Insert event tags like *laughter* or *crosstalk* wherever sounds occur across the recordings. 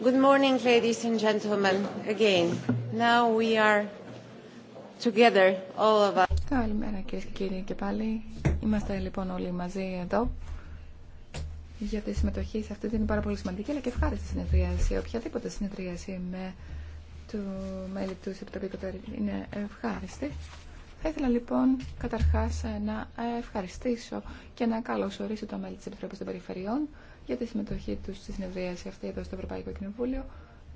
Good morning, ladies and gentlemen, again. Now we are together, all of us. Καλημέρα και κύριοι και πάλι. Είμαστε λοιπόν όλοι μαζί εδώ για τη συμμετοχή σε αυτή την πάρα πολύ σημαντική αλλά και ευχάριστη συνεδρίαση. Οποιαδήποτε συνεδρίαση με του μέλη του Επιτροπή είναι ευχάριστη. Θα ήθελα λοιπόν καταρχάς να ευχαριστήσω και να καλωσορίσω τα μέλη της Επιτροπής των Περιφερειών για τη συμμετοχή του στη συνεδρίαση αυτή εδώ στο Ευρωπαϊκό Κοινοβούλιο.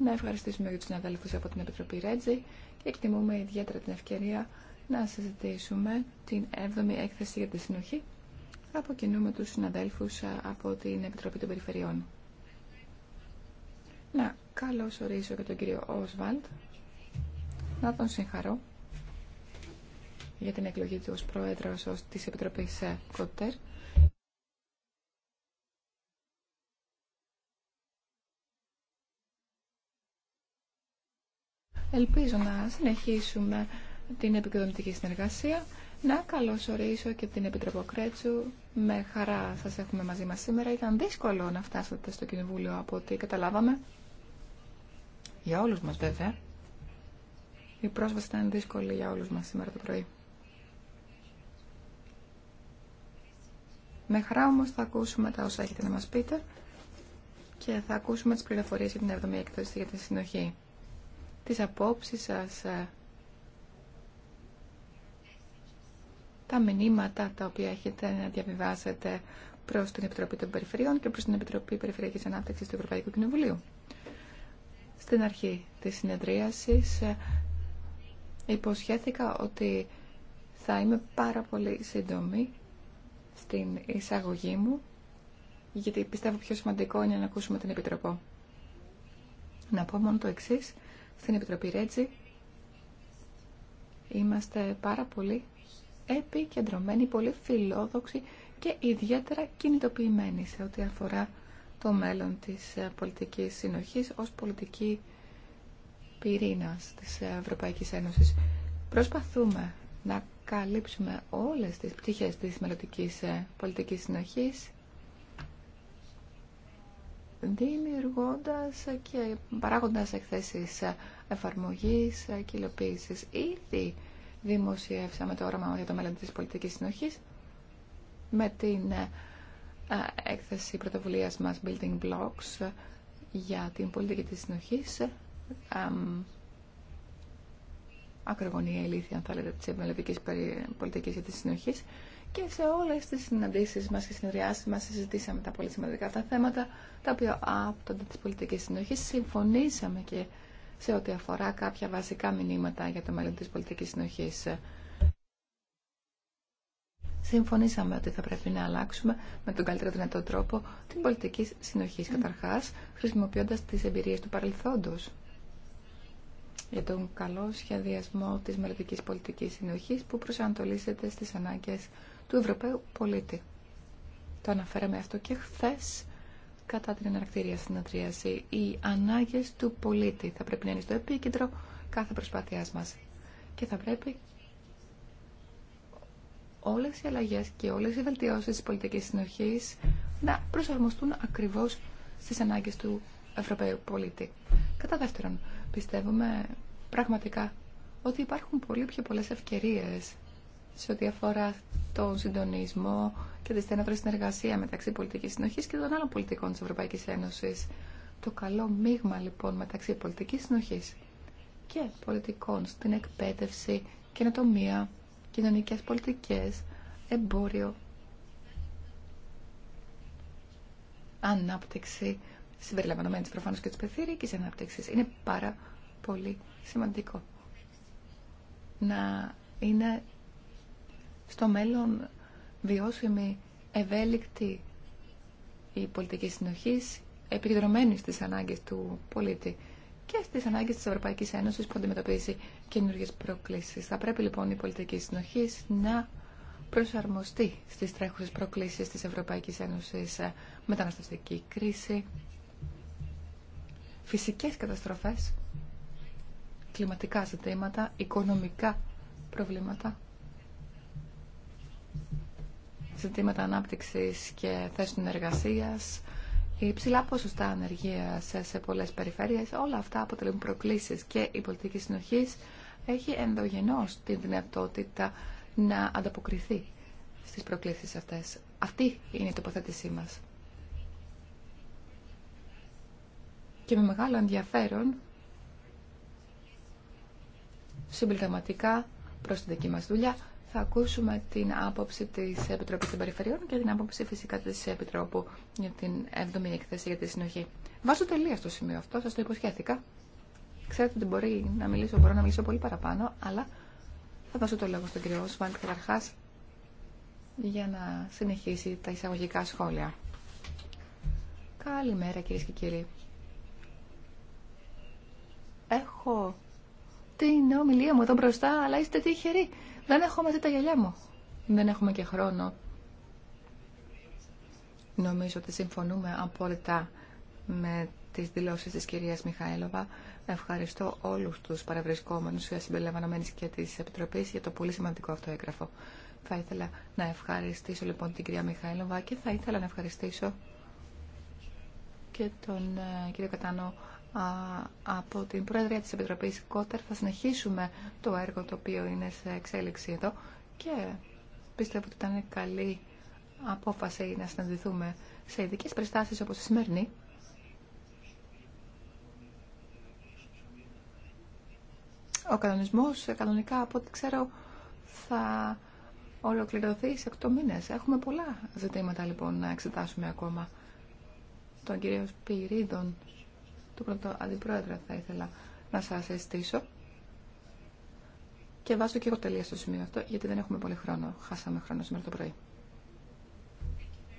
Να ευχαριστήσουμε για του συναδέλφου από την Επιτροπή Ρέτζι και εκτιμούμε ιδιαίτερα την ευκαιρία να συζητήσουμε την 7η έκθεση για τη συνοχή από κοινού με του συναδέλφου από την Επιτροπή των Περιφερειών. Να καλώ ορίσω και τον κύριο Όσβαλτ, να τον συγχαρώ για την εκλογή του ως πρόεδρος της Επιτροπής ε, ΚΟΤΕΡ Ελπίζω να συνεχίσουμε την επικοινωνική συνεργασία. Να καλωσορίσω και την Επιτροπό Κρέτσου. Με χαρά σας έχουμε μαζί μας σήμερα. Ήταν δύσκολο να φτάσετε στο Κοινοβούλιο από ό,τι καταλάβαμε. Για όλους μας βέβαια. Η πρόσβαση ήταν δύσκολη για όλους μας σήμερα το πρωί. Με χαρά όμως θα ακούσουμε τα όσα έχετε να μας πείτε και θα ακούσουμε τις πληροφορίες για την 7η έκθεση για τη συνοχή τις απόψεις σας, ε, τα μηνύματα τα οποία έχετε να διαβιβάσετε προς την Επιτροπή των Περιφερειών και προς την Επιτροπή Περιφερειακής Ανάπτυξης του Ευρωπαϊκού Κοινοβουλίου. Στην αρχή της συνεδρίασης ε, υποσχέθηκα ότι θα είμαι πάρα πολύ σύντομη στην εισαγωγή μου γιατί πιστεύω πιο σημαντικό είναι να ακούσουμε την Επιτροπό. Να πω μόνο το εξής στην Επιτροπή Ρέτζη είμαστε πάρα πολύ επικεντρωμένοι, πολύ φιλόδοξοι και ιδιαίτερα κινητοποιημένοι σε ό,τι αφορά το μέλλον της πολιτικής συνοχής ως πολιτική πυρήνας της Ευρωπαϊκής Ένωσης. Προσπαθούμε να καλύψουμε όλες τις πτυχές της μελλοντικής πολιτικής συνοχής δημιουργώντας και παράγοντας εκθέσεις εφαρμογής ε, και υλοποίησης. Ήδη δημοσιεύσαμε το όραμα για το μέλλον της πολιτικής συνοχής με την ε, ε, έκθεση πρωτοβουλίας μας Building Blocks για την πολιτική της συνοχής ακρογωνία ηλίθεια αν θέλετε της ευρωμελευτικής πολιτικής για τη συνοχή και σε όλες τις συναντήσεις μας και συνεδριάσεις μας συζητήσαμε τα πολύ σημαντικά τα θέματα τα οποία άπτονται της πολιτικής συνοχής συμφωνήσαμε και σε ό,τι αφορά κάποια βασικά μηνύματα για το μέλλον της πολιτικής συνοχής. Συμφωνήσαμε ότι θα πρέπει να αλλάξουμε με τον καλύτερο δυνατό τρόπο την πολιτική συνοχή καταρχάς, χρησιμοποιώντας τις εμπειρίες του παρελθόντος για τον καλό σχεδιασμό της μελλοντική πολιτικής συνοχής που προσανατολίζεται στις ανάγκες του Ευρωπαίου πολίτη. Το αναφέραμε αυτό και χθες κατά την ανακτήρια συναντρίαση. Οι ανάγκες του πολίτη θα πρέπει να είναι στο επίκεντρο κάθε προσπάθειά μας. Και θα πρέπει όλες οι αλλαγές και όλες οι βελτιώσει τη πολιτική συνοχή να προσαρμοστούν ακριβώς στις ανάγκες του Ευρωπαίου πολίτη. Κατά δεύτερον, πιστεύουμε πραγματικά ότι υπάρχουν πολύ πιο πολλές ευκαιρίες σε ό,τι αφορά τον συντονισμό και τη στενότερη συνεργασία μεταξύ πολιτική συνοχή και των άλλων πολιτικών τη Ευρωπαϊκή Ένωση. Το καλό μείγμα λοιπόν μεταξύ πολιτική συνοχή και πολιτικών στην εκπαίδευση, καινοτομία, κοινωνικέ πολιτικέ, εμπόριο, ανάπτυξη, συμπεριλαμβανομένη προφανώ και τη πεθύρικη ανάπτυξη. Είναι πάρα πολύ σημαντικό να είναι στο μέλλον βιώσιμη, ευέλικτη η πολιτική συνοχής επικεντρωμένη στις ανάγκες του πολίτη και στις ανάγκες της Ευρωπαϊκής Ένωσης που αντιμετωπίζει καινούργιε προκλήσεις. Θα πρέπει λοιπόν η πολιτική συνοχής να προσαρμοστεί στις τρέχουσες προκλήσεις της Ευρωπαϊκής Ένωσης ε, μεταναστευτική κρίση, φυσικές καταστροφές, κλιματικά ζητήματα, οικονομικά προβλήματα ζητήματα ανάπτυξης και θέσεων εργασίας, η υψηλά ποσοστά ανεργία σε πολλές περιφέρειες, όλα αυτά αποτελούν προκλήσεις και η πολιτική συνοχής έχει ενδογενώς την δυνατότητα να ανταποκριθεί στις προκλήσεις αυτές. Αυτή είναι η τοποθέτησή μας. Και με μεγάλο ενδιαφέρον, συμπληρωματικά προς την δική μας δουλειά, θα ακούσουμε την άποψη της επιτροπή των Περιφερειών και την άποψη φυσικά της Επιτρόπου για την 7η εκθέση για τη συνοχή. Βάζω τελεία στο σημείο αυτό, σα το υποσχέθηκα. Ξέρετε ότι μπορεί να μιλήσω, μπορώ να μιλήσω πολύ παραπάνω, αλλά θα δώσω το λόγο στον κύριο Οσβάν καταρχά για να συνεχίσει τα εισαγωγικά σχόλια. Καλημέρα κυρίε και κύριοι. Έχω την ομιλία μου εδώ μπροστά, αλλά είστε τυχεροί δεν έχω μαζί τα γυαλιά μου. Δεν έχουμε και χρόνο. Νομίζω ότι συμφωνούμε απόλυτα με τις δηλώσεις της κυρίας Μιχαήλοβα. Ευχαριστώ όλους τους παρευρισκόμενους συμπεριλαμβανομένης και της Επιτροπής για το πολύ σημαντικό αυτό έγγραφο. Θα ήθελα να ευχαριστήσω λοιπόν την κυρία Μιχαήλοβα και θα ήθελα να ευχαριστήσω και τον ε, κύριο Κατάνο από την Πρόεδρια της Επιτροπής Κότερ θα συνεχίσουμε το έργο το οποίο είναι σε εξέλιξη εδώ και πιστεύω ότι ήταν καλή απόφαση να συναντηθούμε σε ειδικέ περιστάσεις όπως η σημερινή. Ο κανονισμός ε, κανονικά από ό,τι ξέρω θα ολοκληρωθεί σε 8 μήνες. Έχουμε πολλά ζητήματα λοιπόν να εξετάσουμε ακόμα. Τον κύριο Σπυρίδων του πρώτο αντιπρόεδρο θα ήθελα να σας αισθήσω. Και βάζω και εγώ τελεία στο σημείο αυτό, γιατί δεν έχουμε πολύ χρόνο. Χάσαμε χρόνο σήμερα το πρωί.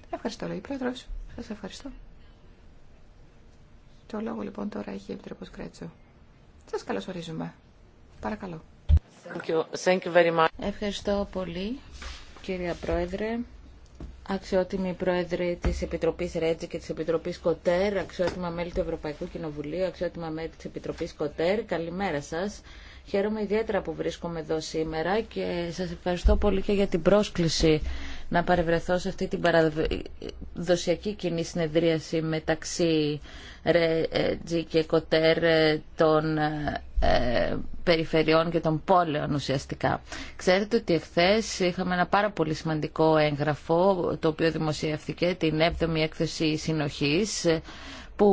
Ευχαριστώ, λέει πρόεδρο πρόεδρος. Σας ευχαριστώ. Το λόγο λοιπόν τώρα έχει η Επιτροπή Κρέτσο. Σα καλωσορίζουμε. Παρακαλώ. Thank you very much. Ευχαριστώ πολύ, κυρία Πρόεδρε. Αξιότιμη Πρόεδρε τη Επιτροπή Ρέτζη και τη Επιτροπή Κοτέρ, αξιότιμα μέλη του Ευρωπαϊκού Κοινοβουλίου, αξιότιμα μέλη τη Επιτροπή Κοτέρ, καλημέρα σα. Χαίρομαι ιδιαίτερα που βρίσκομαι εδώ σήμερα και σας ευχαριστώ πολύ και για την πρόσκληση να παρευρεθώ σε αυτή την παραδοσιακή κοινή συνεδρίαση μεταξύ Ρετζή και Κοτέρ ε, των ε, περιφερειών και των πόλεων ουσιαστικά. Ξέρετε ότι εχθές είχαμε ένα πάρα πολύ σημαντικό έγγραφο το οποίο δημοσιεύθηκε την 7η έκθεση συνοχής που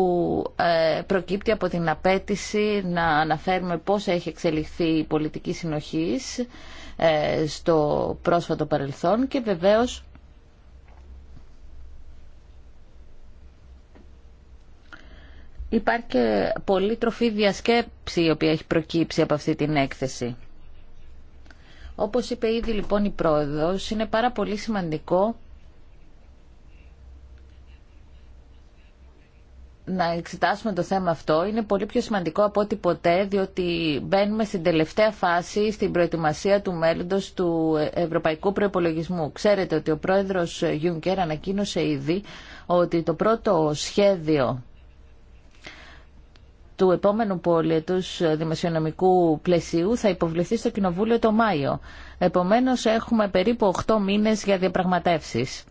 ε, προκύπτει από την απέτηση να αναφέρουμε πώς έχει εξελιχθεί η πολιτική συνοχής ε, στο πρόσφατο παρελθόν και βεβαίως υπάρχει και πολύ τροφή διασκέψη η οποία έχει προκύψει από αυτή την έκθεση. Όπως είπε ήδη λοιπόν η πρόεδρος, είναι πάρα πολύ σημαντικό να εξετάσουμε το θέμα αυτό είναι πολύ πιο σημαντικό από ό,τι ποτέ, διότι μπαίνουμε στην τελευταία φάση στην προετοιμασία του μέλλοντος του ευρωπαϊκού προϋπολογισμού. Ξέρετε ότι ο πρόεδρος Γιούνκερ ανακοίνωσε ήδη ότι το πρώτο σχέδιο του επόμενου πολιετούς δημοσιονομικού πλαισίου θα υποβληθεί στο Κοινοβούλιο το Μάιο. Επομένως έχουμε περίπου 8 μήνες για διαπραγματεύσεις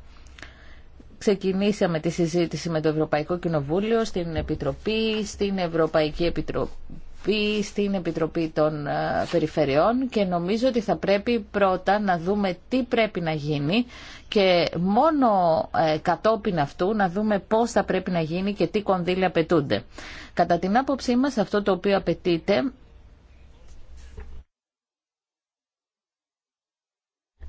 ξεκινήσαμε τη συζήτηση με το Ευρωπαϊκό Κοινοβούλιο, στην Επιτροπή, στην Ευρωπαϊκή Επιτροπή, στην Επιτροπή των ε, Περιφερειών και νομίζω ότι θα πρέπει πρώτα να δούμε τι πρέπει να γίνει και μόνο ε, κατόπιν αυτού να δούμε πώς θα πρέπει να γίνει και τι κονδύλια απαιτούνται. Κατά την άποψή μας αυτό το οποίο απαιτείται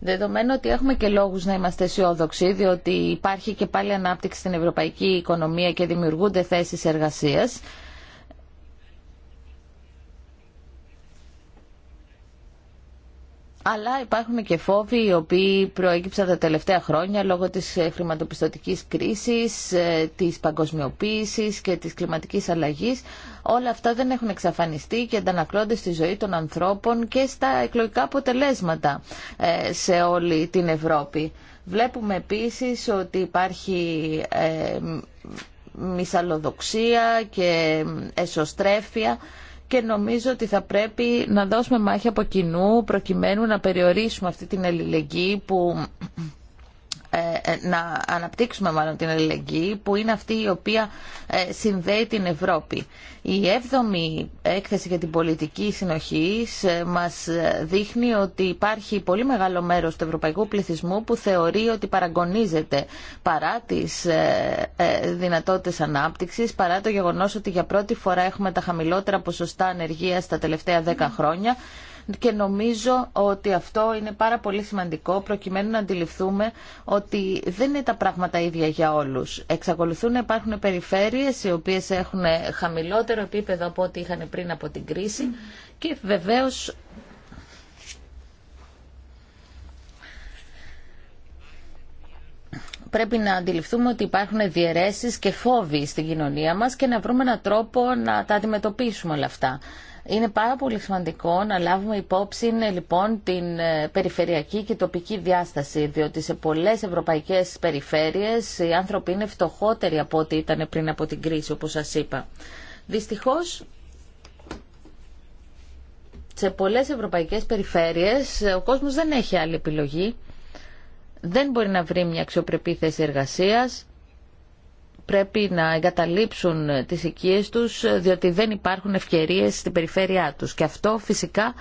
Δεδομένου ότι έχουμε και λόγους να είμαστε αισιόδοξοι, διότι υπάρχει και πάλι ανάπτυξη στην ευρωπαϊκή οικονομία και δημιουργούνται θέσεις εργασίας, Αλλά υπάρχουν και φόβοι οι οποίοι προέκυψαν τα τελευταία χρόνια λόγω της χρηματοπιστωτικής κρίσης, ε, της παγκοσμιοποίησης και της κλιματικής αλλαγής όλα αυτά δεν έχουν εξαφανιστεί και αντανακλώνται στη ζωή των ανθρώπων και στα εκλογικά αποτελέσματα ε, σε όλη την Ευρώπη. Βλέπουμε επίσης ότι υπάρχει ε, μυσαλλοδοξία και εσωστρέφεια και νομίζω ότι θα πρέπει να δώσουμε μάχη από κοινού προκειμένου να περιορίσουμε αυτή την ελληνεγκή που ε, ε, να αναπτύξουμε μάλλον την αλληλεγγύη που είναι αυτή η οποία ε, συνδέει την Ευρώπη. Η έβδομη έκθεση για την πολιτική συνοχή μας δείχνει ότι υπάρχει πολύ μεγάλο μέρος του ευρωπαϊκού πληθυσμού που θεωρεί ότι παραγωνίζεται παρά τις δυνατότητες ανάπτυξης, παρά το γεγονός ότι για πρώτη φορά έχουμε τα χαμηλότερα ποσοστά ανεργίας τα τελευταία 10 χρόνια και νομίζω ότι αυτό είναι πάρα πολύ σημαντικό προκειμένου να αντιληφθούμε ότι δεν είναι τα πράγματα ίδια για όλους. Εξακολουθούν να υπάρχουν περιφέρειες οι οποίες έχουν χαμηλότερο επίπεδο από ό,τι είχαν πριν από την κρίση και βεβαίως πρέπει να αντιληφθούμε ότι υπάρχουν διαιρέσεις και φόβοι στην κοινωνία μας και να βρούμε έναν τρόπο να τα αντιμετωπίσουμε όλα αυτά. Είναι πάρα πολύ σημαντικό να λάβουμε υπόψη λοιπόν την ε, περιφερειακή και τοπική διάσταση, διότι σε πολλές ευρωπαϊκές περιφέρειες οι άνθρωποι είναι φτωχότεροι από ό,τι ήταν πριν από την κρίση, όπως σας είπα. Δυστυχώς, σε πολλές ευρωπαϊκές περιφέρειες ε, ο κόσμος δεν έχει άλλη επιλογή, δεν μπορεί να βρει μια αξιοπρεπή θέση εργασίας, πρέπει να εγκαταλείψουν τις οικίες τους διότι δεν υπάρχουν ευκαιρίες στην περιφέρειά τους. Και αυτό φυσικά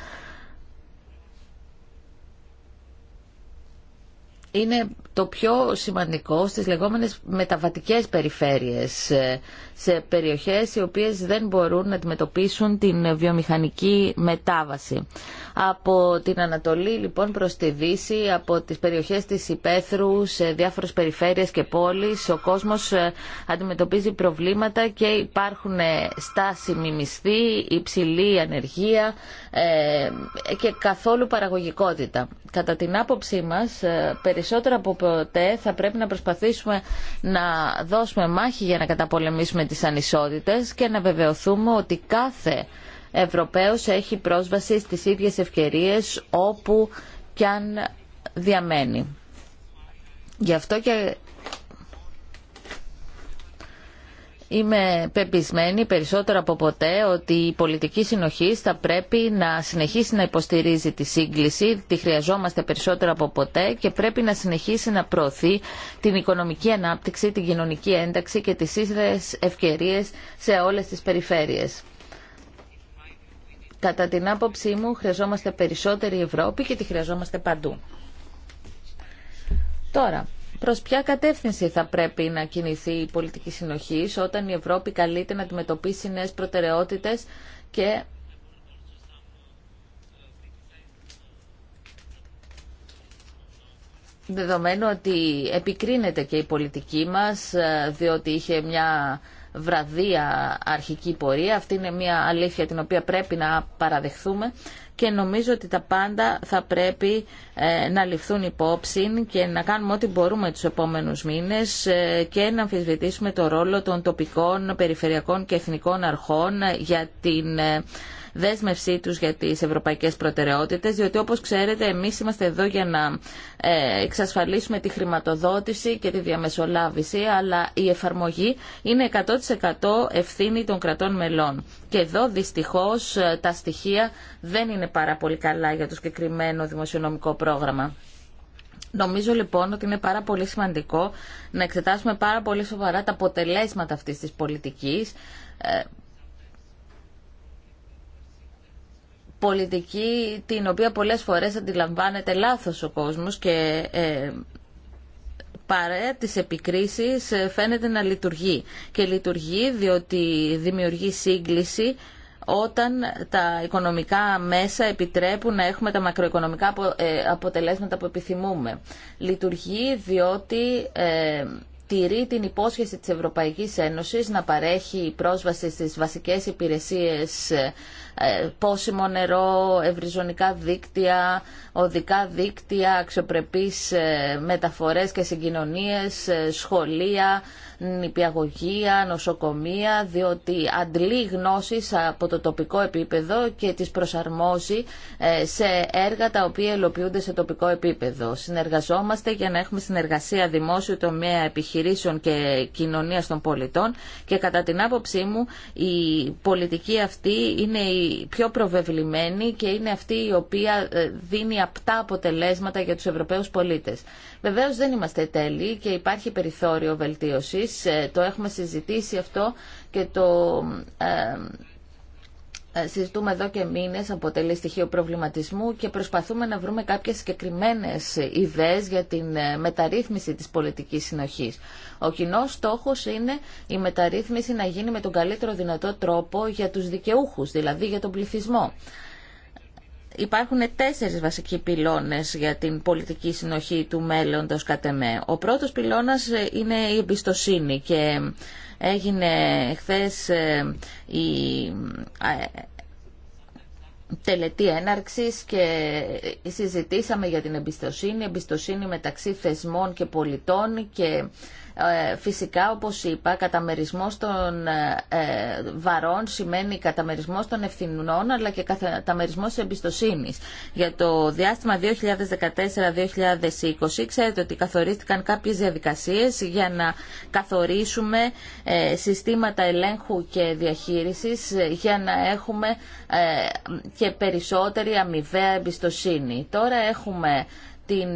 είναι το πιο σημαντικό στις λεγόμενες μεταβατικές περιφέρειες σε περιοχές οι οποίες δεν μπορούν να αντιμετωπίσουν την βιομηχανική μετάβαση. Από την Ανατολή λοιπόν προς τη Δύση, από τις περιοχές της Υπέθρου σε διάφορες περιφέρειες και πόλεις, ο κόσμος ε, αντιμετωπίζει προβλήματα και υπάρχουν ε, στάσιμοι μισθοί, υψηλή ανεργία ε, και καθόλου παραγωγικότητα. Κατά την άποψή μας, περισσότερο από ποτέ θα πρέπει να προσπαθήσουμε να δώσουμε μάχη για να καταπολεμήσουμε τις ανισότητες και να βεβαιωθούμε ότι κάθε Ευρωπαίος έχει πρόσβαση στις ίδιες ευκαιρίες όπου κι αν διαμένει. Γι' αυτό και Είμαι πεπισμένη περισσότερο από ποτέ ότι η πολιτική συνοχή θα πρέπει να συνεχίσει να υποστηρίζει τη σύγκληση, τη χρειαζόμαστε περισσότερο από ποτέ και πρέπει να συνεχίσει να προωθεί την οικονομική ανάπτυξη, την κοινωνική ένταξη και τις ίσες ευκαιρίες σε όλες τις περιφέρειες. Κατά την άποψή μου χρειαζόμαστε περισσότερη Ευρώπη και τη χρειαζόμαστε παντού. Τώρα, προς ποια κατεύθυνση θα πρέπει να κινηθεί η πολιτική συνοχή όταν η Ευρώπη καλείται να αντιμετωπίσει νέε προτεραιότητες και δεδομένου ότι επικρίνεται και η πολιτική μας ε, διότι είχε μια βραδία αρχική πορεία. Αυτή είναι μια αλήθεια την οποία πρέπει να παραδεχθούμε και νομίζω ότι τα πάντα θα πρέπει ε, να ληφθούν υπόψη και να κάνουμε ό,τι μπορούμε τους επόμενους μήνες ε, και να αμφισβητήσουμε το ρόλο των τοπικών, περιφερειακών και εθνικών αρχών ε, για την δέσμευσή τους για τις ευρωπαϊκές προτεραιότητες, διότι όπως ξέρετε εμείς είμαστε εδώ για να ε, εξασφαλίσουμε τη χρηματοδότηση και τη διαμεσολάβηση, αλλά η εφαρμογή είναι 100% ευθύνη των κρατών μελών. Και εδώ δυστυχώς ε, τα στοιχεία δεν είναι πάρα πολύ καλά για το συγκεκριμένο δημοσιονομικό πρόγραμμα. Νομίζω λοιπόν ότι είναι πάρα πολύ σημαντικό να εξετάσουμε πάρα πολύ σοβαρά τα αποτελέσματα αυτής της πολιτικής ε, πολιτική την οποία πολλές φορές αντιλαμβάνεται λάθος ο κόσμος και ε, παρά τις επικρίσεις ε, φαίνεται να λειτουργεί. Και λειτουργεί διότι δημιουργεί σύγκληση όταν τα οικονομικά μέσα επιτρέπουν να έχουμε τα μακροοικονομικά ε, αποτελέσματα που επιθυμούμε. Λειτουργεί διότι... Ε, τηρεί την υπόσχεση της Ευρωπαϊκής Ένωσης να παρέχει πρόσβαση στις βασικές υπηρεσίες ε, πόσιμο νερό, ευρυζωνικά δίκτυα, οδικά δίκτυα, αξιοπρεπείς ε, μεταφορές και συγκοινωνίες, ε, σχολεία, νηπιαγωγία, νοσοκομεία, διότι αντλεί γνώσει από το τοπικό επίπεδο και τι προσαρμόζει ε, σε έργα τα οποία ελοποιούνται σε τοπικό επίπεδο. Συνεργαζόμαστε για να έχουμε συνεργασία δημόσιου τομέα επιχειρήσεων και κοινωνία των πολιτών και κατά την άποψή μου η πολιτική αυτή είναι η πιο προβεβλημένη και είναι αυτή η οποία ε, δίνει απτά αποτελέσματα για τους Ευρωπαίους πολίτες. Βεβαίως δεν είμαστε τέλειοι και υπάρχει περιθώριο βελτίωση. Ε, το έχουμε συζητήσει αυτό και το ε, ε, συζητούμε εδώ και μήνες, αποτελεί στοιχείο προβληματισμού και προσπαθούμε να βρούμε κάποιες συγκεκριμένες ιδέες για την μεταρρύθμιση της πολιτικής συνοχής. Ο κοινό στόχος είναι η μεταρρύθμιση να γίνει με τον καλύτερο δυνατό τρόπο για τους δικαιούχους, δηλαδή για τον πληθυσμό υπάρχουν τέσσερις βασικοί πυλώνες για την πολιτική συνοχή του μέλλοντος κατ' εμέ. Ο πρώτος πυλώνας ε, είναι η εμπιστοσύνη και έγινε χθες ε, η ε, τελετή έναρξης και συζητήσαμε για την εμπιστοσύνη, εμπιστοσύνη μεταξύ θεσμών και πολιτών και ε, φυσικά, όπως είπα, καταμερισμός των ε, ε, βαρών σημαίνει καταμερισμός των ευθυνών, αλλά και καταμερισμός εμπιστοσύνης. Για το διάστημα 2014-2020, ξέρετε ότι καθορίστηκαν κάποιες διαδικασίες για να καθορίσουμε συστήματα ελέγχου και διαχείρισης για να έχουμε και περισσότερη αμοιβαία εμπιστοσύνη. Τώρα έχουμε την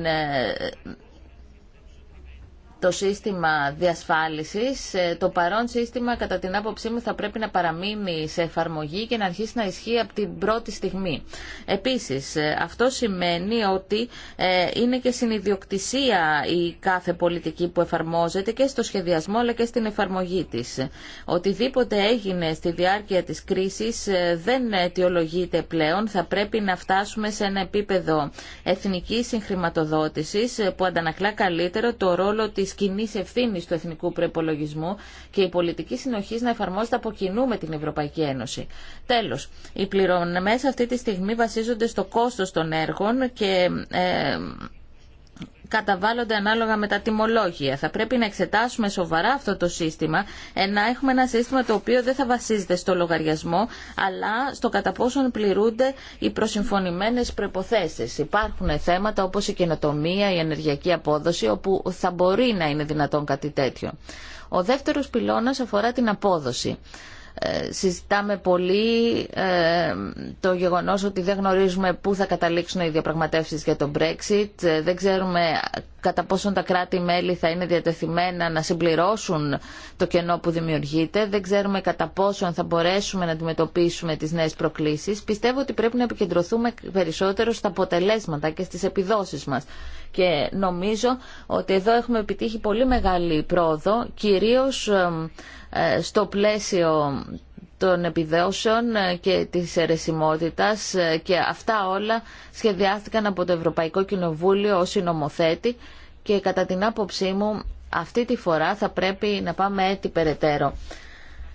το σύστημα διασφάλισης. Ε, το παρόν σύστημα, κατά την άποψή μου, θα πρέπει να παραμείνει σε εφαρμογή και να αρχίσει να ισχύει από την πρώτη στιγμή. Επίσης, ε, αυτό σημαίνει ότι ε, είναι και συνειδιοκτησία η κάθε πολιτική που εφαρμόζεται και στο σχεδιασμό αλλά και στην εφαρμογή της. Οτιδήποτε έγινε στη διάρκεια της κρίσης δεν αιτιολογείται πλέον. Θα πρέπει να φτάσουμε σε ένα επίπεδο εθνικής συγχρηματοδότησης που αντανακλά το ρόλο της κοινή ευθύνη του εθνικού προπολογισμού και η πολιτική συνοχή να εφαρμόζεται από κοινού με την Ευρωπαϊκή Ένωση. Τέλος, οι πληρωμές αυτή τη στιγμή βασίζονται στο κόστος των έργων και... Ε, καταβάλλονται ανάλογα με τα τιμολόγια. Θα πρέπει να εξετάσουμε σοβαρά αυτό το σύστημα, ε, να έχουμε ένα σύστημα το οποίο δεν θα βασίζεται στο λογαριασμό, αλλά στο κατά πόσον πληρούνται οι προσυμφωνημένες προϋποθέσεις. Υπάρχουν θέματα όπως η καινοτομία, η ενεργειακή απόδοση, όπου θα μπορεί να είναι δυνατόν κάτι τέτοιο. Ο δεύτερος πυλώνας αφορά την απόδοση. Ε, συζητάμε πολύ ε, το γεγονός ότι δεν γνωρίζουμε πού θα καταλήξουν οι διαπραγματεύσεις για το Brexit, ε, δεν ξέρουμε κατά πόσον τα κράτη-μέλη θα είναι διατεθειμένα να συμπληρώσουν το κενό που δημιουργείται, δεν ξέρουμε κατά πόσον θα μπορέσουμε να αντιμετωπίσουμε τις νέες προκλήσεις. Πιστεύω ότι πρέπει να επικεντρωθούμε περισσότερο στα αποτελέσματα και στις επιδόσεις μας. Και νομίζω ότι εδώ έχουμε επιτύχει πολύ μεγάλη πρόοδο, κυρίως ε, στο πλαίσιο των επιδόσεων ε, και της αιρεσιμότητας ε, και αυτά όλα σχεδιάστηκαν από το Ευρωπαϊκό Κοινοβούλιο ως συνομοθέτη και κατά την άποψή μου αυτή τη φορά θα πρέπει να πάμε έτη περαιτέρω.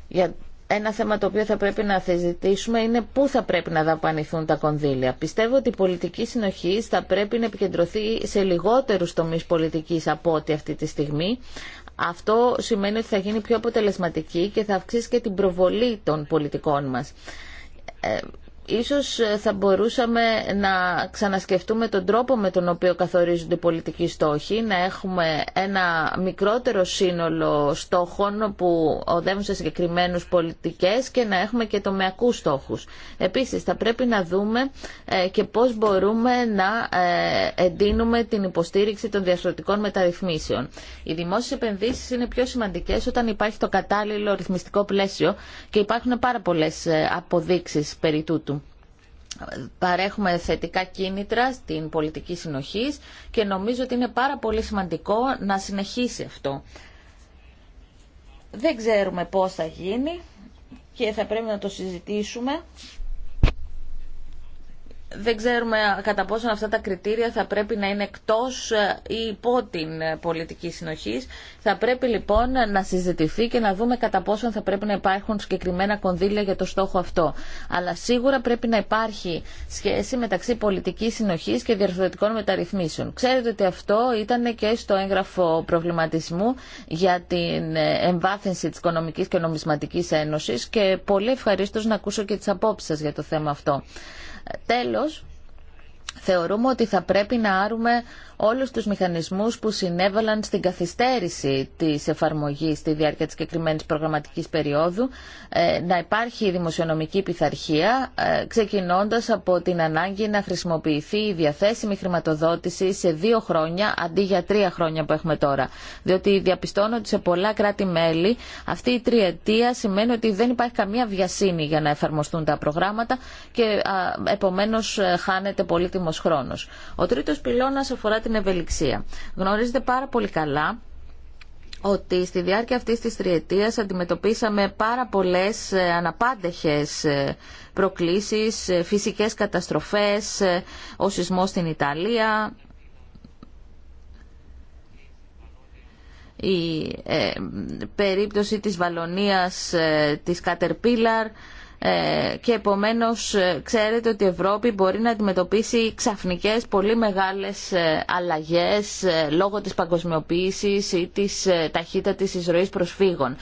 Για ένα θέμα το οποίο θα πρέπει να θεζητήσουμε είναι πού θα πρέπει να δαπανηθούν τα κονδύλια. Πιστεύω ότι η πολιτική συνοχή θα πρέπει να επικεντρωθεί σε λιγότερους τομείς πολιτικής από ό,τι αυτή τη στιγμή αυτό σημαίνει ότι θα γίνει πιο αποτελεσματική και θα αυξήσει και την προβολή των πολιτικών μας. Ε, Ίσως ε, θα μπορούσαμε να ξανασκεφτούμε τον τρόπο με τον οποίο καθορίζονται οι πολιτικοί στόχοι, να έχουμε ένα μικρότερο σύνολο στόχων που οδεύουν σε συγκεκριμένους πολιτικές και να έχουμε και τομεακούς στόχους. Επίσης, θα πρέπει να δούμε ε, και πώς μπορούμε να ε, εντείνουμε την υποστήριξη των διαστροτικών μεταρρυθμίσεων. Οι δημόσιες επενδύσεις είναι πιο σημαντικές όταν υπάρχει το κατάλληλο ρυθμιστικό πλαίσιο και υπάρχουν πάρα πολλές αποδείξεις περί τούτου παρέχουμε θετικά κίνητρα στην πολιτική συνοχής και νομίζω ότι είναι πάρα πολύ σημαντικό να συνεχίσει αυτό. Δεν ξέρουμε πώς θα γίνει και θα πρέπει να το συζητήσουμε δεν ξέρουμε κατά πόσο αυτά τα κριτήρια θα πρέπει να είναι εκτός ε, ή υπό την ε, πολιτική συνοχή. Θα πρέπει λοιπόν να συζητηθεί και να δούμε κατά πόσο θα πρέπει να υπάρχουν συγκεκριμένα κονδύλια για το στόχο αυτό. Αλλά σίγουρα πρέπει να υπάρχει σχέση μεταξύ πολιτική συνοχή και διαρθρωτικών μεταρρυθμίσεων. Ξέρετε ότι αυτό ήταν και στο έγγραφο προβληματισμού για την ε, εμβάθυνση τη οικονομική και νομισματική Ένωση και πολύ ευχαριστώ να ακούσω και τι απόψει για το θέμα αυτό. Τέλος, θεωρούμε ότι θα πρέπει να άρουμε όλους τους μηχανισμούς που συνέβαλαν στην καθυστέρηση της εφαρμογής στη διάρκεια της συγκεκριμένη προγραμματικής περίοδου, ε, να υπάρχει δημοσιονομική πειθαρχία, ε, ξεκινώντας από την ανάγκη να χρησιμοποιηθεί η διαθέσιμη χρηματοδότηση σε δύο χρόνια, αντί για τρία χρόνια που έχουμε τώρα. Διότι διαπιστώνω ότι σε πολλά κράτη-μέλη αυτή η τριετία σημαίνει ότι δεν υπάρχει καμία βιασύνη για να εφαρμοστούν τα προγράμματα και επομένω ε, χάνεται πολύτιμο χρόνος. Ο τρίτος πυλώνα αφορά την ευελιξία. Γνωρίζετε πάρα πολύ καλά ότι στη διάρκεια αυτής της τριετίας αντιμετωπίσαμε πάρα πολλές ε, αναπάντεχες ε, προκλήσεις, ε, φυσικές καταστροφές, ο σεισμός στην Ιταλία, η περίπτωση της Βαλονίας της Κατερπίλαρ, ε, και επομένως ε, ξέρετε ότι η Ευρώπη μπορεί να αντιμετωπίσει ξαφνικές πολύ μεγάλες ε, αλλαγές λόγω της παγκοσμιοποίησης ή της της εισρωής προσφύγων.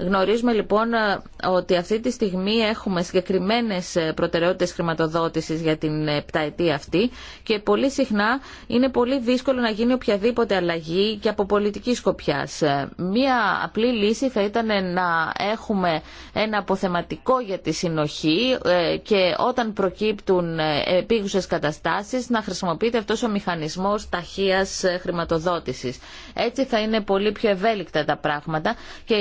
Γνωρίζουμε λοιπόν ε, ότι αυτή τη στιγμή έχουμε συγκεκριμένες ε, προτεραιότητες χρηματοδότησης για την ε, επταετία αυτή και πολύ συχνά είναι πολύ δύσκολο να γίνει οποιαδήποτε αλλαγή και από πολιτική σκοπιά. Μία απλή λύση θα ήταν να έχουμε ένα αποθεματικό για τη συνοχή και όταν προκύπτουν επίγουσες καταστάσεις να χρησιμοποιείται αυτός ο μηχανισμός ταχείας χρηματοδότησης. Έτσι θα είναι πολύ πιο ευέλικτα τα πράγματα και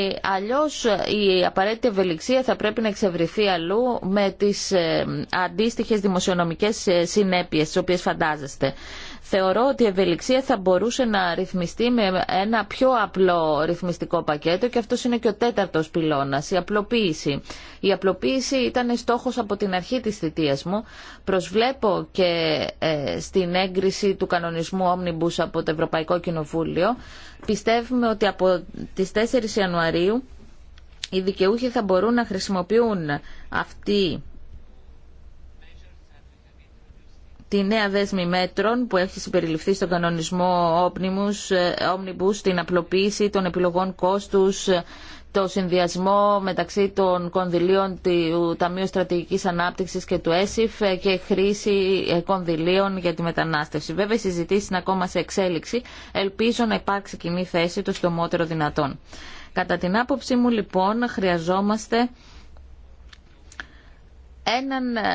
η απαραίτητη ευελιξία θα πρέπει να εξευρεθεί αλλού με τις ε, αντίστοιχες δημοσιονομικές ε, συνέπειες τις οποίες φαντάζεστε. Θεωρώ ότι η ευελιξία θα μπορούσε να ρυθμιστεί με ένα πιο απλό ρυθμιστικό πακέτο και αυτό είναι και ο τέταρτος πυλώνας, η απλοποίηση. Η απλοποίηση ήταν στόχος από την αρχή της θητείας μου. Προσβλέπω και ε, στην έγκριση του κανονισμού Omnibus από το Ευρωπαϊκό Κοινοβούλιο. Πιστεύουμε ότι από τις 4 Ιανουαρίου οι δικαιούχοι θα μπορούν να χρησιμοποιούν αυτή τη νέα δέσμη μέτρων που έχει συμπεριληφθεί στον κανονισμό Omnibus, ε, Omnibus την απλοποίηση των επιλογών κόστους, ε, το συνδυασμό μεταξύ των κονδυλίων του Ταμείου Στρατηγικής Ανάπτυξης και του ΕΣΥΦ ε, και χρήση κονδυλίων για τη μετανάστευση. Βέβαια, οι συζητήσεις είναι ακόμα σε εξέλιξη. Ελπίζω να υπάρξει κοινή θέση το στομότερο δυνατόν. Κατά την άποψή μου λοιπόν χρειαζόμαστε έναν ε,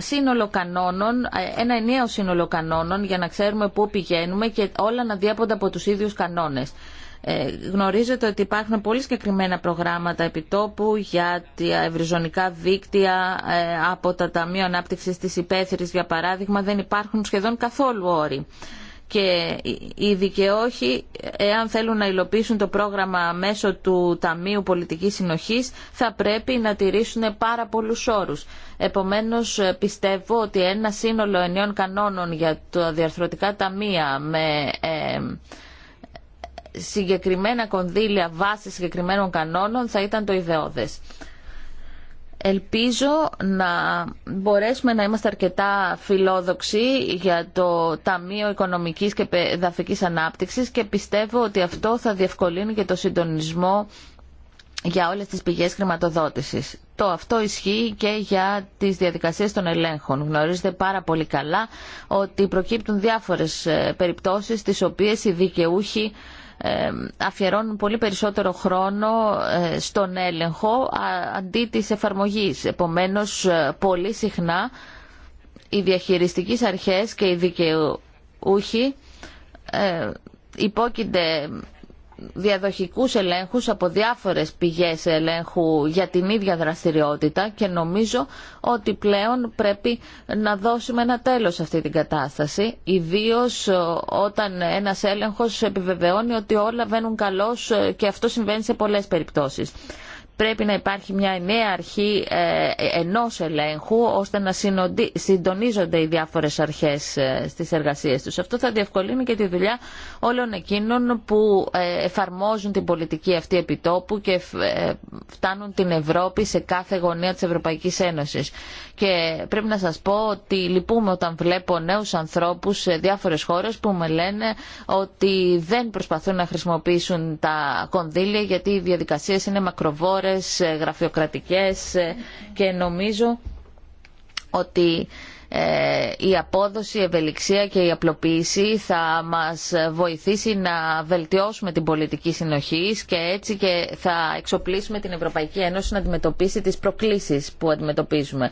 σύνολο κανόνων, ε, ένα ενιαίο σύνολο κανόνων για να ξέρουμε πού πηγαίνουμε και όλα να διέπονται από τους ίδιους κανόνες. Ε, γνωρίζετε ότι υπάρχουν πολύ συγκεκριμένα προγράμματα επιτόπου για τα ευρυζωνικά δίκτυα ε, από τα Ταμεία Ανάπτυξης της Υπαίθρης, για παράδειγμα, δεν υπάρχουν σχεδόν καθόλου όροι και οι δικαιώχοι, εάν θέλουν να υλοποιήσουν το πρόγραμμα μέσω του Ταμείου Πολιτικής Συνοχής, θα πρέπει να τηρήσουν πάρα πολλούς όρους. Επομένως, πιστεύω ότι ένα σύνολο ενιών κανόνων για τα διαρθρωτικά ταμεία με ε, συγκεκριμένα κονδύλια βάσει συγκεκριμένων κανόνων θα ήταν το ιδεώδες. Ελπίζω να μπορέσουμε να είμαστε αρκετά φιλόδοξοι για το Ταμείο Οικονομικής και Δαφικής Ανάπτυξης και πιστεύω ότι αυτό θα διευκολύνει και το συντονισμό για όλες τις πηγές χρηματοδότησης. Το αυτό ισχύει και για τις διαδικασίες των ελέγχων. Γνωρίζετε πάρα πολύ καλά ότι προκύπτουν διάφορες ε, περιπτώσεις τις οποίες οι δικαιούχοι αφιερώνουν πολύ περισσότερο χρόνο ε, στον έλεγχο αντί της εφαρμογής. Επομένως, ε, πολύ συχνά οι διαχειριστικές αρχές και οι δικαιούχοι ε, υπόκεινται διαδοχικούς ελέγχους από διάφορες πηγές ελέγχου για την ίδια δραστηριότητα και νομίζω ότι πλέον πρέπει να δώσουμε ένα τέλος σε αυτή την κατάσταση ιδίως όταν ένας έλεγχος επιβεβαιώνει ότι όλα βαίνουν καλώς και αυτό συμβαίνει σε πολλές περιπτώσεις. Πρέπει να υπάρχει μια νέα αρχή ε, ενός ελέγχου ώστε να συντονίζονται οι διάφορες αρχές ε, στις εργασίες τους. Αυτό θα διευκολύνει και τη δουλειά όλων εκείνων που ε, εφαρμόζουν την πολιτική αυτή επιτόπου και ε, φτάνουν την Ευρώπη σε κάθε γωνία της Ευρωπαϊκής Ένωσης. Και πρέπει να σας πω ότι λυπούμε όταν βλέπω νέους ανθρώπους σε διάφορες χώρες που με λένε ότι δεν προσπαθούν να χρησιμοποιήσουν τα κονδύλια γιατί οι διαδικασίες είναι μακροβόρες, ε, γραφειοκρατικές και νομίζω ότι ε, η απόδοση, η ευελιξία και η απλοποίηση θα μας βοηθήσει να βελτιώσουμε την πολιτική συνοχή και έτσι και θα εξοπλίσουμε την Ευρωπαϊκή Ένωση να αντιμετωπίσει τις προκλήσεις που αντιμετωπίζουμε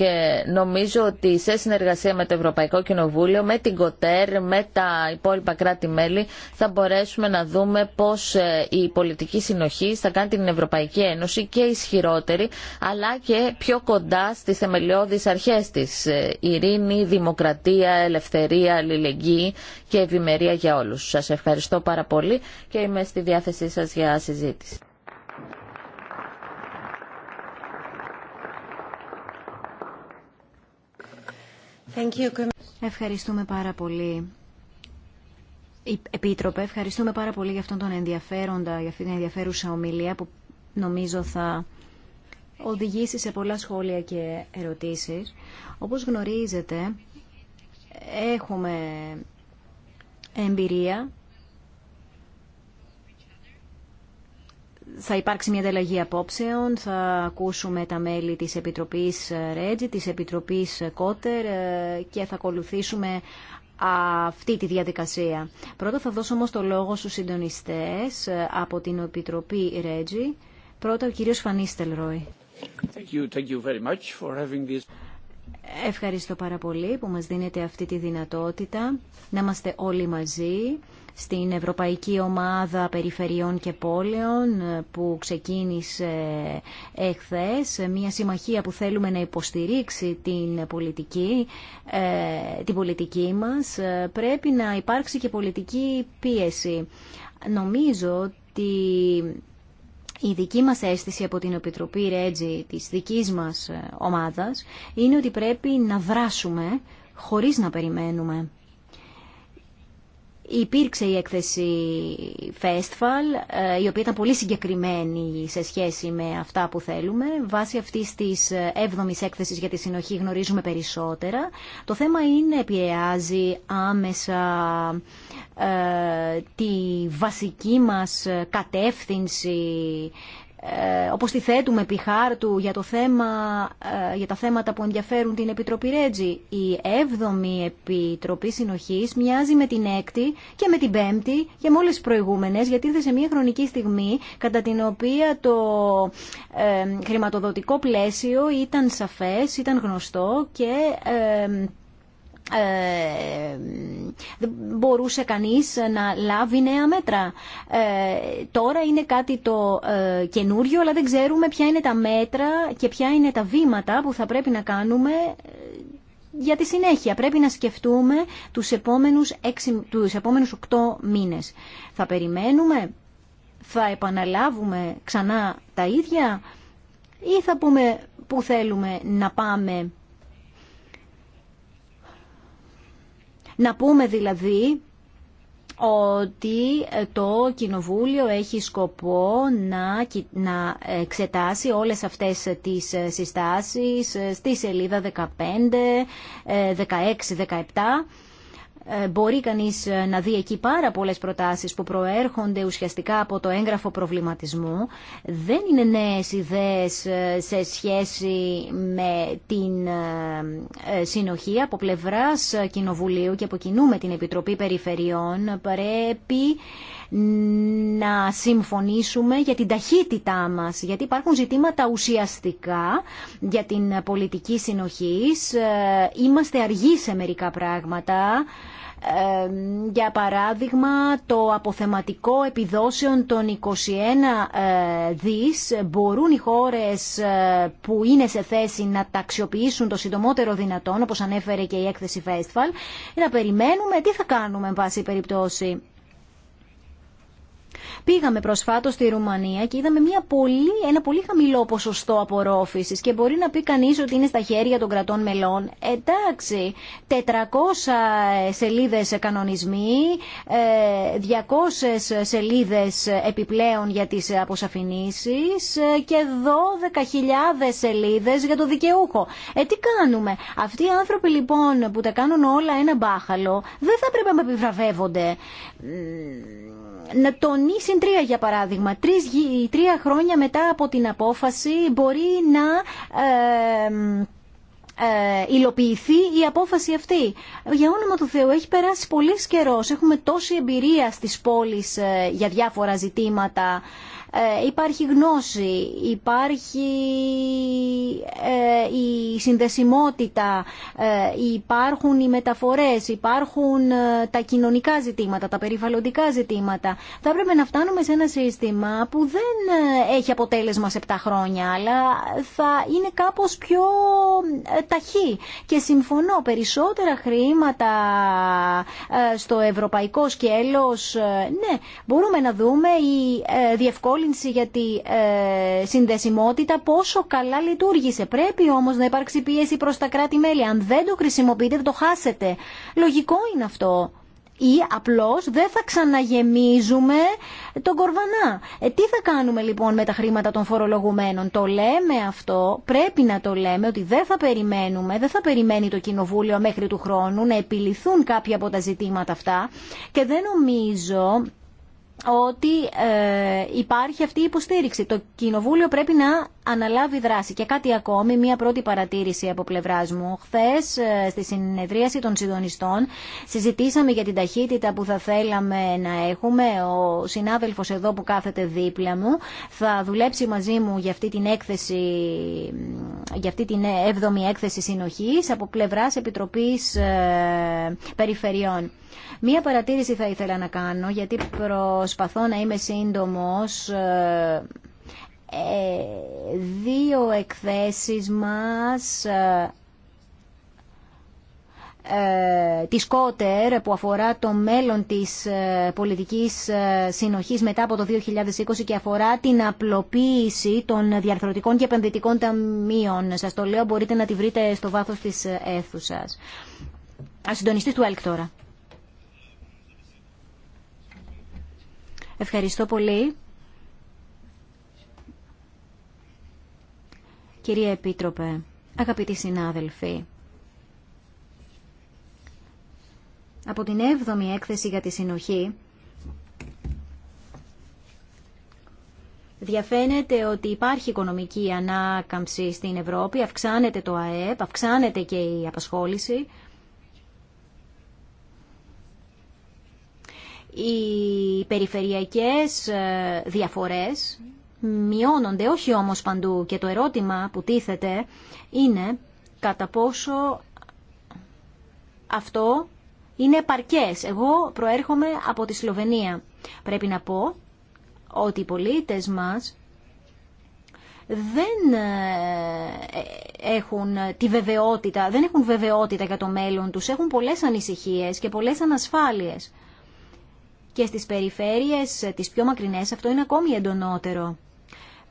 και νομίζω ότι σε συνεργασία με το Ευρωπαϊκό Κοινοβούλιο, με την ΚΟΤΕΡ, με τα υπόλοιπα κράτη-μέλη θα μπορέσουμε να δούμε πώς ε, η πολιτική συνοχή θα κάνει την Ευρωπαϊκή Ένωση και ισχυρότερη αλλά και πιο κοντά στις θεμελιώδεις αρχές της. Ε, ειρήνη, δημοκρατία, ελευθερία, αλληλεγγύη και ευημερία για όλους. Σας ευχαριστώ πάρα πολύ και είμαι στη διάθεσή σας για συζήτηση. Ευχαριστούμε πάρα πολύ. Επίτροπε, ευχαριστούμε πάρα πολύ για αυτόν τον ενδιαφέροντα, για αυτήν την ενδιαφέρουσα ομιλία που νομίζω θα οδηγήσει σε πολλά σχόλια και ερωτήσεις. Όπως γνωρίζετε, έχουμε εμπειρία θα υπάρξει μια ανταλλαγή απόψεων, θα ακούσουμε τα μέλη της Επιτροπής Ρέτζι, της Επιτροπής Κότερ ε, και θα ακολουθήσουμε αυτή τη διαδικασία. Πρώτα θα δώσω όμως το λόγο στους συντονιστές ε, από την Επιτροπή Ρέτζι. Πρώτα ο κύριος Φανίστελ Ρόι. Ευχαριστώ πάρα πολύ που μας δίνετε αυτή τη δυνατότητα να είμαστε όλοι μαζί στην Ευρωπαϊκή Ομάδα Περιφερειών και Πόλεων ε, που ξεκίνησε ε, εχθές, μια συμμαχία που θέλουμε να υποστηρίξει την πολιτική, ε, την πολιτική μας. Πρέπει να υπάρξει και πολιτική πίεση. Νομίζω ότι η δική μας αίσθηση από την Επιτροπή Ρέτζη της δικής μας ομάδας είναι ότι πρέπει να δράσουμε χωρίς να περιμένουμε. Υπήρξε η έκθεση Festival, ε, η οποία ήταν πολύ συγκεκριμένη σε σχέση με αυτά που θέλουμε. Βάσει αυτή της 7ης έκθεσης για τη συνοχή γνωρίζουμε περισσότερα. Το θέμα είναι επηρεάζει άμεσα ε, τη βασική μας κατεύθυνση ε, όπως τη θέτουμε επί χάρτου για, το θέμα, ε, για τα θέματα που ενδιαφέρουν την Επιτροπή Ρέτζη. Η 7η Επιτροπή Συνοχής μοιάζει με την 6η και με την 5η και με όλες τις προηγούμενες γιατί ήρθε σε μια χρονική στιγμή κατά την οποία το ε, χρηματοδοτικό πλαίσιο ήταν σαφές, ήταν γνωστό και... Ε, ε, μπορούσε κανείς να λάβει νέα μέτρα. Ε, τώρα είναι κάτι το ε, καινούριο, αλλά δεν ξέρουμε ποια είναι τα μέτρα και ποια είναι τα βήματα που θα πρέπει να κάνουμε για τη συνέχεια. Πρέπει να σκεφτούμε τους επόμενους, οκτώ τους επόμενους οκτώ μήνες. Θα περιμένουμε, θα επαναλάβουμε ξανά τα ίδια ή θα πούμε που θέλουμε να πάμε Να πούμε δηλαδή ότι το Κοινοβούλιο έχει σκοπό να, να εξετάσει όλες αυτές τις συστάσεις στη σελίδα 15, 16, 17 ε, μπορεί κανείς ε, να δει εκεί πάρα πολλές προτάσεις που προέρχονται ουσιαστικά από το έγγραφο προβληματισμού. Δεν είναι νέες ιδέες ε, σε σχέση με την συνοχή από πλευράς Κοινοβουλίου και από κοινού με την Επιτροπή Περιφερειών. Πρέπει να συμφωνήσουμε για την ταχύτητά μας, γιατί υπάρχουν ζητήματα ουσιαστικά για την πολιτική συνοχής. Ε, είμαστε αργοί σε μερικά πράγματα ε, για παράδειγμα το αποθεματικό επιδόσεων των 21 ε, δις μπορούν οι χώρες που είναι σε θέση να τα αξιοποιήσουν το συντομότερο δυνατόν όπως ανέφερε και η έκθεση Φέσφαλ να περιμένουμε τι θα κάνουμε εν πάση περιπτώσει Πήγαμε προσφάτω στη Ρουμανία και είδαμε μια πολύ, ένα πολύ χαμηλό ποσοστό απορρόφηση. και μπορεί να πει κανείς ότι είναι στα χέρια των κρατών μελών. Εντάξει, 400 σελίδες κανονισμοί, 200 ε, σελίδες επιπλέον για τι αποσαφηνήσει και 12.000 σελίδες για το δικαιούχο. Ε, τι κάνουμε. Αυτοί οι άνθρωποι λοιπόν που τα κάνουν όλα ένα μπάχαλο δεν θα πρέπει να επιβραβεύονται να τονίσει τρία για παράδειγμα. Τρεις, τρία χρόνια μετά από την απόφαση μπορεί να ε, υλοποιηθεί η απόφαση αυτή. Για όνομα του Θεού έχει περάσει πολύ καιρό. Έχουμε τόση εμπειρία στις πόλεις ε, για διάφορα ζητήματα ε, υπάρχει γνώση, υπάρχει ε, η συνδεσιμότητα, ε, υπάρχουν οι μεταφορές, υπάρχουν τα κοινωνικά ζητήματα, τα περιβαλλοντικά ζητήματα. Θα πρέπει να φτάνουμε σε ένα σύστημα που δεν έχει αποτέλεσμα σε 7 χρόνια, αλλά θα είναι κάπως πιο ταχύ. Και συμφωνώ, περισσότερα χρήματα στο ευρωπαϊκό σκέλος, ναι, μπορούμε να δούμε η διευκόλυνση διευκόλυνση για τη ε, συνδεσιμότητα πόσο καλά λειτουργήσε. Πρέπει όμως να υπάρξει πίεση προς τα κράτη-μέλη. Αν δεν το χρησιμοποιείτε το χάσετε. Λογικό είναι αυτό. Ή απλώς δεν θα ξαναγεμίζουμε τον κορβανά. Ε, τι θα κάνουμε λοιπόν με τα χρήματα των φορολογουμένων. Το λέμε αυτό, πρέπει να το λέμε ότι δεν θα περιμένουμε, δεν θα περιμένει το Κοινοβούλιο μέχρι του χρόνου να επιληθούν κάποια από τα ζητήματα αυτά και δεν νομίζω ότι ε, υπάρχει αυτή η υποστήριξη. Το Κοινοβούλιο πρέπει να αναλάβει δράση. Και κάτι ακόμη, μία πρώτη παρατήρηση από πλευρά μου. Χθε, ε, στη συνεδρίαση των συντονιστών, συζητήσαμε για την ταχύτητα που θα θέλαμε να έχουμε. Ο συνάδελφο εδώ που κάθεται δίπλα μου θα δουλέψει μαζί μου για αυτή την έκθεση, για αυτή την 7η έκθεση συνοχή από πλευρά Επιτροπή ε, Περιφερειών. Μία παρατήρηση θα ήθελα να κάνω, γιατί προσπαθώ να είμαι σύντομος. Ε, δύο εκθέσεις μας ε, της ΚΟΤΕΡ που αφορά το μέλλον της ε, πολιτικής συνοχής μετά από το 2020 και αφορά την απλοποίηση των διαρθρωτικών και επενδυτικών ταμείων. Σας το λέω, μπορείτε να τη βρείτε στο βάθος της αίθουσας. Συντονιστής του ΕΛΚ τώρα. Ευχαριστώ πολύ. Κυρία Επίτροπε, αγαπητοί συνάδελφοι, από την 7η έκθεση για τη συνοχή Διαφαίνεται ότι υπάρχει οικονομική ανάκαμψη στην Ευρώπη, αυξάνεται το ΑΕΠ, αυξάνεται και η απασχόληση. οι περιφερειακές ε, διαφορές μειώνονται, όχι όμως παντού. Και το ερώτημα που τίθεται είναι κατά πόσο αυτό είναι παρκές. Εγώ προέρχομαι από τη Σλοβενία. Πρέπει να πω ότι οι πολίτες μας δεν ε, έχουν τη βεβαιότητα, δεν έχουν βεβαιότητα για το μέλλον τους, έχουν πολλές ανησυχίες και πολλές ανασφάλειες και στις περιφέρειες ε, τις πιο μακρινές αυτό είναι ακόμη εντονότερο.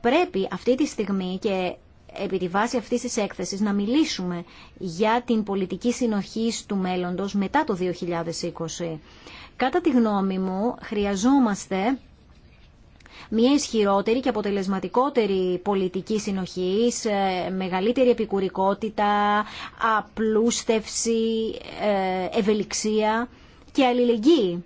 Πρέπει αυτή τη στιγμή και επί τη βάση αυτής της έκθεσης να μιλήσουμε για την πολιτική συνοχή του μέλλοντος μετά το 2020. Κατά τη γνώμη μου χρειαζόμαστε μια ισχυρότερη και αποτελεσματικότερη πολιτική συνοχή, ε, μεγαλύτερη επικουρικότητα, απλούστευση, ε, ευελιξία και αλληλεγγύη.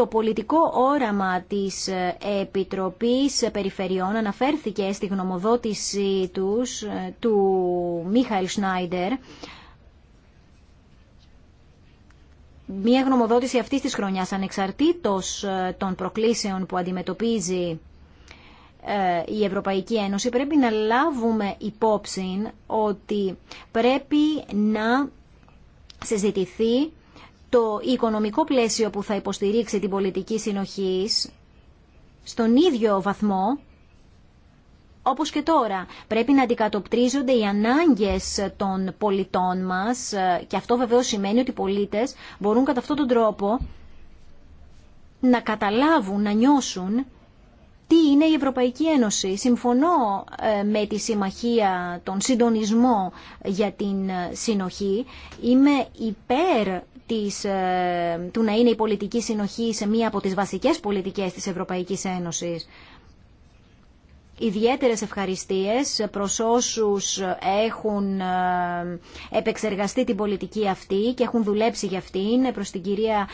Το πολιτικό όραμα της ε, Επιτροπής Περιφερειών αναφέρθηκε στη γνωμοδότηση τους, ε, του Μίχαηλ Σνάιντερ, μια γνωμοδότηση αυτής της χρονιάς ανεξαρτήτως ε, των προκλήσεων που αντιμετωπίζει η Ευρωπαϊκή Ένωση πρέπει να λάβουμε υπόψη ότι πρέπει να συζητηθεί το οικονομικό πλαίσιο που θα υποστηρίξει την πολιτική συνοχής στον ίδιο βαθμό όπως και τώρα. Πρέπει να αντικατοπτρίζονται οι ανάγκες των πολιτών μας ε, και αυτό βεβαίως σημαίνει ότι οι πολίτες μπορούν κατά αυτόν τον τρόπο να καταλάβουν, να νιώσουν τι είναι η Ευρωπαϊκή Ένωση. Συμφωνώ ε, με τη συμμαχία, τον συντονισμό για την ε, συνοχή. Είμαι υπέρ ε, του να είναι η πολιτική συνοχή σε μία από τις βασικές πολιτικές της Ευρωπαϊκής Ένωσης. Ιδιαίτερες ευχαριστίες προς όσους έχουν ε, επεξεργαστεί την πολιτική αυτή και έχουν δουλέψει για αυτήν, προς την κυρία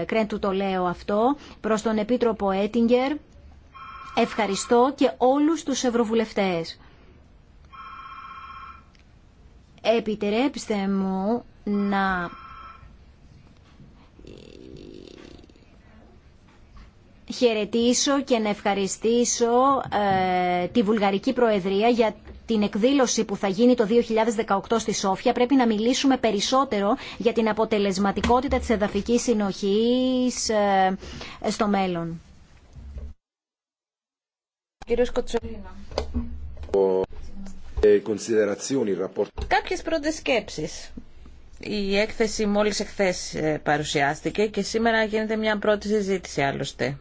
ε, Κρέντου το λέω αυτό, προς τον Επίτροπο Έτιγκερ. Ευχαριστώ και όλους τους ευρωβουλευτές. Επιτρέψτε μου να χαιρετήσω και να ευχαριστήσω ε, τη Βουλγαρική Προεδρία για την εκδήλωση που θα γίνει το 2018 στη Σόφια πρέπει να μιλήσουμε περισσότερο για την αποτελεσματικότητα της εδαφικής συνοχής ε, στο μέλλον. Ε, Κάποιες πρώτες σκέψεις. Η έκθεση μόλις εχθές παρουσιάστηκε και σήμερα γίνεται μια πρώτη συζήτηση άλλωστε.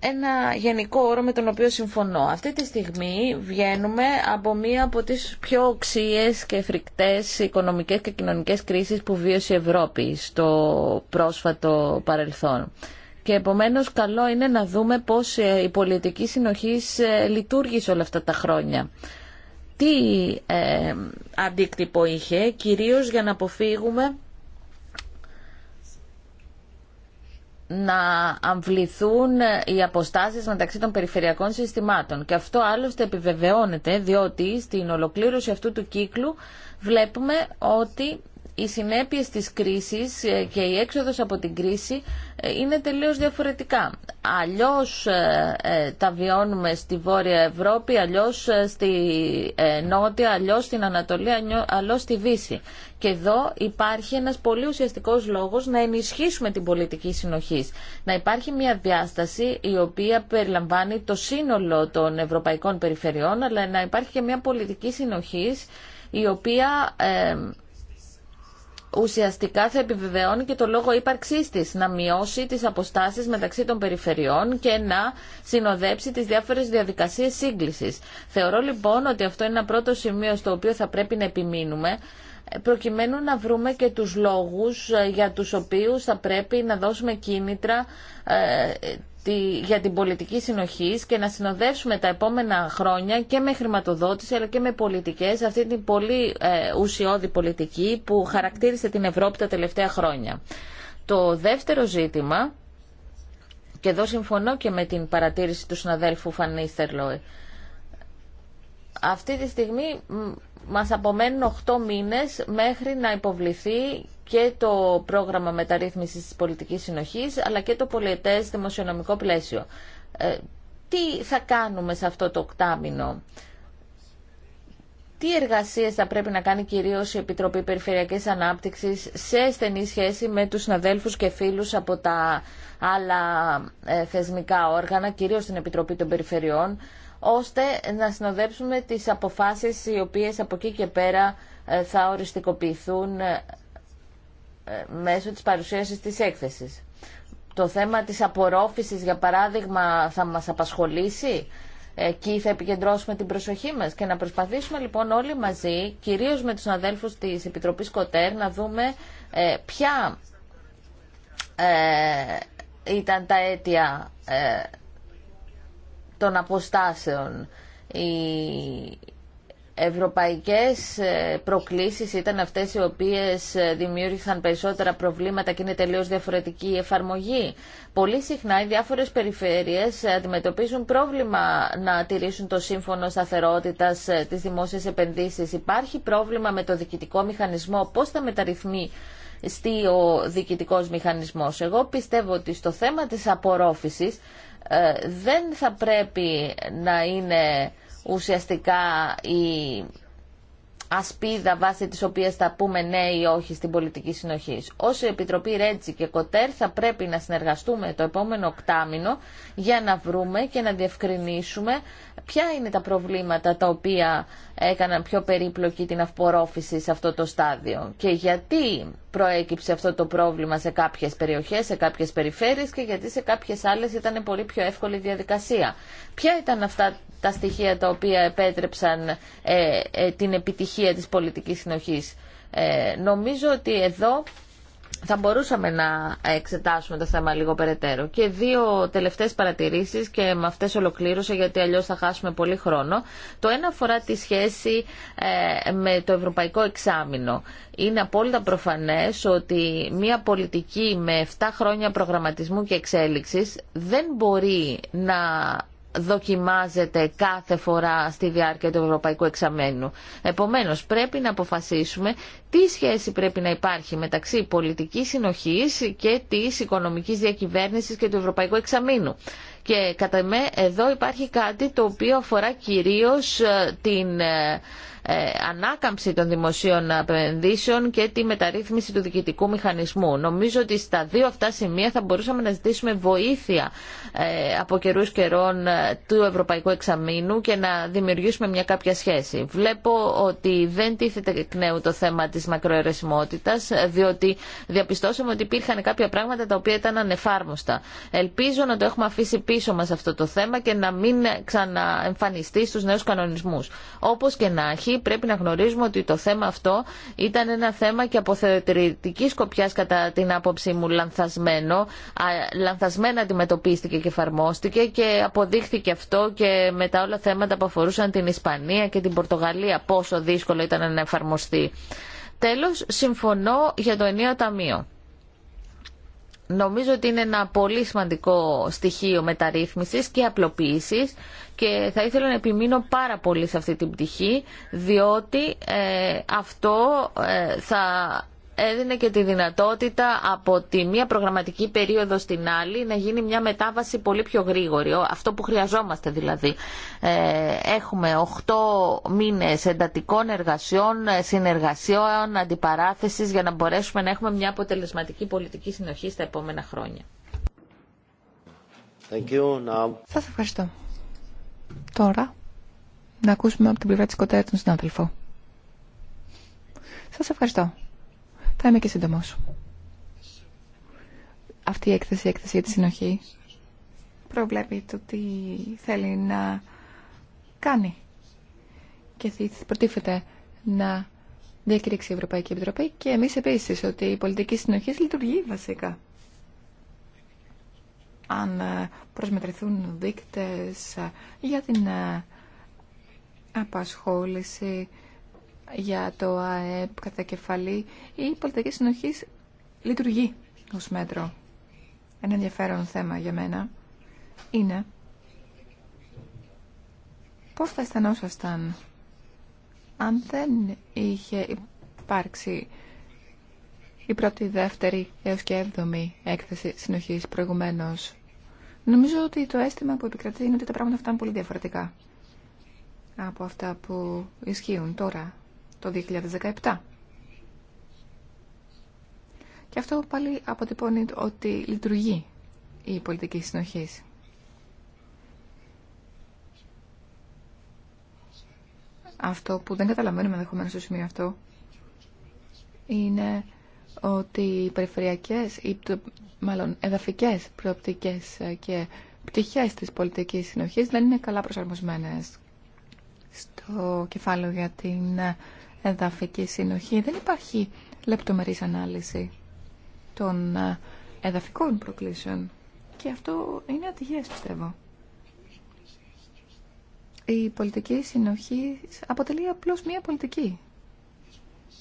ένα γενικό όρο με τον οποίο συμφωνώ. Αυτή τη στιγμή βγαίνουμε από μία από τις πιο οξύες και φρικτές οικονομικές και κοινωνικές κρίσεις που βίωσε η Ευρώπη στο πρόσφατο παρελθόν. Και επομένως καλό είναι να δούμε πώς ε, η πολιτική συνοχής ε, λειτουργήσε όλα αυτά τα χρόνια. Τι ε, αντίκτυπο είχε, κυρίως για να αποφύγουμε να αμβληθούν οι αποστάσεις μεταξύ των περιφερειακών συστημάτων. Και αυτό άλλωστε επιβεβαιώνεται διότι στην ολοκλήρωση αυτού του κύκλου βλέπουμε ότι οι συνέπειες της κρίσης ε, και η έξοδος από την κρίση ε, είναι τελείως διαφορετικά. Αλλιώς ε, τα βιώνουμε στη Βόρεια Ευρώπη, αλλιώς στη Νότια, αλλιώς στην Ανατολή, αλλιώς στη Δύση. Και εδώ υπάρχει ένας πολύ ουσιαστικός λόγος να ενισχύσουμε την πολιτική συνοχής. Να υπάρχει μια διάσταση η οποία περιλαμβάνει το σύνολο των ευρωπαϊκών περιφερειών, αλλά να υπάρχει και μια πολιτική συνοχής η οποία ουσιαστικά θα επιβεβαιώνει και το λόγο ύπαρξή τη, να μειώσει τις αποστάσεις μεταξύ των περιφερειών και να συνοδέψει τις διάφορες διαδικασίες σύγκληση. Θεωρώ λοιπόν ότι αυτό είναι ένα πρώτο σημείο στο οποίο θα πρέπει να επιμείνουμε, προκειμένου να βρούμε και τους λόγους ε, για τους οποίους θα πρέπει να δώσουμε κίνητρα ε, για την πολιτική συνοχή και να συνοδεύσουμε τα επόμενα χρόνια και με χρηματοδότηση αλλά και με πολιτικές αυτή την πολύ ε, ουσιώδη πολιτική που χαρακτήρισε την Ευρώπη τα τελευταία χρόνια. Το δεύτερο ζήτημα, και εδώ συμφωνώ και με την παρατήρηση του συναδέλφου Φανίστερ Λόι, αυτή τη στιγμή μας απομένουν 8 μήνες μέχρι να υποβληθεί και το πρόγραμμα μεταρρύθμισης της πολιτικής συνοχής αλλά και το πολιετές δημοσιονομικό πλαίσιο. Ε, τι θα κάνουμε σε αυτό το οκτάμινο. Τι εργασίες θα πρέπει να κάνει κυρίως η Επιτροπή Περιφερειακής Ανάπτυξης σε στενή σχέση με τους συναδέλφους και φίλους από τα άλλα ε, θεσμικά όργανα, κυρίως την Επιτροπή των Περιφερειών, ώστε να συνοδέψουμε τις αποφάσεις οι οποίες από εκεί και πέρα ε, θα οριστικοποιηθούν ε, μέσω της παρουσίασης της έκθεσης. Το θέμα της απορρόφησης, για παράδειγμα, θα μας απασχολήσει. και θα επικεντρώσουμε την προσοχή μας και να προσπαθήσουμε λοιπόν όλοι μαζί, κυρίως με τους αδέλφους της Επιτροπής Κοτέρ, να δούμε ε, ποια ε, ήταν τα αίτια των αποστάσεων. Η ευρωπαϊκές ε, προκλήσεις ήταν αυτές οι οποίες ε, δημιούργησαν περισσότερα προβλήματα και είναι τελείως διαφορετική η εφαρμογή. Πολύ συχνά οι διάφορες περιφέρειες ε, αντιμετωπίζουν πρόβλημα να τηρήσουν το σύμφωνο σταθερότητας της δημόσιας επενδύσεις. Υπάρχει πρόβλημα με το διοικητικό μηχανισμό, πώς θα μεταρρυθμεί στη ο διοικητικός μηχανισμός. Εγώ πιστεύω ότι στο θέμα της απορρόφησης δεν θα πρέπει να είναι ουσιαστικά η ασπίδα βάσει της οποίας θα πούμε ναι ή όχι στην πολιτική συνοχή. οσο η Επιτροπή ρετζη και Κοτέρ θα πρέπει να συνεργαστούμε το επόμενο οκτάμινο για να βρούμε και να διευκρινίσουμε ποια είναι τα προβλήματα τα οποία έκαναν πιο περίπλοκη την αυπορόφηση σε αυτό το στάδιο και γιατί προέκυψε αυτό το πρόβλημα σε κάποιες περιοχές, σε κάποιες περιφέρειες και γιατί σε κάποιες άλλες ήταν πολύ πιο εύκολη διαδικασία. Ποια ήταν αυτά τα στοιχεία τα οποία επέτρεψαν ε, ε την επιτυχία της πολιτικής συνοχής. Ε, νομίζω ότι εδώ θα μπορούσαμε να εξετάσουμε το θέμα λίγο περαιτέρω. Και δύο τελευταίες παρατηρήσεις και με αυτές ολοκλήρωσα γιατί αλλιώς θα χάσουμε πολύ χρόνο. Το ένα αφορά τη σχέση ε, με το Ευρωπαϊκό Εξάμεινο. Είναι απόλυτα προφανές ότι μια πολιτική με 7 χρόνια προγραμματισμού και εξέλιξης δεν μπορεί να δοκιμάζεται κάθε φορά στη διάρκεια του Ευρωπαϊκού Εξαμένου. Επομένως, πρέπει να αποφασίσουμε τι σχέση πρέπει να υπάρχει μεταξύ πολιτικής συνοχής και της οικονομικής διακυβέρνησης και του Ευρωπαϊκού Εξαμένου. Και κατά με εδώ υπάρχει κάτι το οποίο αφορά κυρίως ε, την ε, ε, ανάκαμψη των δημοσίων επενδύσεων και τη μεταρρύθμιση του διοικητικού μηχανισμού. Νομίζω ότι στα δύο αυτά σημεία θα μπορούσαμε να ζητήσουμε βοήθεια ε, από καιρού καιρών ε, του Ευρωπαϊκού Εξαμήνου και να δημιουργήσουμε μια κάποια σχέση. Βλέπω ότι δεν τίθεται εκ νέου το θέμα τη μακροαιρεσιμότητα, διότι διαπιστώσαμε ότι υπήρχαν κάποια πράγματα τα οποία ήταν ανεφάρμοστα. Ελπίζω να το έχουμε αφήσει πίσω μα αυτό το θέμα και να μην ξαναεμφανιστεί στου νέου κανονισμού. Όπω και να έχει, πρέπει να γνωρίζουμε ότι το θέμα αυτό ήταν ένα θέμα και από θεωρητική σκοπιά κατά την άποψή μου λανθασμένο. Λανθασμένα αντιμετωπίστηκε και εφαρμόστηκε και αποδείχθηκε αυτό και με τα όλα θέματα που αφορούσαν την Ισπανία και την Πορτογαλία πόσο δύσκολο ήταν να εφαρμοστεί. Τέλος, συμφωνώ για το ενίο ταμείο. Νομίζω ότι είναι ένα πολύ σημαντικό στοιχείο μεταρρύθμισης και απλοποίησης και θα ήθελα να επιμείνω πάρα πολύ σε αυτή την πτυχή διότι ε, αυτό ε, θα έδινε και τη δυνατότητα από τη μία προγραμματική περίοδο στην άλλη να γίνει μια μετάβαση πολύ πιο γρήγορη. Αυτό που χρειαζόμαστε δηλαδή. Ε, έχουμε 8 μήνες εντατικών εργασιών, συνεργασιών, αντιπαράθεσης για να μπορέσουμε να έχουμε μια αποτελεσματική πολιτική συνοχή στα επόμενα χρόνια. ευχαριστώ. Τώρα, να ακούσουμε από την πλευρά της Κοτέρα τον συνάδελφο. Σας ευχαριστώ. Θα είμαι και σύντομος. Αυτή η έκθεση, η έκθεση για τη συνοχή, προβλέπει το τι θέλει να κάνει και προτίθεται να διακηρύξει η Ευρωπαϊκή Επιτροπή και εμείς επίσης ότι η πολιτική συνοχή λειτουργεί βασικά αν ε, προσμετρηθούν δείκτες ε, για την ε, απασχόληση, για το ΑΕΠ κατά κεφαλή, η πολιτική συνοχή λειτουργεί ως μέτρο. Ένα ενδιαφέρον θέμα για μένα είναι πώς θα αισθανόσασταν αν δεν είχε υπάρξει η πρώτη, δεύτερη έως και έβδομη έκθεση συνοχής προηγουμένως. Νομίζω ότι το αίσθημα που επικρατεί είναι ότι τα πράγματα αυτά είναι πολύ διαφορετικά από αυτά που ισχύουν τώρα το 2017. Και αυτό πάλι αποτυπώνει ότι λειτουργεί η πολιτική συνοχή. Αυτό που δεν καταλαβαίνουμε ενδεχομένω στο σημείο αυτό είναι ότι οι περιφερειακές, ή μάλλον εδαφικές προοπτικές ε, και πτυχές της πολιτικής συνοχής δεν είναι καλά προσαρμοσμένες. Στο κεφάλαιο για την ε, εδαφική συνοχή δεν υπάρχει λεπτομερής ανάλυση των ε, εδαφικών προκλήσεων και αυτό είναι ατυχές πιστεύω. Η πολιτική συνοχή αποτελεί απλώς μία πολιτική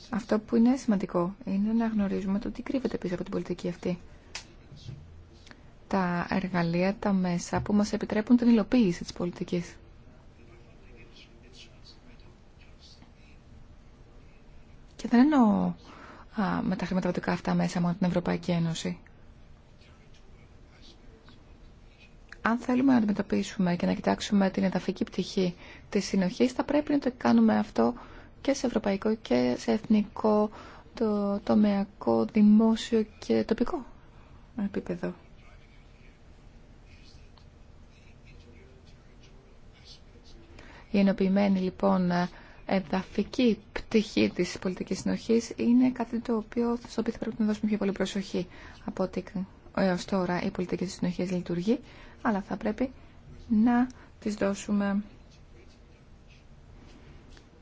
αυτό που είναι σημαντικό είναι να γνωρίζουμε το τι κρύβεται πίσω από την πολιτική αυτή. Τα εργαλεία, τα μέσα που μας επιτρέπουν την υλοποίηση της πολιτικής. Και δεν εννοώ α, με τα χρηματοδοτικά αυτά μέσα μόνο την Ευρωπαϊκή Ένωση. Αν θέλουμε να αντιμετωπίσουμε και να κοιτάξουμε την εδαφική πτυχή της συνοχής, θα πρέπει να το κάνουμε αυτό και σε ευρωπαϊκό και σε εθνικό, το τομεακό, δημόσιο και τοπικό επίπεδο. Η ενοποιημένη λοιπόν εδαφική πτυχή της πολιτικής συνοχής είναι κάτι το οποίο, στο οποίο θα πρέπει να δώσουμε πιο πολύ προσοχή από ότι έως τώρα η πολιτική συνοχή λειτουργεί, αλλά θα πρέπει να της δώσουμε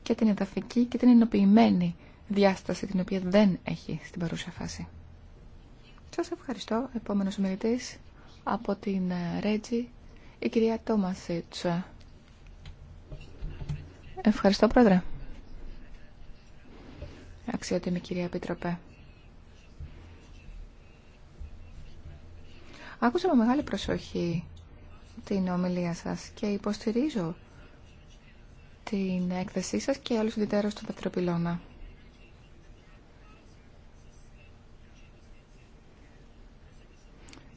και την εδαφική και την ενοποιημένη διάσταση την οποία δεν έχει στην παρούσα φάση. Σα ευχαριστώ. Επόμενος ομιλητή από την ε, Ρέτζη, η κυρία Τόμασιτς. Ευχαριστώ, Πρόεδρε. Αξιότιμη κυρία Επιτροπέ. Άκουσα με μεγάλη προσοχή την ομιλία σας και υποστηρίζω την έκθεσή σας και όλους διτέρου του Πετροπυλώνα.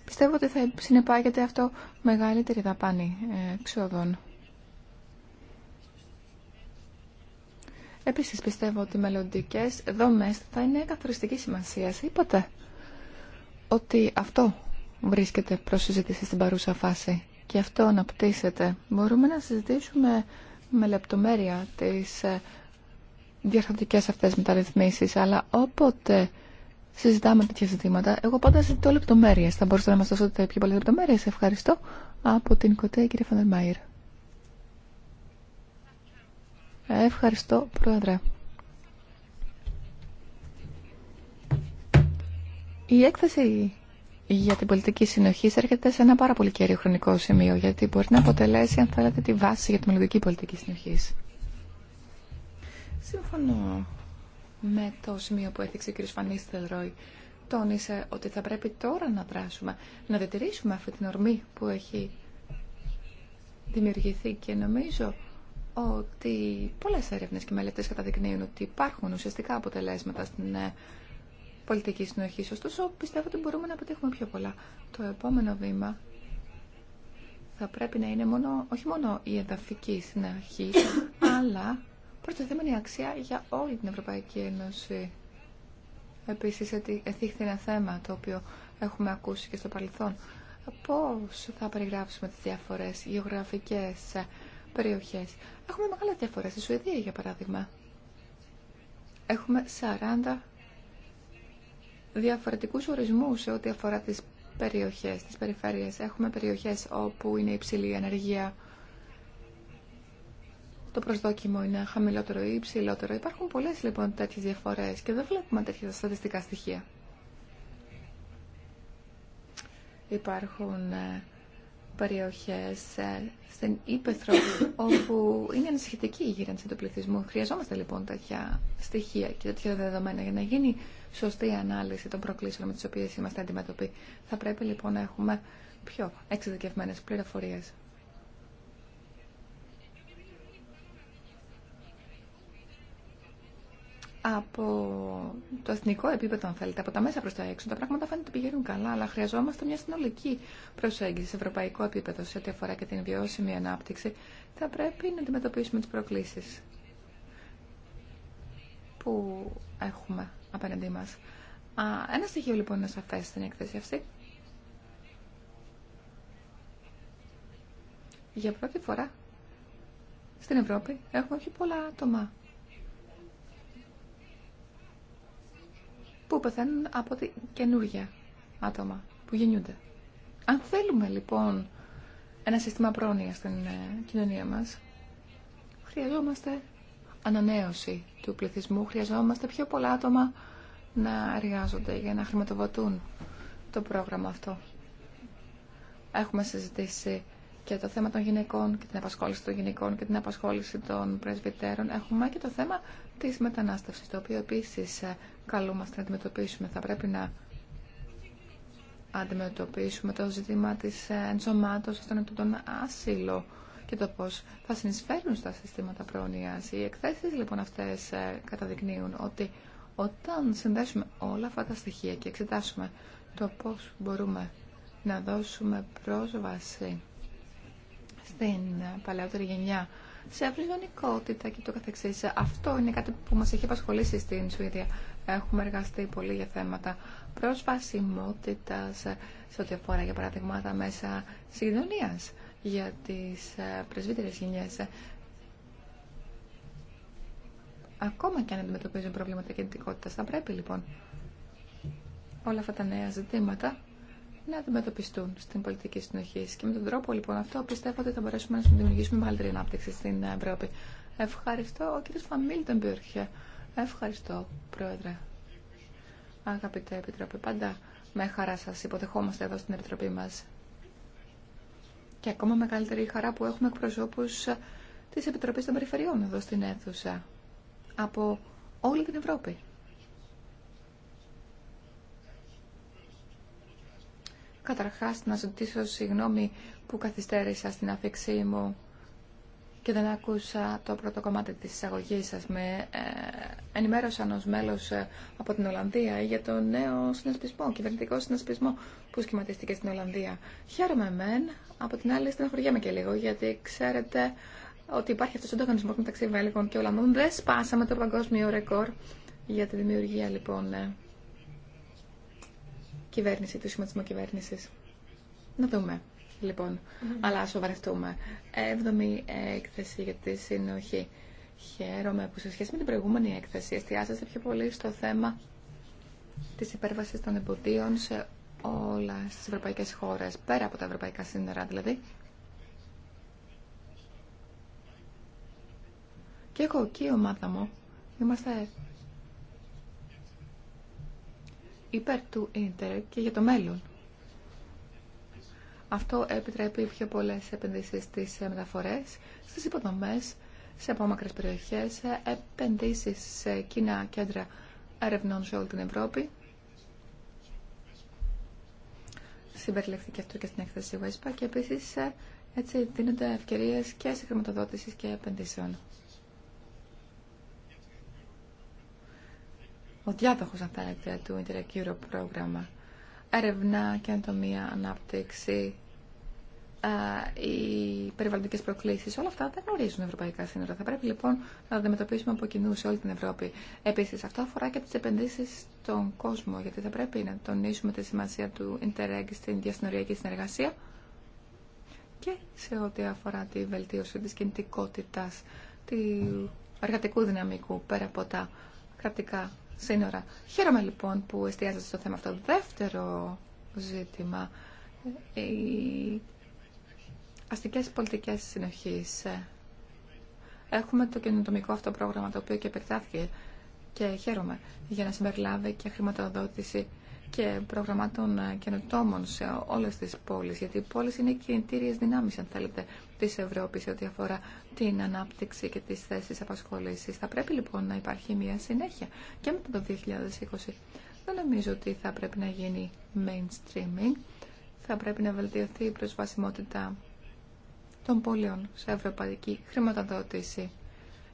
Πιστεύω ότι θα συνεπάγεται αυτό μεγαλύτερη δαπάνη ε, εξόδων. Επίση, πιστεύω ότι οι μελλοντικέ δομέ θα είναι καθοριστική σημασία. Είπατε ότι αυτό βρίσκεται προ συζήτηση στην παρούσα φάση και αυτό αναπτύσσεται. Μπορούμε να συζητήσουμε με λεπτομέρεια τις ε, διαρθρωτικές αυτές μεταρρυθμίσεις, αλλά όποτε συζητάμε τέτοια ζητήματα, εγώ πάντα ζητώ λεπτομέρειες. Θα μπορούσατε να μας δώσετε πιο πολλές λεπτομέρειες. Ευχαριστώ από την Κοτέ, κύριε Φανερμαϊρ. Ευχαριστώ, Πρόεδρε. Η έκθεση για την πολιτική συνοχή έρχεται σε ένα πάρα πολύ κέριο χρονικό σημείο, γιατί μπορεί να αποτελέσει, αν θέλετε, τη βάση για τη μελλοντική πολιτική συνοχή. Σύμφωνο με το σημείο που έθιξε ο κ. Φανίστελ Ρόι, τόνισε ότι θα πρέπει τώρα να δράσουμε, να διατηρήσουμε αυτή την ορμή που έχει δημιουργηθεί και νομίζω ότι πολλές έρευνες και μελετές καταδεικνύουν ότι υπάρχουν ουσιαστικά αποτελέσματα στην ε, πολιτική συνοχή. Ωστόσο, πιστεύω ότι μπορούμε να πετύχουμε πιο πολλά. Το επόμενο βήμα θα πρέπει να είναι μόνο, όχι μόνο η εδαφική συνοχή, *coughs* αλλά προστιθέμενη αξία για όλη την Ευρωπαϊκή Ένωση. Επίσης, εθίχθη ένα θέμα το οποίο έχουμε ακούσει και στο παρελθόν. Πώς θα περιγράψουμε τις διάφορες γεωγραφικές περιοχές. Έχουμε μεγάλα διαφορές. στη Σουηδία, για παράδειγμα. Έχουμε 40 διαφορετικούς ορισμούς σε ό,τι αφορά τις περιοχές, τις περιφέρειες. Έχουμε περιοχές όπου είναι υψηλή η ενέργεια, το προσδόκιμο είναι χαμηλότερο ή υψηλότερο. Υπάρχουν πολλές λοιπόν τέτοιες διαφορές και δεν βλέπουμε τέτοια στατιστικά στοιχεία. Υπάρχουν ε, περιοχές ε, στην Ήπεθρο όπου είναι ανησυχητική η γύρανση του πληθυσμού. Χρειαζόμαστε λοιπόν τέτοια στοιχεία και τέτοια δεδομένα για να γίνει σωστή ανάλυση των προκλήσεων με τις οποίες είμαστε αντιμέτωποι. Θα πρέπει λοιπόν να έχουμε πιο εξειδικευμένες πληροφορίες. από το εθνικό επίπεδο, αν θέλετε, από τα μέσα προς τα έξω, τα πράγματα φαίνεται πηγαίνουν καλά, αλλά χρειαζόμαστε μια συνολική προσέγγιση σε ευρωπαϊκό επίπεδο σε ό,τι αφορά και την βιώσιμη ανάπτυξη. Θα πρέπει να αντιμετωπίσουμε τις προκλήσεις που έχουμε απέναντί μας. ένα στοιχείο λοιπόν είναι σαφέ στην έκθεση αυτή. Για πρώτη φορά στην Ευρώπη έχουμε όχι πολλά άτομα που πεθαίνουν από τη καινούργια άτομα που γεννιούνται. Αν θέλουμε λοιπόν ένα σύστημα πρόνοια στην ε, κοινωνία μας, χρειαζόμαστε ανανέωση του πληθυσμού, χρειαζόμαστε πιο πολλά άτομα να εργάζονται για να χρηματοδοτούν το πρόγραμμα αυτό. Έχουμε συζητήσει και το θέμα των γυναικών και την απασχόληση των γυναικών και την απασχόληση των πρεσβυτέρων. Έχουμε και το θέμα της μετανάστευσης, το οποίο επίσης ε, καλούμαστε να αντιμετωπίσουμε. Θα πρέπει να αντιμετωπίσουμε το ζήτημα της ε, ενσωμάτωσης των ασύλων άσυλο και το πώς θα συνεισφέρουν στα συστήματα πρόνοιας. Οι εκθέσεις λοιπόν αυτές ε, καταδεικνύουν ότι όταν συνδέσουμε όλα αυτά τα στοιχεία και εξετάσουμε το πώς μπορούμε να δώσουμε πρόσβαση στην παλαιότερη γενιά σε αυριζονικότητα και το καθεξής. Αυτό είναι κάτι που μας έχει απασχολήσει στην Σουηδία. Έχουμε εργαστεί πολύ για θέματα προσβασιμότητας σε ό,τι αφορά για παράδειγμα τα μέσα συγκοινωνίας για τις ε, πρεσβύτερες γενιές. Ακόμα και αν αντιμετωπίζουν προβλήματα κινητικότητας, θα πρέπει λοιπόν όλα αυτά τα νέα ζητήματα να αντιμετωπιστούν στην πολιτική συνοχή. Και με τον τρόπο λοιπόν αυτό πιστεύω ότι θα μπορέσουμε να δημιουργήσουμε μεγαλύτερη ανάπτυξη στην Ευρώπη. Ευχαριστώ. Ο κ. Φαμίλτον Ευχαριστώ, Πρόεδρε. Αγαπητέ Επιτροπή, πάντα με χαρά σα υποδεχόμαστε εδώ στην Επιτροπή μα. Και ακόμα μεγαλύτερη χαρά που έχουμε εκπροσώπου τη επιτροπή των Περιφερειών εδώ στην αίθουσα. Από όλη την Ευρώπη. Καταρχάς, να ζητήσω συγγνώμη που καθυστέρησα στην αφήξή μου και δεν άκουσα το πρώτο κομμάτι της εισαγωγής σας. Με ε, ενημέρωσαν ως μέλος ε, από την Ολλανδία για το νέο συνασπισμό, κυβερνητικό συνασπισμό που σχηματίστηκε στην Ολλανδία. Χαίρομαι μεν, από την άλλη στενοχωριέμαι και λίγο, γιατί ξέρετε ότι υπάρχει αυτός ο ανταγωνισμός μεταξύ Βέλγων και Ολλανδών. Δεν σπάσαμε το παγκόσμιο ρεκόρ για τη δημιουργία λοιπόν ε, κυβέρνηση, του σχηματισμού κυβέρνηση. Να δούμε, λοιπόν. Mm-hmm. Αλλά -hmm. Αλλά σοβαρευτούμε. Έβδομη έκθεση για τη συνοχή. Χαίρομαι που σε σχέση με την προηγούμενη έκθεση εστιάσατε πιο πολύ στο θέμα της υπέρβαση των εμποδίων σε όλα στις ευρωπαϊκές χώρες, πέρα από τα ευρωπαϊκά σύνορα δηλαδή. Και εγώ και η ομάδα μου είμαστε υπέρ του ίντερ και για το μέλλον. Αυτό επιτρέπει πιο πολλές επενδύσεις στις μεταφορές, στις υποδομές, σε απόμακρες περιοχές, επενδύσεις σε κοινά κέντρα ερευνών σε όλη την Ευρώπη. Συμπεριλεχθεί και αυτό και στην έκθεση ΒΕΣΠΑ και επίσης ε, έτσι δίνονται ευκαιρίες και σε χρηματοδότηση και επενδύσεων. ο διάδοχο αν θέλετε του Interreg Europe πρόγραμμα. Έρευνα, καινοτομία, ανάπτυξη, οι περιβαλλοντικέ προκλήσει, όλα αυτά δεν γνωρίζουν ευρωπαϊκά σύνορα. Θα πρέπει λοιπόν να αντιμετωπίσουμε από κοινού σε όλη την Ευρώπη. Επίση, αυτό αφορά και τι επενδύσει στον κόσμο, γιατί θα πρέπει να τονίσουμε τη σημασία του Interreg στην διασυνοριακή συνεργασία και σε ό,τι αφορά τη βελτίωση τη κινητικότητα του εργατικού δυναμικού πέρα από τα κρατικά σύνορα. Χαίρομαι λοιπόν που εστιάζεται στο θέμα αυτό. Δεύτερο ζήτημα, οι αστικές πολιτικές συνοχής. Έχουμε το καινοτομικό αυτό πρόγραμμα το οποίο και επεκτάθηκε και χαίρομαι για να συμπεριλάβει και χρηματοδότηση και προγραμμάτων ε, καινοτόμων σε όλες τις πόλεις, γιατί οι πόλεις είναι κινητήριε δυνάμεις, αν θέλετε, της Ευρώπης ό,τι αφορά την ανάπτυξη και τις θέσεις απασχόλησης. Θα πρέπει λοιπόν να υπάρχει μια συνέχεια και μετά το 2020. Δεν νομίζω ότι θα πρέπει να γίνει mainstreaming. Θα πρέπει να βελτιωθεί η προσβασιμότητα των πόλεων σε ευρωπαϊκή χρηματοδότηση.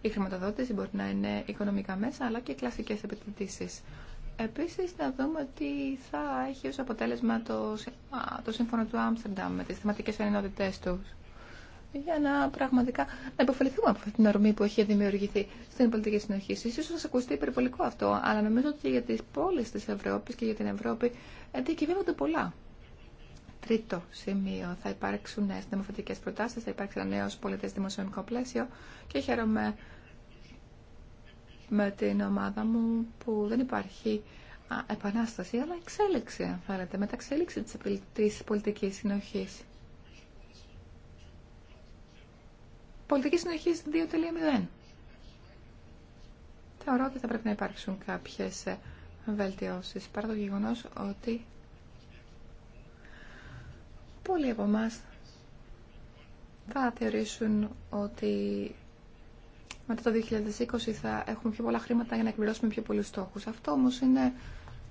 Η χρηματοδότηση μπορεί να είναι οικονομικά μέσα αλλά και κλασικές επιδοτήσεις. Επίσης να δούμε τι θα έχει ως αποτέλεσμα το, το σύμφωνο του Άμστερνταμ με τις θεματικές ενότητες του για να πραγματικά να υποφεληθούμε από αυτή την ορμή που έχει δημιουργηθεί στην πολιτική συνοχή. θα σα ακουστεί υπερβολικό αυτό, αλλά νομίζω ότι για τι πόλει τη Ευρώπη και για την Ευρώπη ε, διακυβεύονται πολλά. Τρίτο σημείο, θα υπάρξουν νέε δημοφιλικέ προτάσει, θα υπάρξει ένα νέο πολιτέ δημοσιονομικό πλαίσιο και χαίρομαι με την ομάδα μου που δεν υπάρχει επανάσταση, αλλά εξέλιξη, αν θέλετε, μεταξέλιξη της πολιτικής συνοχής. Πολιτική συνοχή 2.0. Θεωρώ ότι θα πρέπει να υπάρξουν κάποιες ε, βελτιώσεις, παρά το γεγονός ότι πολλοί από εμά θα θεωρήσουν ότι μετά το 2020 θα έχουμε πιο πολλά χρήματα για να εκπληρώσουμε πιο πολλούς στόχους. Αυτό όμως είναι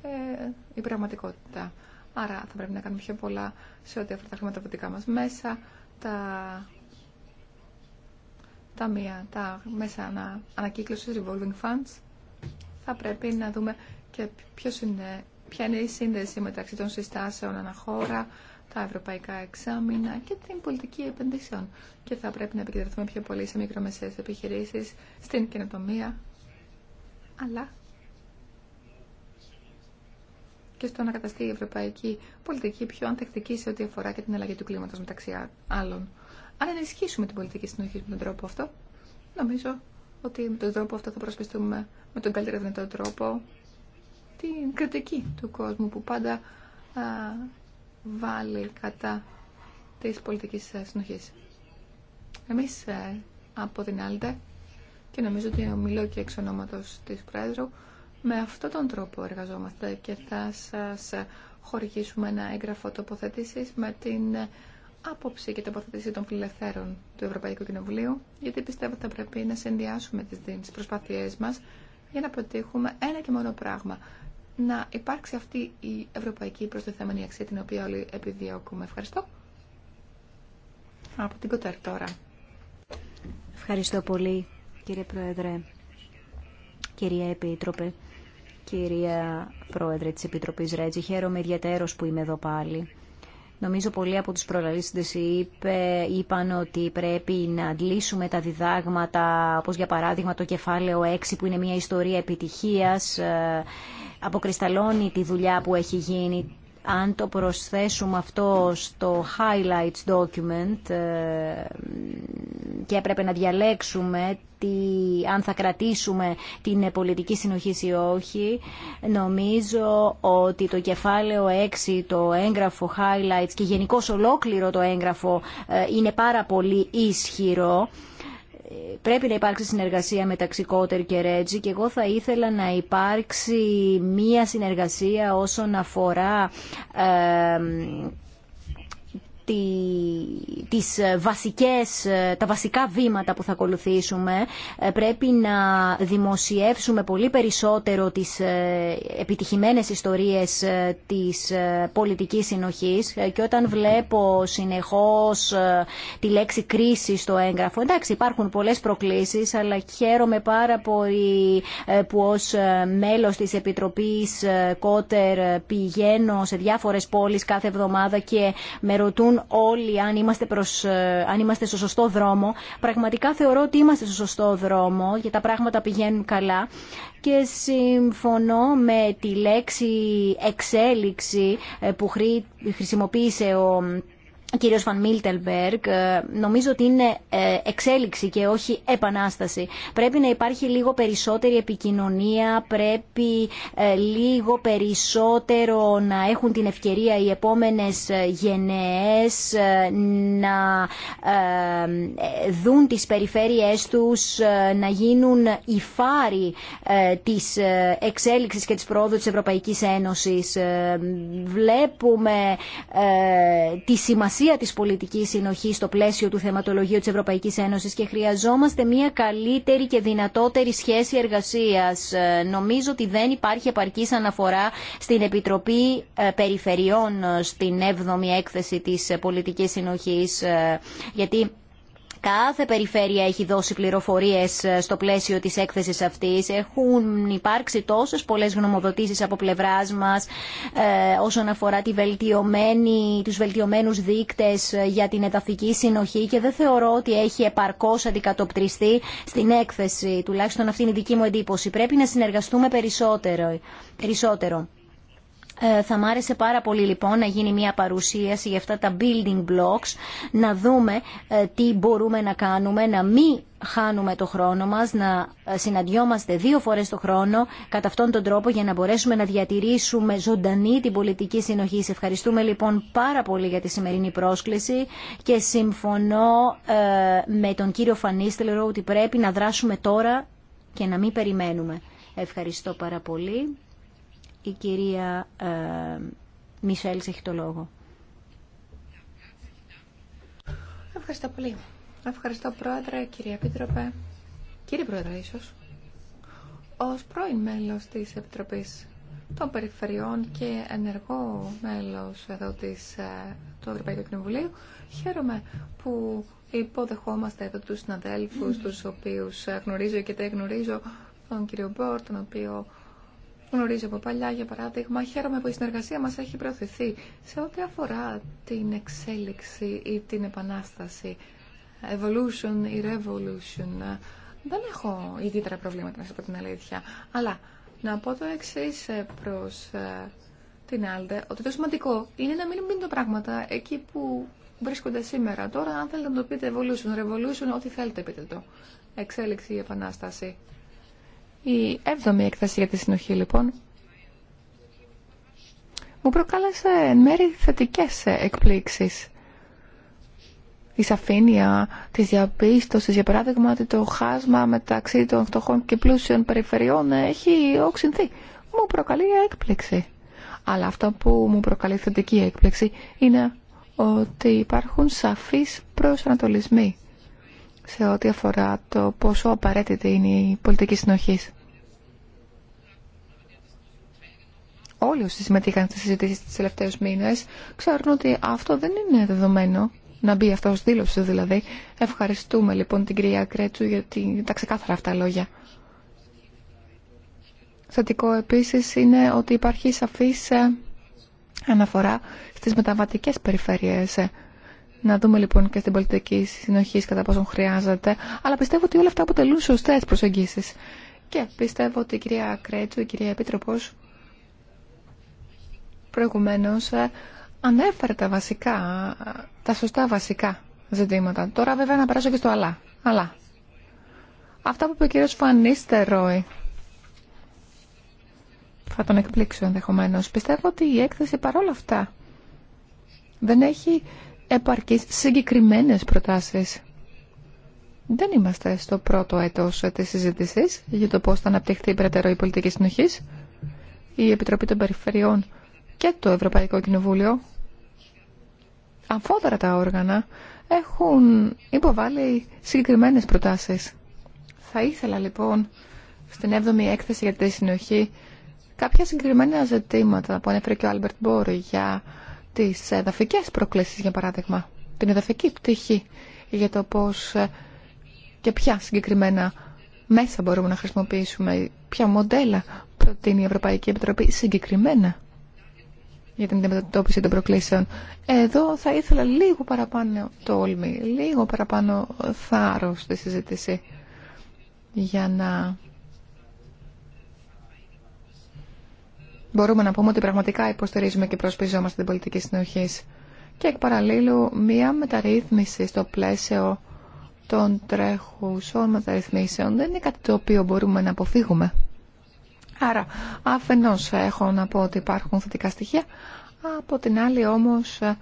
ε, η πραγματικότητα. Άρα θα πρέπει να κάνουμε πιο πολλά σε ό,τι αφορά τα χρηματοδοτικά μας μέσα, τα τα μέσα ανα, ανακύκλωσης, revolving funds. Θα πρέπει να δούμε και ποιος είναι, ποια είναι η σύνδεση μεταξύ των συστάσεων αναχώρα, τα ευρωπαϊκά εξάμεινα και την πολιτική επενδύσεων. Και θα πρέπει να επικεντρωθούμε πιο πολύ σε μικρομεσαίες επιχειρήσει στην καινοτομία, αλλά και στο να καταστεί η ευρωπαϊκή πολιτική πιο ανθεκτική σε ό,τι αφορά και την αλλαγή του κλίματο μεταξύ άλλων. Αν ενισχύσουμε την πολιτική συνοχή με τον τρόπο αυτό, νομίζω ότι με τον τρόπο αυτό θα προσπιστούμε με τον καλύτερο δυνατό τρόπο την κριτική του κόσμου που πάντα α, βάλει κατά της πολιτικής ε, συνοχής. Εμείς ε, από την άλλη και νομίζω ότι μιλώ και εξ ονόματος της Πρόεδρου με αυτόν τον τρόπο εργαζόμαστε και θα σας χορηγήσουμε ένα έγγραφο τοποθετήσεις με την ε, άποψη και τοποθετήση των φιλελευθέρων του Ευρωπαϊκού Κοινοβουλίου γιατί πιστεύω ότι θα πρέπει να συνδυάσουμε τις προσπάθειές μας για να πετύχουμε ένα και μόνο πράγμα να υπάρξει αυτή η ευρωπαϊκή προστιθέμενη αξία την οποία όλοι επιδιώκουμε. Ευχαριστώ. Από την Κοτέρ τώρα. Ευχαριστώ πολύ κύριε Πρόεδρε, κυρία Επίτροπε, κυρία Πρόεδρε της Επιτροπής Ρέτζη. Χαίρομαι ιδιαίτερος που είμαι εδώ πάλι. Νομίζω πολλοί από τους προλαλήσεις είπε, είπαν ότι πρέπει να αντλήσουμε τα διδάγματα, όπως για παράδειγμα το κεφάλαιο 6 που είναι μια ιστορία επιτυχίας αποκρισταλώνει τη δουλειά που έχει γίνει. Αν το προσθέσουμε αυτό στο highlights document ε, και έπρεπε να διαλέξουμε τι, αν θα κρατήσουμε την πολιτική συνοχή ή όχι, νομίζω ότι το κεφάλαιο 6, το έγγραφο highlights και γενικώ ολόκληρο το έγγραφο ε, είναι πάρα πολύ ισχυρό πρέπει να υπάρξει συνεργασία μεταξύ Κότερ και Ρέτζι και εγώ θα ήθελα να υπάρξει μία συνεργασία όσον αφορά ε, τις ε, βασικές, ε, τα βασικά βήματα που θα ακολουθήσουμε. Ε, πρέπει να δημοσιεύσουμε πολύ περισσότερο τις επιτυχημένες ιστορίες της πολιτικής συνοχής και όταν βλέπω συνεχώς τη λέξη κρίση στο έγγραφο, εντάξει υπάρχουν πολλές προκλήσεις αλλά χαίρομαι πάρα πολύ που ως μέλος της Επιτροπής Κότερ πηγαίνω σε διάφορες πόλεις κάθε εβδομάδα και με ρωτούν Λοιπόν όλοι αν είμαστε, προς, ε, αν είμαστε στο σωστό δρόμο. Πραγματικά θεωρώ ότι είμαστε στο σωστό δρόμο και τα πράγματα πηγαίνουν καλά και συμφωνώ με τη λέξη εξέλιξη ε, που χρησιμοποίησε ο κύριος Φαν ε, νομίζω ότι είναι ε, εξέλιξη και όχι επανάσταση. Πρέπει να υπάρχει λίγο περισσότερη επικοινωνία, πρέπει ε, λίγο περισσότερο να έχουν την ευκαιρία οι επόμενες γενναίες να δουν τις περιφέρειές τους, να γίνουν οι φάροι της εξέλιξης και της πρόοδου της Ευρωπαϊκής Ένωσης. Βλέπουμε τη σημασία σημασία της πολιτικής συνοχής στο πλαίσιο του θεματολογίου της Ευρωπαϊκής Ένωσης και χρειαζόμαστε μια καλύτερη και δυνατότερη σχέση εργασίας. Ε, νομίζω ότι δεν υπάρχει επαρκής αναφορά στην Επιτροπή ε, Περιφερειών ε, στην 7η έκθεση της πολιτικής συνοχής, γιατί Κάθε περιφέρεια έχει δώσει πληροφορίες ε, στο πλαίσιο της έκθεσης αυτής. Έχουν υπάρξει τόσες πολλές γνωμοδοτήσεις από πλευράς μας ε, όσον αφορά τη βελτιωμένη, τους βελτιωμένους δείκτες ε, για την εδαφική συνοχή και δεν θεωρώ ότι έχει επαρκώς αντικατοπτριστεί στην έκθεση. Τουλάχιστον αυτή είναι η δική μου εντύπωση. Πρέπει να συνεργαστούμε περισσότερο. Ε, θα μ' άρεσε πάρα πολύ λοιπόν να γίνει μια παρουσίαση για αυτά τα building blocks, να δούμε ε, τι μπορούμε να κάνουμε, να μην χάνουμε το χρόνο μας, να ε, συναντιόμαστε δύο φορές το χρόνο κατά αυτόν τον τρόπο για να μπορέσουμε να διατηρήσουμε ζωντανή την πολιτική συνοχή. ευχαριστούμε λοιπόν πάρα πολύ για τη σημερινή πρόσκληση και συμφωνώ με τον κύριο Φανίστελρο ότι πρέπει να δράσουμε τώρα και να μην περιμένουμε. Ευχαριστώ πάρα πολύ η κυρία ε, Μισελς έχει το λόγο. Ευχαριστώ πολύ. Ευχαριστώ πρόεδρε, κύριε Επίτροπε, κύριε πρόεδρε ίσως, ως πρώην μέλος της Επιτροπής των Περιφερειών και ενεργό μέλος εδώ της, ε, του Ευρωπαϊκού Κοινοβουλίου, χαίρομαι που υποδεχόμαστε εδώ τους συναδέλφου τους οποίους ε, γνωρίζω και δεν γνωρίζω, τον κύριο Μπορ, τον οποίο γνωρίζω από παλιά, για παράδειγμα, χαίρομαι που η συνεργασία μας έχει προωθηθεί σε ό,τι αφορά την εξέλιξη ή την επανάσταση. Evolution ή revolution. Δεν έχω ιδιαίτερα προβλήματα, να σας πω την αλήθεια. Αλλά να πω το εξή ε, προς ε, την Άλτε, ότι το σημαντικό είναι να μην μείνουν τα πράγματα εκεί που βρίσκονται σήμερα. Τώρα, αν θέλετε να το πείτε evolution, revolution, ό,τι θέλετε πείτε το. Εξέλιξη ή επανάσταση. Η έβδομη έκθεση για τη συνοχή λοιπόν μου προκάλεσε εν μέρη θετικές εκπλήξεις. Η σαφήνεια της διαπίστωσης, για παράδειγμα, ότι το χάσμα μεταξύ των φτωχών και πλούσιων περιφερειών έχει οξυνθεί. Μου προκαλεί έκπληξη. Αλλά αυτό που μου προκαλεί θετική έκπληξη είναι ότι υπάρχουν σαφείς προσανατολισμοί σε ό,τι αφορά το πόσο απαραίτητη είναι η πολιτική συνοχής. όλοι όσοι συμμετείχαν στις συζητήσεις τις τελευταίες μήνες ξέρουν ότι αυτό δεν είναι δεδομένο να μπει αυτό ως δήλωση δηλαδή. Ευχαριστούμε λοιπόν την κυρία Κρέτσου για τα ξεκάθαρα αυτά λόγια. Στατικό επίσης είναι ότι υπάρχει σαφής ε, αναφορά στις μεταβατικές περιφέρειες. Να δούμε λοιπόν και στην πολιτική συνοχή κατά πόσον χρειάζεται. Αλλά πιστεύω ότι όλα αυτά αποτελούν σωστές προσεγγίσεις. Και πιστεύω ότι η κυρία Κρέτσου, η κυρία Επίτροπος προηγουμένως ε, ανέφερε τα βασικά, τα σωστά βασικά ζητήματα. Τώρα βέβαια να περάσω και στο αλλά. αλλά. Αυτά που είπε ο κύριος Φανίστεροι. Θα τον εκπλήξω ενδεχομένω. Πιστεύω ότι η έκθεση παρόλα αυτά δεν έχει επαρκείς συγκεκριμένες προτάσεις. Δεν είμαστε στο πρώτο έτος ε, της συζήτησης για το πώς θα αναπτυχθεί περαιτέρω η πολιτική συνοχή. Η Επιτροπή των Περιφερειών και το Ευρωπαϊκό Κοινοβούλιο, αμφότερα τα όργανα, έχουν υποβάλει συγκεκριμένες προτάσεις. Θα ήθελα λοιπόν στην 7η έκθεση για τη συνοχή κάποια συγκεκριμένα ζητήματα που ανέφερε και ο Άλμπερτ Μπόρ για τις εδαφικές προκλήσεις για παράδειγμα, την εδαφική πτυχή για το πώς ε, και ποια συγκεκριμένα μέσα μπορούμε να χρησιμοποιήσουμε, ποια μοντέλα προτείνει η Ευρωπαϊκή Επιτροπή συγκεκριμένα για την αντιμετώπιση των προκλήσεων. Εδώ θα ήθελα λίγο παραπάνω τόλμη, λίγο παραπάνω θάρρο στη συζήτηση για να μπορούμε να πούμε ότι πραγματικά υποστηρίζουμε και προσπιζόμαστε την πολιτική συνοχή και εκ παραλλήλου μία μεταρρύθμιση στο πλαίσιο των τρέχουσων μεταρρυθμίσεων δεν είναι κάτι το οποίο μπορούμε να αποφύγουμε. Άρα, αφενός έχω να πω ότι υπάρχουν θετικά στοιχεία, από την άλλη όμως ε,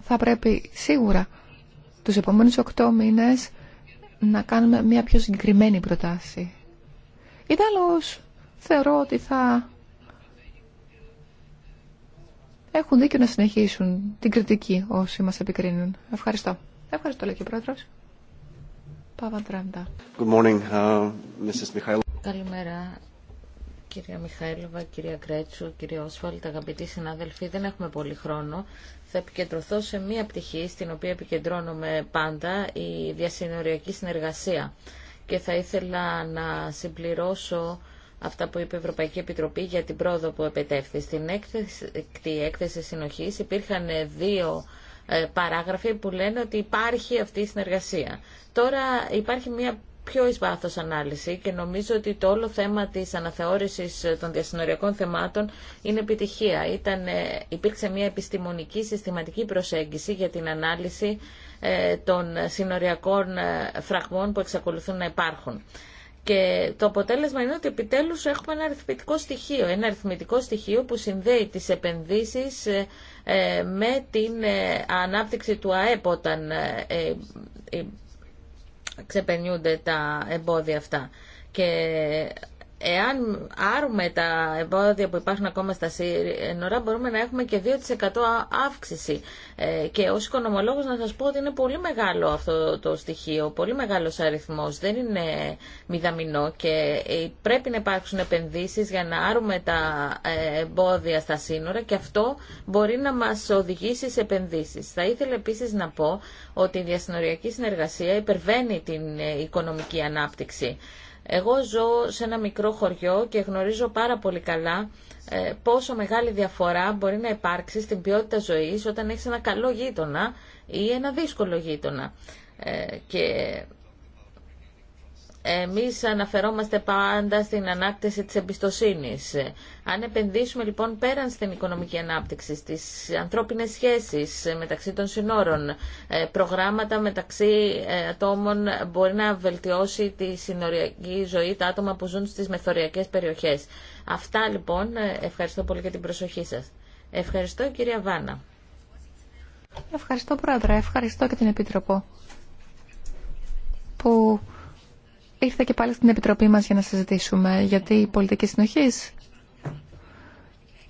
θα πρέπει σίγουρα τους επόμενους οκτώ μήνες να κάνουμε μια πιο συγκεκριμένη προτάση. Ιδάλλως θεωρώ ότι θα έχουν δίκιο να συνεχίσουν την κριτική όσοι μας επικρίνουν. Ευχαριστώ. Ευχαριστώ λέει και Πρόεδρος. Uh, Καλημέρα, κυρία Μιχαήλοβα, κυρία Κρέτσου, κύριε Όσφαλτ, αγαπητοί συνάδελφοι. Δεν έχουμε πολύ χρόνο. Θα επικεντρωθώ σε μία πτυχή στην οποία επικεντρώνομαι πάντα, η διασυνοριακή συνεργασία. Και θα ήθελα να συμπληρώσω αυτά που είπε η Ευρωπαϊκή Επιτροπή για την πρόοδο που επετεύχθη. Στην έκθεση, έκθεση υπήρχαν δύο ε, παράγραφοι που λένε ότι υπάρχει αυτή η συνεργασία. Τώρα υπάρχει μια πιο εις βάθος ανάλυση και νομίζω ότι το όλο θέμα της αναθεώρησης των διασυνοριακών θεμάτων είναι επιτυχία. Ήταν, ε, υπήρξε μια επιστημονική συστηματική προσέγγιση για την ανάλυση ε, των συνοριακών φραγμών που εξακολουθούν να υπάρχουν. Και το αποτέλεσμα είναι ότι επιτέλους έχουμε ένα αριθμητικό στοιχείο. Ένα αριθμητικό στοιχείο που συνδέει τις επενδύσεις ε, με την ε, ανάπτυξη του ΑΕΠ όταν ε, ξεπερνιούνται τα εμπόδια αυτά. Και Εάν άρουμε τα εμπόδια που υπάρχουν ακόμα στα σύνορα, μπορούμε να έχουμε και 2% αύξηση. Ε, και ως οικονομολόγος να σας πω ότι είναι πολύ μεγάλο αυτό το στοιχείο, πολύ μεγάλος αριθμός, δεν είναι μηδαμινό και ε, πρέπει να υπάρξουν επενδύσεις για να άρουμε τα ε, εμπόδια στα σύνορα και αυτό μπορεί να μας οδηγήσει σε επενδύσεις. Θα ήθελα επίσης να πω ότι η διασυνοριακή συνεργασία υπερβαίνει την οικονομική ανάπτυξη. Εγώ ζω σε ένα μικρό χωριό και γνωρίζω πάρα πολύ καλά ε, πόσο μεγάλη διαφορά μπορεί να υπάρξει στην ποιότητα ζωής όταν έχεις ένα καλό γείτονα ή ένα δύσκολο γείτονα. Ε, και εμείς αναφερόμαστε πάντα στην ανάκτηση της εμπιστοσύνης. Αν επενδύσουμε λοιπόν πέραν στην οικονομική ανάπτυξη, στις ανθρώπινες σχέσεις μεταξύ των συνόρων, ε, προγράμματα μεταξύ ε, ατόμων μπορεί να βελτιώσει τη συνοριακή ζωή τα άτομα που ζουν στις μεθοριακές περιοχές. Αυτά λοιπόν, ε, ευχαριστώ πολύ για την προσοχή σας. Ευχαριστώ κυρία Βάνα. Ευχαριστώ πρόεδρε, ευχαριστώ και την Επίτροπο ήρθε και πάλι στην Επιτροπή μας για να συζητήσουμε, γιατί η πολιτική συνοχή,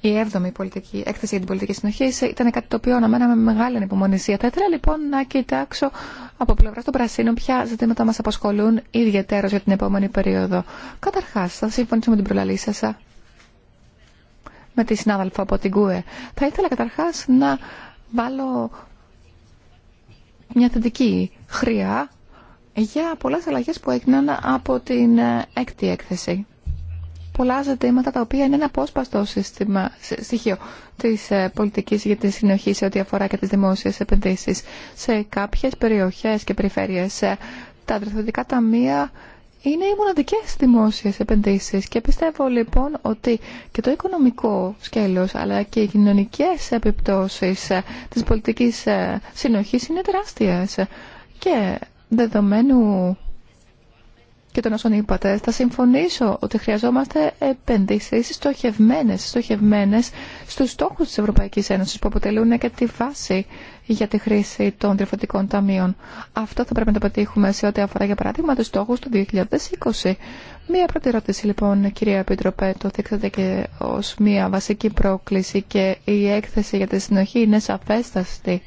η 7 πολιτική, έκθεση για την πολιτική συνοχή ήταν κάτι το οποίο αναμέναμε με μεγάλη ανυπομονησία. Θα ήθελα λοιπόν να κοιτάξω από πλευρά των πρασίνων ποια ζητήματα μας απασχολούν ιδιαίτερω για την επόμενη περίοδο. Καταρχάς, θα συμφωνήσω με την προλαλή σα, με τη συνάδελφα από την ΚΟΕ. Θα ήθελα καταρχάς να βάλω μια θετική χρειά για πολλές αλλαγές που έγιναν από την ε, έκτη έκθεση. Πολλά ζητήματα τα οποία είναι ένα απόσπαστο σύστημα, στοιχείο της ε, πολιτικής για τη συνοχή σε ό,τι αφορά και τις δημόσιες επενδύσεις. Σε κάποιες περιοχές και περιφέρειες ε, τα μία ταμεία είναι οι μοναδικές δημόσιες επενδύσεις και πιστεύω λοιπόν ότι και το οικονομικό σκέλος αλλά και οι κοινωνικές επιπτώσεις της πολιτικής συνοχής είναι τεράστιες και δεδομένου και των όσων είπατε, θα συμφωνήσω ότι χρειαζόμαστε επενδύσεις στοχευμένες, στοχευμένες στους στόχους της Ευρωπαϊκής Ένωσης που αποτελούν και τη βάση για τη χρήση των τριφωτικών ταμείων. Αυτό θα πρέπει να το πετύχουμε σε ό,τι αφορά για παράδειγμα τους στόχους του 2020. Μία πρώτη ερώτηση λοιπόν κυρία Επιτροπέ, το δείξατε και ως μία βασική πρόκληση και η έκθεση για τη συνοχή είναι σαφέσταστη.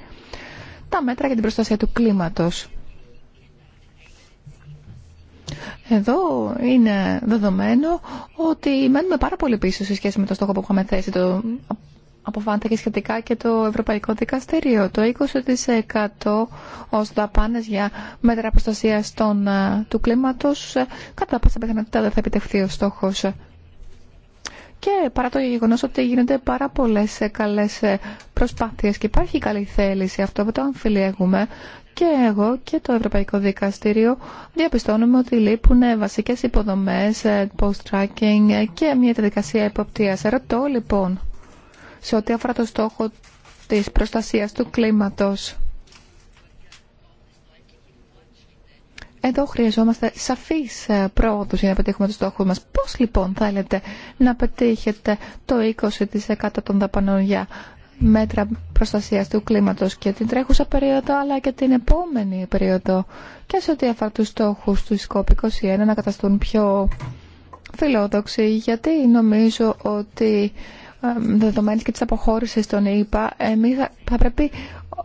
Τα μέτρα για την προστασία του κλίματος εδώ είναι δεδομένο ότι μένουμε πάρα πολύ πίσω σε σχέση με το στόχο που είχαμε θέσει. Το αποφάνθηκε σχετικά και το Ευρωπαϊκό Δικαστήριο. Το 20% ως δαπάνες για μέτρα προστασία ε, του κλίματος ε, κατά πάσα πιθανότητα δεν θα επιτευχθεί ο στόχος. Και παρά το γεγονός ότι γίνονται πάρα πολλές ε, καλές προσπάθειες και υπάρχει καλή θέληση αυτό που το αμφιλεγούμε, και εγώ και το Ευρωπαϊκό Δικαστήριο διαπιστώνουμε ότι λείπουν βασικές υποδομές, ε, post-tracking και μια διαδικασία υποπτίας. Ρωτώ λοιπόν, σε ό,τι αφορά το στόχο της προστασίας του κλίματος. Εδώ χρειαζόμαστε σαφείς ε, πρόοδους για να πετύχουμε τους στόχους μας. Πώς λοιπόν θέλετε να πετύχετε το 20% των δαπανών για μέτρα προστασίας του κλίματος και την τρέχουσα περίοδο αλλά και την επόμενη περίοδο και σε ό,τι αφορά τους στόχους του ΣΚΟΠ 21 να καταστούν πιο φιλόδοξοι γιατί νομίζω ότι ε, δεδομένης και της αποχώρησης των ΗΠΑ εμείς θα πρέπει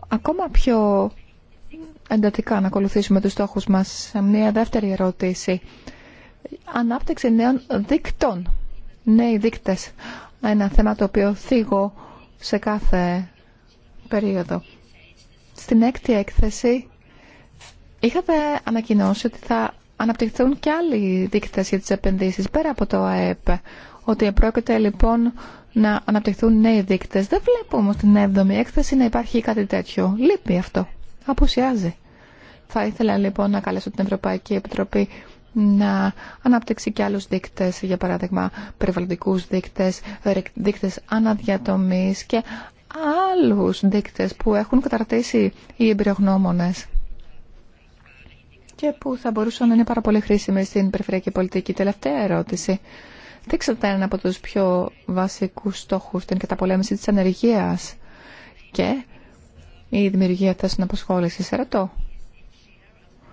ακόμα πιο εντατικά να ακολουθήσουμε τους στόχους μας. Μια δεύτερη ερώτηση. Ανάπτυξη νέων δίκτων. Νέοι δίκτες. Ένα θέμα το οποίο θίγω σε κάθε περίοδο. Στην έκτη έκθεση είχατε ανακοινώσει ότι θα αναπτυχθούν και άλλοι δείκτες για τις επενδύσεις πέρα από το ΑΕΠ. Ότι πρόκειται λοιπόν να αναπτυχθούν νέοι δείκτες. Δεν βλέπω όμως την 7η έκθεση να υπάρχει κάτι τέτοιο. Λείπει αυτό. Απουσιάζει. Θα ήθελα λοιπόν να καλέσω την Ευρωπαϊκή Επιτροπή να αναπτύξει και άλλους δείκτες, για παράδειγμα περιβαλλοντικούς δείκτες, δείκτες αναδιατομής και άλλους δείκτες που έχουν καταρτήσει οι εμπειρογνώμονες και που θα μπορούσαν να είναι πάρα πολύ χρήσιμοι στην περιφερειακή πολιτική. Τελευταία ερώτηση. Δείξατε ένα από τους πιο βασικούς στόχους, στην καταπολέμηση της ανεργίας και η δημιουργία θέσεων απασχόλησης. Ερωτώ.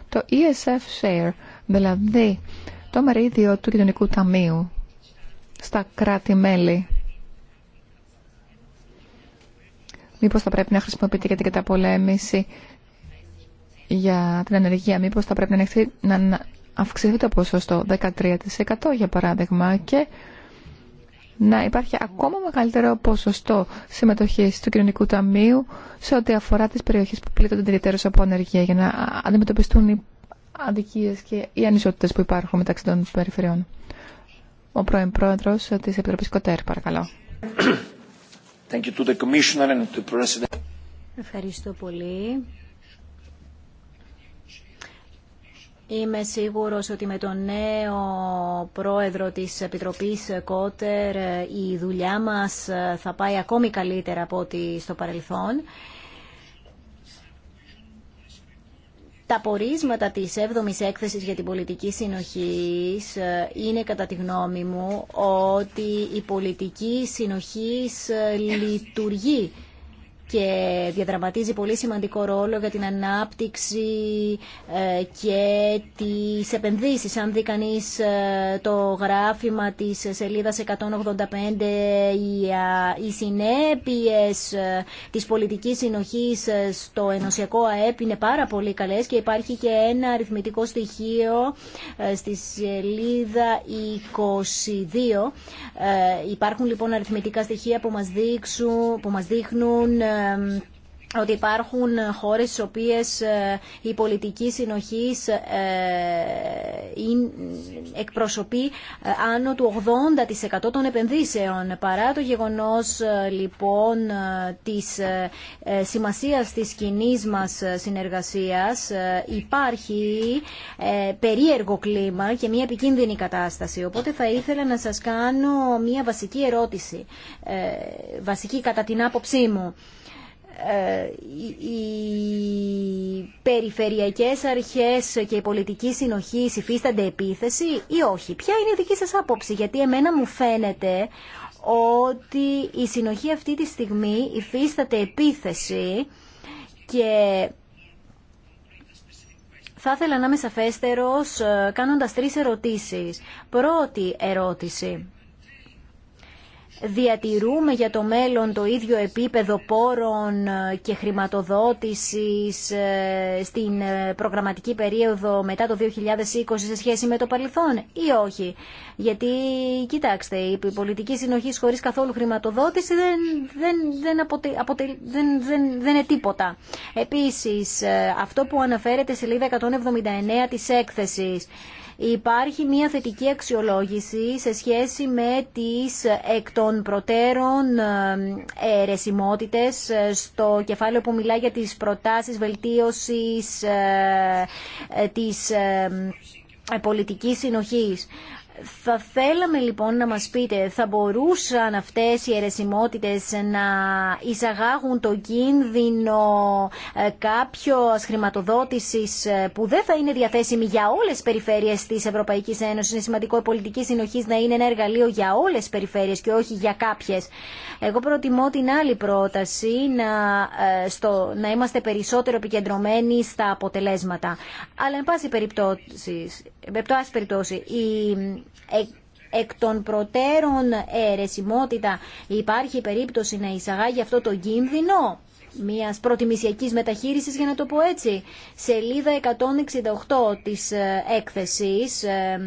Το ESF Share δηλαδή το μερίδιο του κοινωνικού ταμείου στα κράτη-μέλη. Μήπως θα πρέπει να χρησιμοποιηθεί για την καταπολέμηση για την ανεργία. Μήπως θα πρέπει να αυξηθεί το ποσοστό 13% για παράδειγμα και να υπάρχει ακόμα μεγαλύτερο ποσοστό συμμετοχής του κοινωνικού ταμείου σε ό,τι αφορά τις περιοχές που πλήττονται ιδιαίτερως από ανεργία για να αντιμετωπιστούν οι αδικίες και οι ανισότητες που υπάρχουν μεταξύ των περιφερειών. Ο πρώην πρόεδρος της Επιτροπής Κοτέρ, παρακαλώ. Ευχαριστώ πολύ. Είμαι σίγουρος ότι με τον νέο πρόεδρο της Επιτροπής Κότερ η δουλειά μας θα πάει ακόμη καλύτερα από ό,τι στο παρελθόν. Τα πορίσματα της 7ης έκθεσης για την πολιτική συνοχή ε, είναι κατά τη γνώμη μου ότι η πολιτική συνοχής ε, λειτουργεί και διαδραματίζει πολύ σημαντικό ρόλο για την ανάπτυξη ε, και τις επενδύσεις. Αν δει ε, το γράφημα της σελίδας 185, οι συνέπειες ε, της πολιτικής συνοχής στο ενωσιακό ΑΕΠ είναι πάρα πολύ καλές και υπάρχει και ένα αριθμητικό στοιχείο στη σελίδα 22. Υπάρχουν λοιπόν αριθμητικά στοιχεία που μας, που μας δείχνουν εμ ότι υπάρχουν χώρες στις οποίες ε, η πολιτική συνοχής ε, εκπροσωπεί ε, άνω του 80% των επενδύσεων. Παρά το γεγονός λοιπόν της σημασίας της κοινή μας συνεργασίας υπάρχει περίεργο κλίμα και μια επικίνδυνη κατάσταση. Οπότε θα ήθελα να σας κάνω μια βασική ερώτηση, βασική κατά την άποψή μου. Ε, οι περιφερειακές αρχές και η πολιτική συνοχή υφίστανται επίθεση ή όχι. Ποια είναι η δική σας άποψη, γιατί εμένα μου φαίνεται ότι η συνοχή αυτή τη στιγμή υφίσταται επίθεση και θα ήθελα να είμαι σαφέστερος ε, κάνοντας τρεις ερωτήσεις. Πρώτη ερώτηση διατηρούμε για το μέλλον το ίδιο επίπεδο πόρων ε, και χρηματοδότησης ε, στην ε, προγραμματική περίοδο μετά το 2020 σε σχέση με το παρελθόν ή όχι. Γιατί, κοιτάξτε, η πολιτική συνοχή χωρίς καθόλου χρηματοδότηση δεν, δεν, δεν, αποτε, δεν, δεν, δεν είναι τίποτα. Επίσης, αυτό που αναφέρεται σελίδα 179 της έκθεσης, Υπάρχει μια θετική αξιολόγηση σε σχέση με τις εκ των προτέρων ερεσιμότητες ε, στο κεφάλαιο που μιλά για τις προτάσεις βελτίωσης ε, ε, της πολιτικής συνοχής. Θα θέλαμε λοιπόν να μας πείτε, θα μπορούσαν αυτές οι αιρεσιμότητες να εισαγάγουν το κίνδυνο ε, κάποιο χρηματοδότησης ε, που δεν θα είναι διαθέσιμη για όλες τις περιφέρειες της Ευρωπαϊκής Ένωσης. Είναι σημαντικό η πολιτική συνοχή να είναι ένα εργαλείο για όλες τις περιφέρειες και όχι για κάποιες. Εγώ προτιμώ την άλλη πρόταση να, ε, στο, να είμαστε περισσότερο επικεντρωμένοι στα αποτελέσματα. Αλλά εν πάση περιπτώσει, η εκ των προτέρων αιρεσιμότητα υπάρχει περίπτωση να εισαγάγει αυτό το κίνδυνο μιας προτιμησιακής μεταχείρισης για να το πω έτσι. Σελίδα 168 της ε, έκθεσης ε,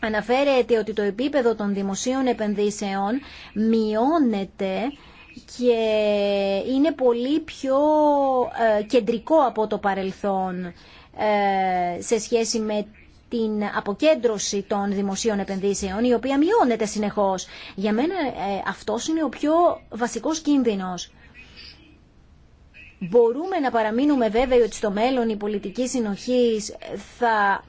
αναφέρεται ότι το επίπεδο των δημοσίων επενδύσεων μειώνεται και είναι πολύ πιο ε, κεντρικό από το παρελθόν σε σχέση με την αποκέντρωση των δημοσίων επενδύσεων, η οποία μειώνεται συνεχώς. Για μένα ε, αυτός είναι ο πιο βασικός κίνδυνος. Μπορούμε να παραμείνουμε βέβαιοι ότι στο μέλλον η πολιτική συνοχή ε, θα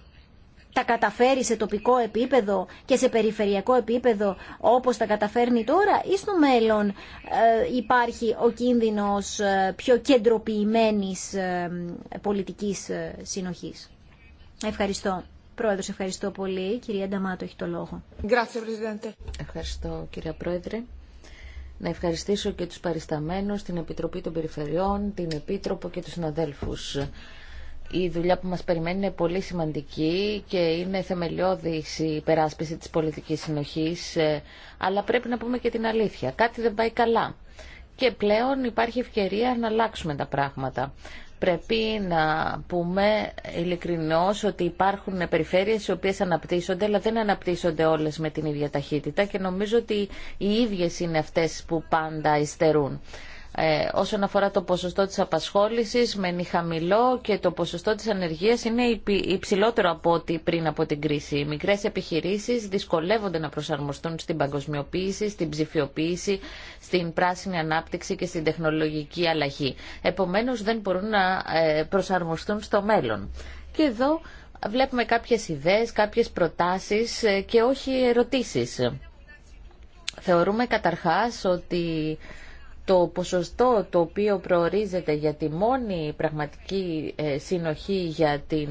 τα καταφέρει σε τοπικό επίπεδο και σε περιφερειακό επίπεδο όπως τα καταφέρνει τώρα ή στο μέλλον ε, υπάρχει ο κίνδυνος πιο κεντροποιημένης πολιτικής συνοχής. Ευχαριστώ. Πρόεδρο ευχαριστώ πολύ. κυρία Νταμάτο έχει το λόγο. Ευχαριστώ κυρία Πρόεδρε. Να ευχαριστήσω και τους παρισταμένους, την Επιτροπή των Περιφερειών, την Επίτροπο και τους συναδέλφους. Η δουλειά που μας περιμένει είναι πολύ σημαντική και είναι θεμελιώδης η υπεράσπιση της πολιτικής συνοχής, αλλά πρέπει να πούμε και την αλήθεια. Κάτι δεν πάει καλά. Και πλέον υπάρχει ευκαιρία να αλλάξουμε τα πράγματα πρέπει να πούμε ειλικρινώς ότι υπάρχουν περιφέρειες οι οποίες αναπτύσσονται, αλλά δεν αναπτύσσονται όλες με την ίδια ταχύτητα και νομίζω ότι οι ίδιες είναι αυτές που πάντα υστερούν. Ε, όσον αφορά το ποσοστό της απασχόλησης, μένει χαμηλό και το ποσοστό της ανεργίας είναι υψηλότερο από ό,τι πριν από την κρίση. Οι μικρές επιχειρήσεις δυσκολεύονται να προσαρμοστούν στην παγκοσμιοποίηση, στην ψηφιοποίηση, στην πράσινη ανάπτυξη και στην τεχνολογική αλλαγή. Επομένως δεν μπορούν να ε, προσαρμοστούν στο μέλλον. Και εδώ βλέπουμε κάποιες ιδέες, κάποιες προτάσεις ε, και όχι ερωτήσεις. Θεωρούμε καταρχάς ότι το ποσοστό το οποίο προορίζεται για τη μόνη πραγματική ε, συνοχή για την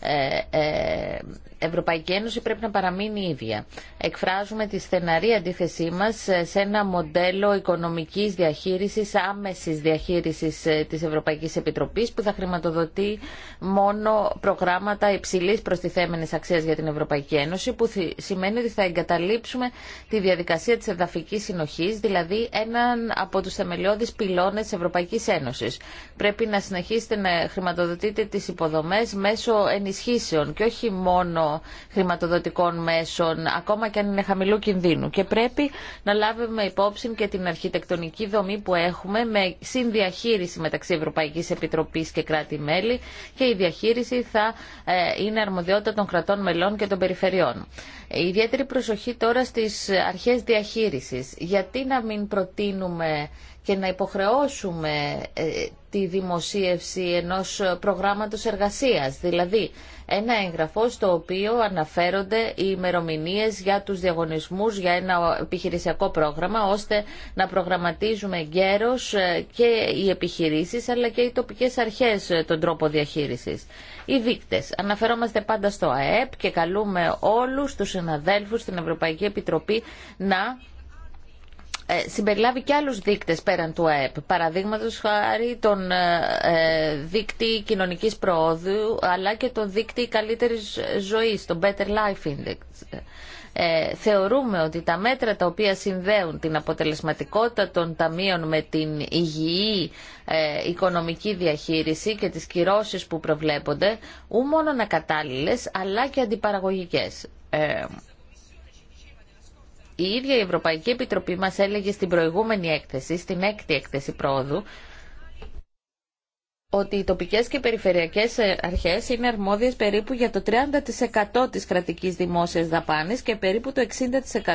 ε, ε, Ευρωπαϊκή Ένωση πρέπει να παραμείνει ίδια. Εκφράζουμε τη στεναρή αντίθεσή μας σε ένα μοντέλο οικονομικής διαχείρισης, άμεσης διαχείρισης ε, της Ευρωπαϊκής Επιτροπής που θα χρηματοδοτεί μόνο προγράμματα υψηλής προστιθέμενης αξίας για την Ευρωπαϊκή Ένωση που σημαίνει ότι θα εγκαταλείψουμε τη διαδικασία της εδαφικής συνοχής, δηλαδή έναν από τους θεμελιώδεις πυλώνες της Ευρωπαϊκής Ένωσης. Πρέπει να συνεχίσετε να χρηματοδοτείτε τις υποδομές μέσω ενισχύσεων και όχι μόνο χρηματοδοτικών μέσων, ακόμα και αν είναι χαμηλού κινδύνου. Και πρέπει να λάβουμε υπόψη και την αρχιτεκτονική δομή που έχουμε με συνδιαχείριση μεταξύ Ευρωπαϊκής Επιτροπής και κράτη-μέλη και η διαχείριση θα ε, είναι αρμοδιότητα των κρατών μελών και των περιφερειών. Ιδιαίτερη προσοχή τώρα στις αρχές διαχείρισης. Γιατί να μην προτείνουμε και να υποχρεώσουμε ε, τη δημοσίευση ενός προγράμματος εργασίας. Δηλαδή, ένα έγγραφο στο οποίο αναφέρονται οι ημερομηνίε για τους διαγωνισμούς για ένα επιχειρησιακό πρόγραμμα ώστε να προγραμματίζουμε γέρος ε, και οι επιχειρήσεις αλλά και οι τοπικές αρχές ε, τον τρόπο διαχείρισης. Οι δείκτες. Αναφερόμαστε πάντα στο ΑΕΠ και καλούμε όλους τους συναδέλφους στην Ευρωπαϊκή Επιτροπή να ε, συμπεριλάβει και άλλους δείκτες πέραν του ΑΕΠ. Παραδείγματος χάρη τον ε, ε, δείκτη κοινωνικής προόδου, αλλά και τον δείκτη καλύτερης ζωής, τον Better Life Index. θεωρούμε ότι τα μέτρα τα οποία συνδέουν την αποτελεσματικότητα των ταμείων με την υγιή οικονομική διαχείριση και τις κυρώσεις που προβλέπονται, ου μόνο ανακατάλληλες αλλά και αντιπαραγωγικές η ίδια η Ευρωπαϊκή Επιτροπή μας έλεγε στην προηγούμενη έκθεση, στην έκτη έκθεση πρόοδου, ότι οι τοπικές και περιφερειακές ε, αρχές είναι αρμόδιες περίπου για το 30% της κρατικής δημόσιας δαπάνης και περίπου το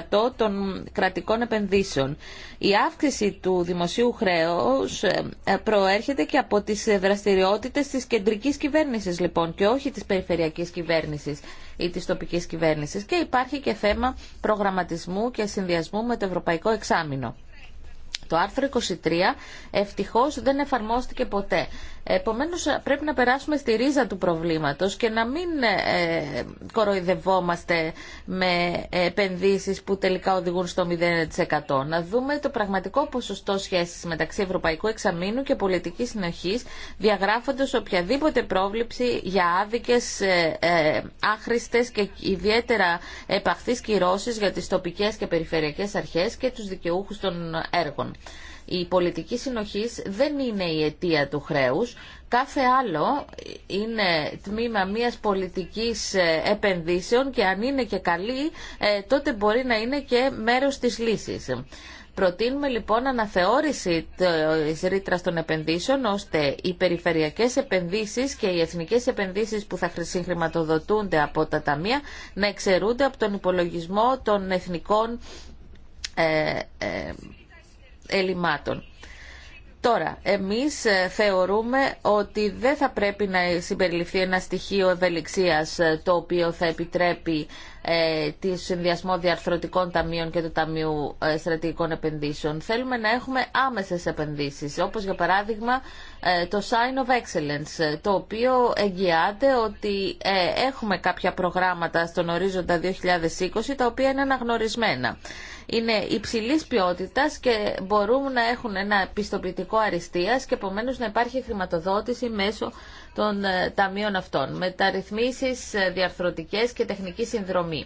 60% των κρατικών επενδύσεων. Η αύξηση του δημοσίου χρέους ε, ε, προέρχεται και από τις δραστηριότητες της κεντρικής κυβέρνησης λοιπόν και όχι της περιφερειακής κυβέρνησης ή της τοπικής κυβέρνησης και υπάρχει και θέμα προγραμματισμού και συνδυασμού με το Ευρωπαϊκό Εξάμεινο. Το άρθρο 23 ευτυχώ δεν εφαρμόστηκε ποτέ. Επομένω πρέπει να περάσουμε στη ρίζα του προβλήματο και να μην ε, κοροϊδευόμαστε με επενδύσει που τελικά οδηγούν στο 0%. Να δούμε το πραγματικό ποσοστό σχέση μεταξύ Ευρωπαϊκού Εξαμήνου και Πολιτική συνοχή διαγράφοντα οποιαδήποτε πρόβληψη για άδικε ε, ε και ιδιαίτερα επαχθεί κυρώσει για τι τοπικέ και περιφερειακέ αρχέ και του δικαιούχου των έργων. Η πολιτική συνοχής δεν είναι η αιτία του χρέους. Κάθε άλλο είναι τμήμα μιας πολιτικής ε, επενδύσεων και αν είναι και καλή ε, τότε μπορεί να είναι και μέρος της λύσης. Προτείνουμε λοιπόν αναθεώρηση τη ρήτρα των επενδύσεων ώστε οι περιφερειακές επενδύσεις και οι εθνικές επενδύσεις που θα συγχρηματοδοτούνται από τα ταμεία να εξαιρούνται από τον υπολογισμό των εθνικών ε, ελλημάτων. Τώρα, εμείς ε, θεωρούμε ότι δεν θα πρέπει να συμπεριληφθεί ένα στοιχείο ευελιξίας ε, το οποίο θα επιτρέπει ε, τη συνδυασμό διαρθρωτικών ταμείων και του Ταμείου ε, Στρατηγικών Επενδύσεων. Θέλουμε να έχουμε άμεσες επενδύσεις, όπως για παράδειγμα ε, το Sign of Excellence, το οποίο εγγυάται ότι ε, έχουμε κάποια προγράμματα στον ορίζοντα 2020, τα οποία είναι αναγνωρισμένα. Είναι υψηλή ποιότητα και μπορούν να έχουν ένα πιστοποιητικό αριστεία και επομένω να υπάρχει χρηματοδότηση μέσω των ε, ταμείων αυτών. Μεταρρυθμίσεις ε, διαρθρωτικές και τεχνική συνδρομή.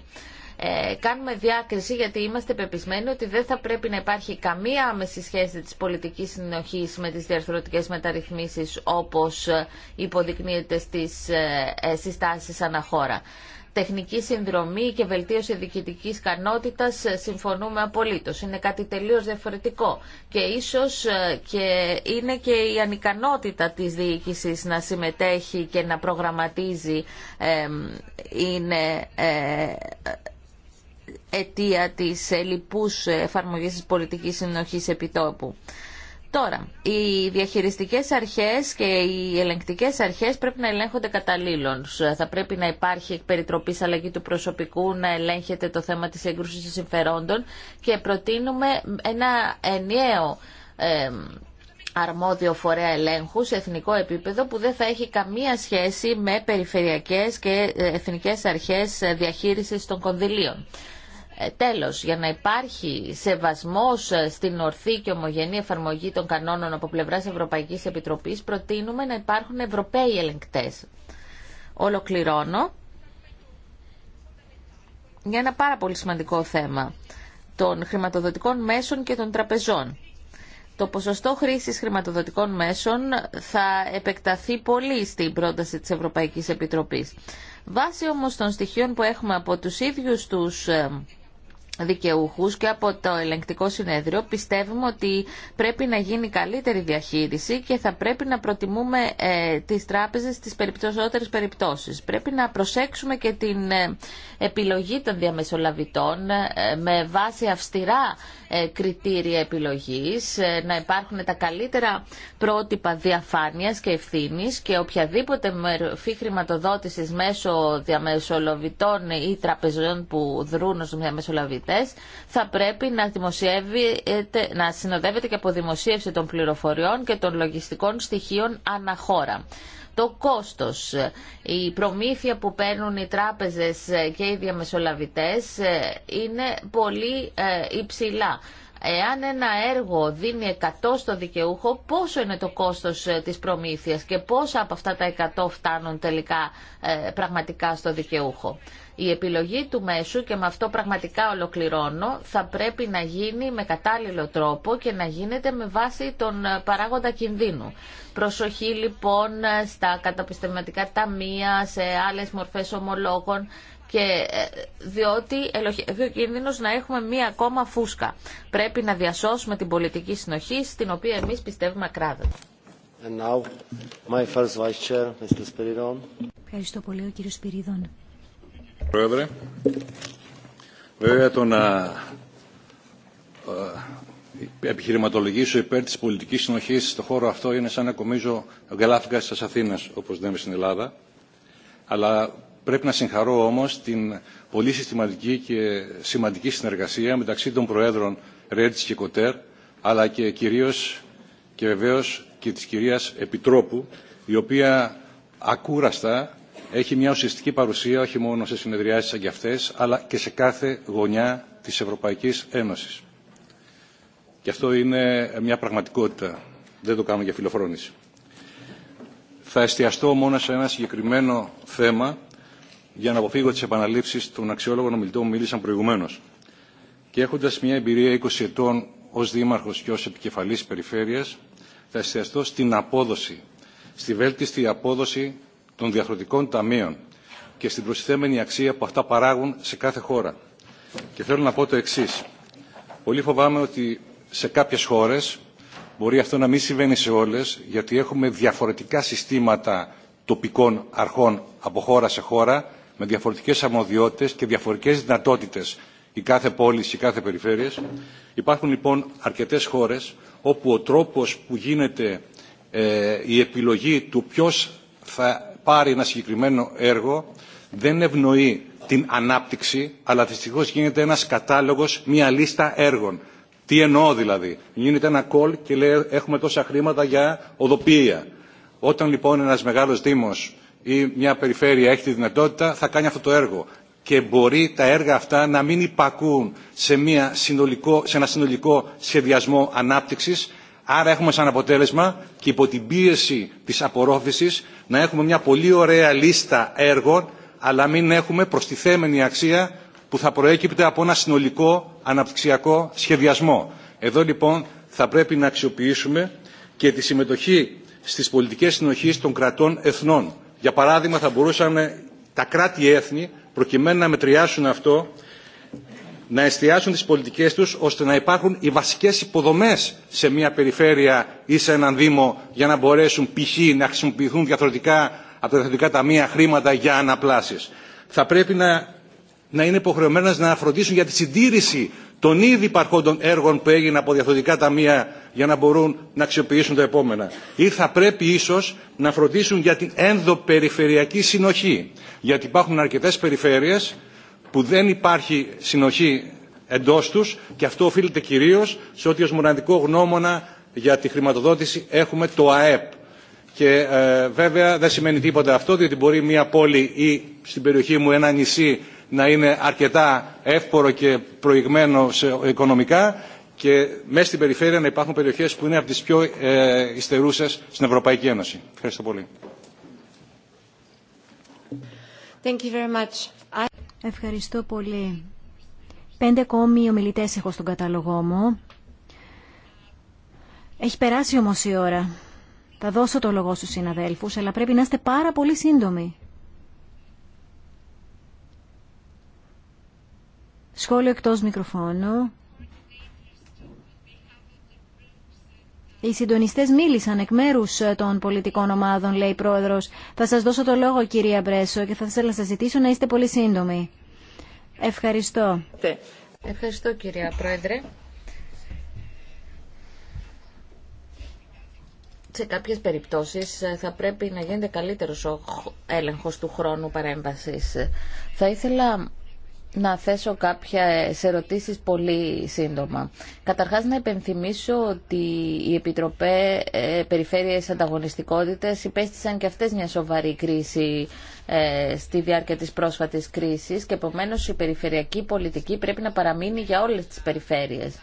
Ε, κάνουμε διάκριση γιατί είμαστε πεπισμένοι ότι δεν θα πρέπει να υπάρχει καμία άμεση σχέση της πολιτικής συνοχής με τις διαρθρωτικές μεταρρυθμίσεις όπως ε, υποδεικνύεται στις συστάσεις αναχώρα τεχνική συνδρομή και βελτίωση διοικητική ικανότητα ε, συμφωνούμε απολύτω. Είναι κάτι τελείω διαφορετικό. Και ίσω ε, και είναι και η ανικανότητα τη διοίκηση να συμμετέχει και να προγραμματίζει ε, είναι ε, αιτία της ε, λοιπούς εφαρμογής της πολιτικής συνοχής επιτόπου. Τώρα, οι διαχειριστικές αρχές και οι ελεγκτικές αρχές πρέπει να ελέγχονται καταλήλων. Θα πρέπει να υπάρχει περιτροπή αλλαγή του προσωπικού, να ελέγχεται το θέμα της έγκρουσης συμφερόντων και προτείνουμε ένα ενιαίο αρμόδιο φορέα ελέγχου σε εθνικό επίπεδο που δεν θα έχει καμία σχέση με περιφερειακές και ε, εθνικές αρχές διαχείρισης των κονδυλίων. Ε, τέλος, για να υπάρχει σεβασμός ε, στην ορθή και ομογενή εφαρμογή των κανόνων από πλευράς Ευρωπαϊκής Επιτροπής, προτείνουμε να υπάρχουν Ευρωπαίοι ελεγκτές. Ολοκληρώνω για ένα πάρα πολύ σημαντικό θέμα των χρηματοδοτικών μέσων και των τραπεζών. Το ποσοστό χρήσης χρηματοδοτικών μέσων θα επεκταθεί πολύ στην πρόταση της Ευρωπαϊκής Επιτροπής. Βάσει όμως των στοιχείων που έχουμε από τους ίδιους τους ε, δικαιούχους και από το ελεγκτικό συνέδριο πιστεύουμε ότι πρέπει να γίνει καλύτερη διαχείριση και θα πρέπει να προτιμούμε ε, τις τράπεζες στις περιπτωσότερες περιπτώσεις. Πρέπει να προσέξουμε και την ε, επιλογή των διαμεσολαβητών ε, με βάση αυστηρά ε, κριτήρια επιλογής, να υπάρχουν τα καλύτερα πρότυπα διαφάνειας και ευθύνης και οποιαδήποτε μορφή χρηματοδότησης μέσω διαμεσολαβητών ή τραπεζών που δρούν ως διαμεσολαβητών θα πρέπει να, να συνοδεύεται και από δημοσίευση των πληροφοριών και των λογιστικών στοιχείων αναχώρα το κόστος, η προμήθεια που παίρνουν οι τράπεζες και οι διαμεσολαβητές ε, είναι πολύ ε, υψηλά. Εάν ένα έργο δίνει 100 στο δικαιούχο, πόσο είναι το κόστος ε, της προμήθειας και πόσα από αυτά τα 100 φτάνουν τελικά ε, πραγματικά στο δικαιούχο. Η επιλογή του μέσου, και με αυτό πραγματικά ολοκληρώνω, θα πρέπει να γίνει με κατάλληλο τρόπο και να γίνεται με βάση τον ε, παράγοντα κινδύνου. Προσοχή λοιπόν στα καταπιστευματικά ταμεία, σε άλλες μορφές ομολόγων, και ε, διότι ελοχεύει ο κίνδυνο να έχουμε μία ακόμα φούσκα. Πρέπει να διασώσουμε την πολιτική συνοχή στην οποία εμείς πιστεύουμε ακράδαντα. Ευχαριστώ πολύ ο κύριος Σπυρίδων. Πρόεδρε, βέβαια το να ε, επιχειρηματολογήσω υπέρ της πολιτικής συνοχής στο χώρο αυτό είναι σαν να κομίζω γκαλάφικα της Αθήνας, όπως λέμε στην Ελλάδα. Αλλά Πρέπει να συγχαρώ όμως την πολύ συστηματική και σημαντική συνεργασία μεταξύ των Προέδρων Ρέντς και Κοτέρ, αλλά και κυρίως και βεβαίως και της κυρίας Επιτρόπου, η οποία ακούραστα έχει μια ουσιαστική παρουσία όχι μόνο σε συνεδριάσεις σαν και αυτές, αλλά και σε κάθε γωνιά της Ευρωπαϊκής Ένωσης. Και αυτό είναι μια πραγματικότητα. Δεν το κάνω για φιλοφρόνηση. Θα εστιαστώ μόνο σε ένα συγκεκριμένο θέμα για να αποφύγω τι επαναλήψει των αξιόλογων ομιλητών που μίλησαν προηγουμένω. Και έχοντα μια εμπειρία 20 ετών ω δήμαρχο και ω επικεφαλή περιφέρεια, θα εστιαστώ στην απόδοση, στη βέλτιστη απόδοση των διαχρονικών ταμείων και στην προσθέμενη αξία που αυτά παράγουν σε κάθε χώρα. Και θέλω να πω το εξή. Πολύ φοβάμαι ότι σε κάποιε χώρε, μπορεί αυτό να μην συμβαίνει σε όλε, γιατί έχουμε διαφορετικά συστήματα τοπικών αρχών από χώρα σε χώρα με διαφορετικέ αμοδιότητες και διαφορετικές δυνατότητες η κάθε πόλη, η κάθε περιφέρεια. Υπάρχουν λοιπόν αρκετές χώρες όπου ο τρόπος που γίνεται ε, η επιλογή του ποιο θα πάρει ένα συγκεκριμένο έργο δεν ευνοεί την ανάπτυξη, αλλά δυστυχώ γίνεται ένας κατάλογος, μια λίστα έργων. Τι εννοώ δηλαδή. Γίνεται ένα call και λέει έχουμε τόσα χρήματα για οδοποιία. Όταν λοιπόν ένας μεγάλος δήμος ή μια περιφέρεια έχει τη δυνατότητα, θα κάνει αυτό το έργο. Και μπορεί τα έργα αυτά να μην υπακούν σε, μια συνολικό, σε ένα συνολικό σχεδιασμό ανάπτυξης, άρα έχουμε σαν αποτέλεσμα και υπό την πίεση της απορρόφησης να έχουμε μια πολύ ωραία λίστα έργων, αλλά μην έχουμε προστιθέμενη αξία που θα προέκυπτε από ένα συνολικό αναπτυξιακό σχεδιασμό. Εδώ λοιπόν θα πρέπει να αξιοποιήσουμε και τη συμμετοχή στις πολιτικές συνοχίες των κρατών εθνών για παράδειγμα θα μπορούσαν τα κράτη-έθνη προκειμένου να μετριάσουν αυτό να εστιάσουν τις πολιτικές τους ώστε να υπάρχουν οι βασικές υποδομές σε μια περιφέρεια ή σε έναν Δήμο για να μπορέσουν π.χ. να χρησιμοποιηθούν διαφορετικά από τα διαφορετικά ταμεία χρήματα για αναπλάσεις. Θα πρέπει να να είναι υποχρεωμένε να φροντίσουν για τη συντήρηση των ήδη υπαρχόντων έργων που έγιναν από διαφορετικά ταμεία για να μπορούν να αξιοποιήσουν τα επόμενα. Ή θα πρέπει ίσω να φροντίσουν για την ενδοπεριφερειακή συνοχή. Γιατί υπάρχουν αρκετέ περιφέρειες που δεν υπάρχει συνοχή εντό του, και αυτό οφείλεται κυρίω σε ότι ως μοναδικό γνώμονα για τη χρηματοδότηση έχουμε το ΑΕΠ. Και ε, βέβαια δεν σημαίνει τίποτα αυτό, διότι μπορεί μια πόλη ή στην περιοχή μου ένα νησί να είναι αρκετά εύπορο και προηγμένο σε οικονομικά και μέσα στην περιφέρεια να υπάρχουν περιοχές που είναι από τις πιο ε, ιστερούσες στην Ευρωπαϊκή Ένωση. Ευχαριστώ πολύ. Thank you very much. Ευχαριστώ πολύ. Πέντε ακόμη ομιλητές έχω στον καταλογό μου. Έχει περάσει όμως η ώρα. Θα δώσω το λόγο στους συναδέλφους, αλλά πρέπει να είστε πάρα πολύ σύντομοι. Σχόλιο εκτός μικροφώνου. Οι συντονιστέ μίλησαν εκ μέρου ε, των πολιτικών ομάδων, λέει η πρόεδρο. Θα σα δώσω το λόγο, κυρία Μπρέσο, και θα ήθελα να σα ζητήσω να είστε πολύ σύντομοι. Ευχαριστώ. Ευχαριστώ, κυρία Πρόεδρε. σε κάποιες περιπτώσεις ε, θα πρέπει να γίνεται καλύτερος ο έλεγχος του χρόνου παρέμβασης. Θα ήθελα να θέσω κάποια ερωτήσεις πολύ σύντομα. Καταρχάς να υπενθυμίσω ότι οι Επιτροπέ ε, Περιφέρειες Ανταγωνιστικότητες υπέστησαν και αυτές μια σοβαρή κρίση ε, στη διάρκεια της πρόσφατης κρίσης και επομένως η περιφερειακή πολιτική πρέπει να παραμείνει για όλες τις περιφέρειες.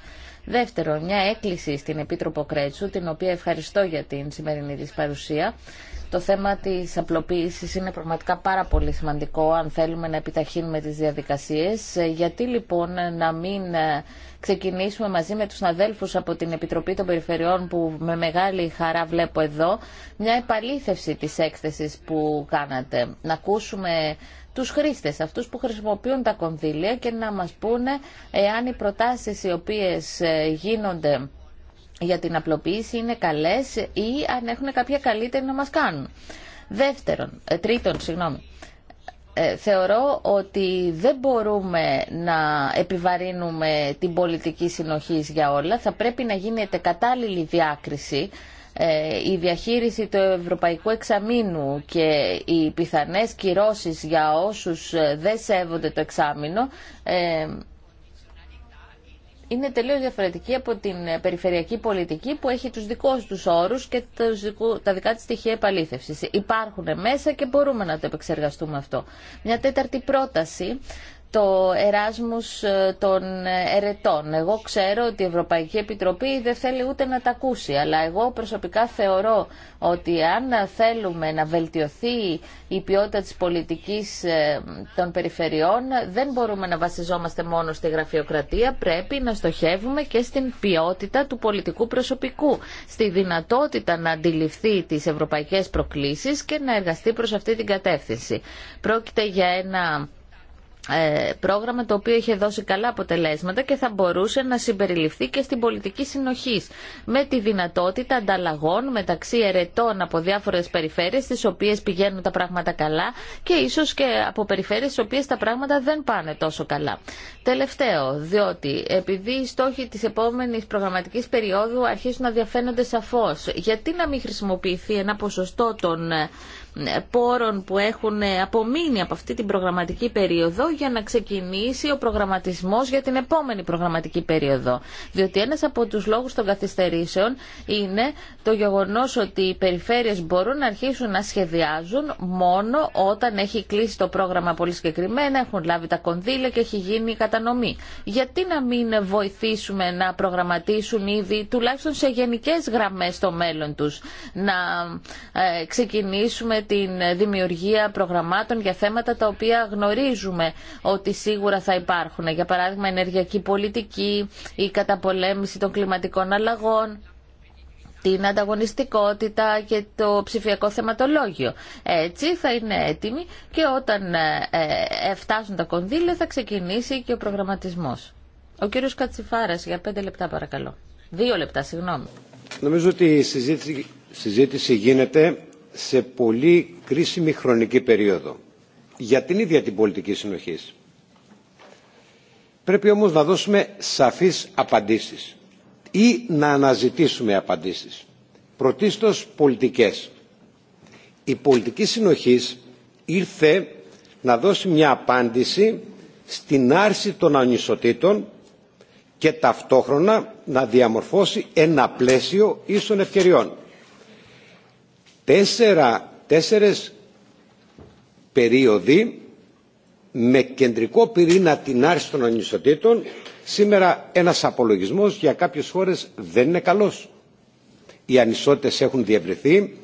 Δεύτερον, μια έκκληση στην Επίτροπο Κρέτσου, την οποία ευχαριστώ για την σημερινή της παρουσία. Το θέμα της απλοποίησης είναι πραγματικά πάρα πολύ σημαντικό αν θέλουμε να επιταχύνουμε τις διαδικασίες. Ε, γιατί λοιπόν να μην ε, ξεκινήσουμε μαζί με τους αδέλφους από την Επιτροπή των Περιφερειών που με μεγάλη χαρά βλέπω εδώ μια επαλήθευση της έκθεσης που κάνατε. Να ακούσουμε τους χρήστες, αυτούς που χρησιμοποιούν τα κονδύλια και να μας πούνε εάν οι προτάσεις οι οποίες ε, γίνονται για την απλοποίηση είναι καλές ή αν έχουν κάποια καλύτερη να μας κάνουν. Δεύτερον, ε, τρίτον, συγγνώμη, ε, θεωρώ ότι δεν μπορούμε να επιβαρύνουμε την πολιτική συνοχής για όλα. Θα πρέπει να γίνεται κατάλληλη διάκριση ε, η διαχείριση του Ευρωπαϊκού Εξαμήνου και οι πιθανές κυρώσεις για όσους ε, δεν σέβονται το εξάμεινο ε, είναι τελείως διαφορετική από την περιφερειακή πολιτική που έχει τους δικούς τους όρους και τα δικά της στοιχεία επαλήθευσης. Υπάρχουν μέσα και μπορούμε να το επεξεργαστούμε αυτό. Μια τέταρτη πρόταση το Εράσμους των Ερετών. Εγώ ξέρω ότι η Ευρωπαϊκή Επιτροπή δεν θέλει ούτε να τα ακούσει, αλλά εγώ προσωπικά θεωρώ ότι αν θέλουμε να βελτιωθεί η ποιότητα της πολιτικής ε, των περιφερειών, δεν μπορούμε να βασιζόμαστε μόνο στη γραφειοκρατία, πρέπει να στοχεύουμε και στην ποιότητα του πολιτικού προσωπικού, στη δυνατότητα να αντιληφθεί τις ευρωπαϊκές προκλήσεις και να εργαστεί προς αυτή την κατεύθυνση. Πρόκειται για ένα ε, πρόγραμμα το οποίο είχε δώσει καλά αποτελέσματα και θα μπορούσε να συμπεριληφθεί και στην πολιτική συνοχή με τη δυνατότητα ανταλλαγών μεταξύ ερετών από διάφορες περιφέρειες στις οποίες πηγαίνουν τα πράγματα καλά και ίσως και από περιφέρειες στις οποίες τα πράγματα δεν πάνε τόσο καλά. Τελευταίο, διότι επειδή οι στόχοι τη επόμενη προγραμματική περίοδου αρχίζουν να διαφαίνονται σαφώ, γιατί να μην χρησιμοποιηθεί ένα ποσοστό των ε, πόρων που έχουν απομείνει από αυτή την προγραμματική περίοδο για να ξεκινήσει ο προγραμματισμός για την επόμενη προγραμματική περίοδο. Διότι ένας από τους λόγους των καθυστερήσεων είναι το γεγονός ότι οι περιφέρειες μπορούν να αρχίσουν να σχεδιάζουν μόνο όταν έχει κλείσει το πρόγραμμα πολύ συγκεκριμένα, έχουν λάβει τα κονδύλια και έχει γίνει η κατανομή. Γιατί να μην βοηθήσουμε να προγραμματίσουν ήδη τουλάχιστον σε γενικές γραμμές το μέλλον τους, να ε, ξεκινήσουμε την δημιουργία προγραμμάτων για θέματα τα οποία γνωρίζουμε ότι σίγουρα θα υπάρχουν. Για παράδειγμα, ενεργειακή πολιτική, η καταπολέμηση των κλιματικών αλλαγών την ανταγωνιστικότητα και το ψηφιακό θεματολόγιο. Έτσι θα είναι έτοιμοι και όταν ε, ε, φτάσουν τα κονδύλια θα ξεκινήσει και ο προγραμματισμός. Ο κύριος Κατσιφάρας για πέντε λεπτά παρακαλώ. Δύο λεπτά, συγγνώμη. Νομίζω ότι η συζήτηση γίνεται σε πολύ κρίσιμη χρονική περίοδο για την ίδια την πολιτική συνοχή. Πρέπει όμως να δώσουμε σαφείς απαντήσεις ή να αναζητήσουμε απαντήσεις. Πρωτίστως πολιτικές. Η πολιτική συνοχής ήρθε να δώσει μια απάντηση στην άρση των ανισοτήτων και ταυτόχρονα να διαμορφώσει ένα πλαίσιο ίσων ευκαιριών τέσσερα, τέσσερες περίοδοι με κεντρικό πυρήνα την άρση των ανισοτήτων σήμερα ένας απολογισμός για κάποιες χώρες δεν είναι καλός. Οι ανισότητες έχουν διευρυθεί,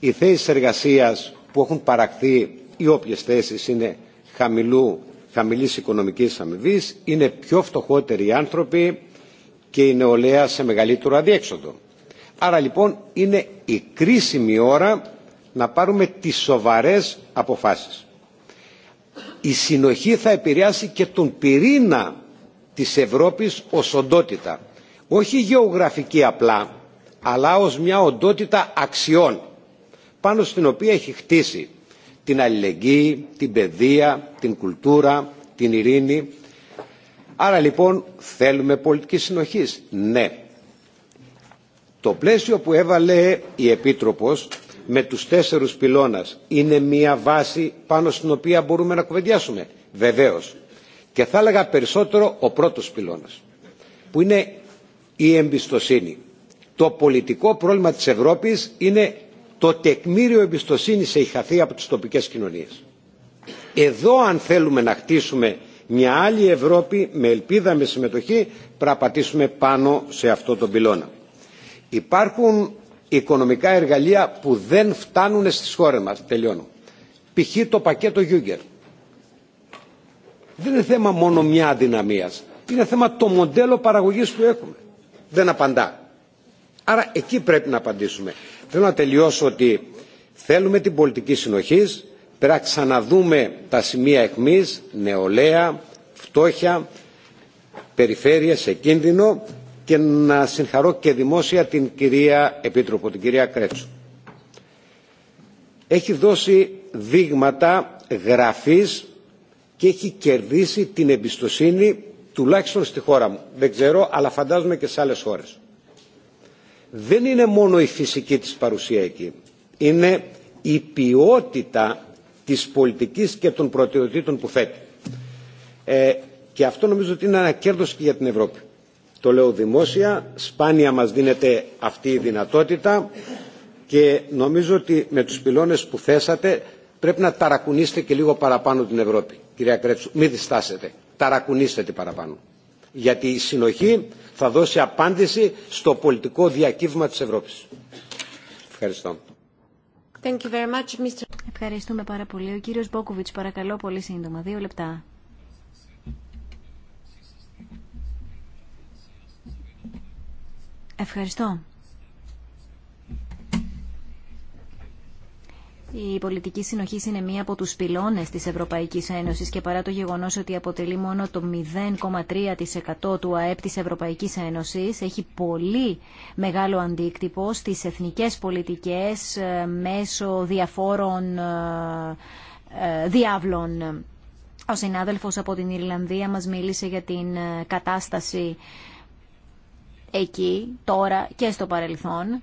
οι θέσεις εργασίας που έχουν παραχθεί ή όποιες θέσεις είναι χαμηλού, χαμηλής οικονομικής αμοιβή, είναι πιο φτωχότεροι οι άνθρωποι και η νεολαία σε μεγαλύτερο αδιέξοδο. Άρα λοιπόν είναι η κρίσιμη ώρα να πάρουμε τις σοβαρές αποφάσεις. Η συνοχή θα επηρεάσει και τον πυρήνα της Ευρώπης ως οντότητα. Όχι γεωγραφική απλά, αλλά ως μια οντότητα αξιών, πάνω στην οποία έχει χτίσει την αλληλεγγύη, την παιδεία, την κουλτούρα, την ειρήνη. Άρα λοιπόν θέλουμε πολιτική συνοχής. Ναι, το πλαίσιο που έβαλε η Επίτροπος με τους τέσσερους πυλώνας είναι μια βάση πάνω στην οποία μπορούμε να κουβεντιάσουμε. Βεβαίως. Και θα έλεγα περισσότερο ο πρώτος πυλώνας που είναι η εμπιστοσύνη. Το πολιτικό πρόβλημα της Ευρώπης είναι το τεκμήριο εμπιστοσύνης έχει χαθεί από τις τοπικές κοινωνίες. Εδώ αν θέλουμε να χτίσουμε μια άλλη Ευρώπη με ελπίδα, με συμμετοχή, πρέπει να πατήσουμε πάνω σε αυτό τον πυλώνα. Υπάρχουν οικονομικά εργαλεία που δεν φτάνουν στις χώρες μας. Τελειώνω. Π.χ. το πακέτο Γιούγκερ. Δεν είναι θέμα μόνο μια αδυναμίας. Είναι θέμα το μοντέλο παραγωγής που έχουμε. Δεν απαντά. Άρα εκεί πρέπει να απαντήσουμε. Θέλω να τελειώσω ότι θέλουμε την πολιτική συνοχής, πρέπει να ξαναδούμε τα σημεία εχμής, νεολαία, φτώχεια, περιφέρειες σε κίνδυνο και να συγχαρώ και δημόσια την κυρία Επίτροπο, την κυρία Κρέτσου. Έχει δώσει δείγματα γραφής και έχει κερδίσει την εμπιστοσύνη τουλάχιστον στη χώρα μου. Δεν ξέρω, αλλά φαντάζομαι και σε άλλες χώρες. Δεν είναι μόνο η φυσική της παρουσία εκεί. Είναι η ποιότητα της πολιτικής και των προτεραιοτήτων που θέτει. Ε, και αυτό νομίζω ότι είναι ένα κέρδος και για την Ευρώπη. Το λέω δημόσια, σπάνια μας δίνεται αυτή η δυνατότητα και νομίζω ότι με τους πυλώνες που θέσατε πρέπει να ταρακουνήσετε και λίγο παραπάνω την Ευρώπη. Κυρία Κρέτσου, μην διστάσετε. Ταρακουνήστε την παραπάνω. Γιατί η συνοχή θα δώσει απάντηση στο πολιτικό διακύβημα της Ευρώπης. Ευχαριστώ. Thank you very much, Mr. Ευχαριστούμε πάρα πολύ. Ο κύριος Μπόκοβιτς, παρακαλώ πολύ σύντομα. Δύο λεπτά. Ευχαριστώ. Η πολιτική συνοχή είναι μία από τους πυλώνες της Ευρωπαϊκής Ένωσης και παρά το γεγονός ότι αποτελεί μόνο το 0,3% του ΑΕΠ της Ευρωπαϊκής Ένωσης έχει πολύ μεγάλο αντίκτυπο στις εθνικές πολιτικές ε, μέσω διαφόρων ε, ε, διάβλων. Ο συνάδελφος από την Ιρλανδία μας μίλησε για την κατάσταση εκεί, τώρα και στο παρελθόν.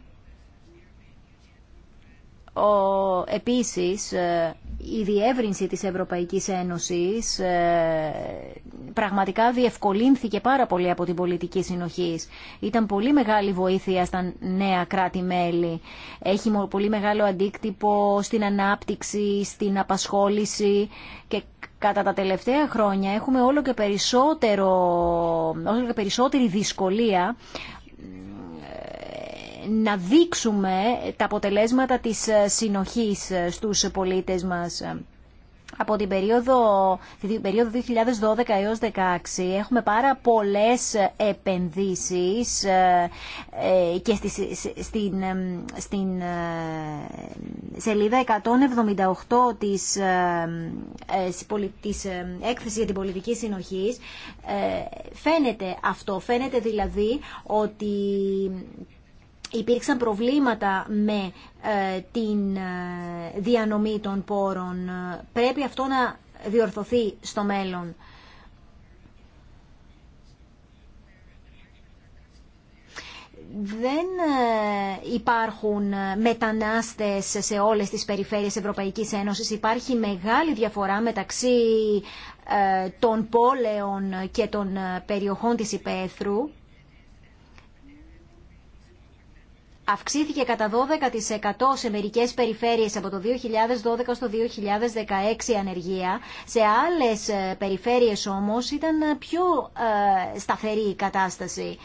Ο, επίσης, ε, η διεύρυνση της Ευρωπαϊκής Ένωσης ε, πραγματικά διευκολύνθηκε πάρα πολύ από την πολιτική συνοχή. Ήταν πολύ μεγάλη βοήθεια στα νέα κράτη-μέλη. Έχει πολύ μεγάλο αντίκτυπο στην ανάπτυξη, στην απασχόληση και Κατά τα τελευταία χρόνια έχουμε όλο και, περισσότερο, όλο και περισσότερη δυσκολία ε, να δείξουμε τα αποτελέσματα της ε, συνοχής ε, στους πολίτες μας από την περίοδο, την περίοδο 2012 έως 2016 έχουμε πάρα πολλές επενδύσεις ε, ε, και στη, στην, ε, σελίδα 178 της, της έκθεσης για την πολιτική συνοχή φαίνεται αυτό, φαίνεται δηλαδή ότι υπήρξαν προβλήματα με ε, την ε, διανομή των πόρων. Πρέπει αυτό να διορθωθεί στο μέλλον. δεν ε, υπάρχουν μετανάστες σε όλες τις περιφέρειες Ευρωπαϊκής Ένωσης. Υπάρχει μεγάλη διαφορά μεταξύ των πόλεων και των περιοχών της υπαίθρου. αυξήθηκε κατά 12% σε μερικές περιφέρειες από το 2012 στο 2016 ανεργία. Σε άλλες ε, περιφέρειες όμως ήταν ε, πιο ε, σταθερή η κατάσταση.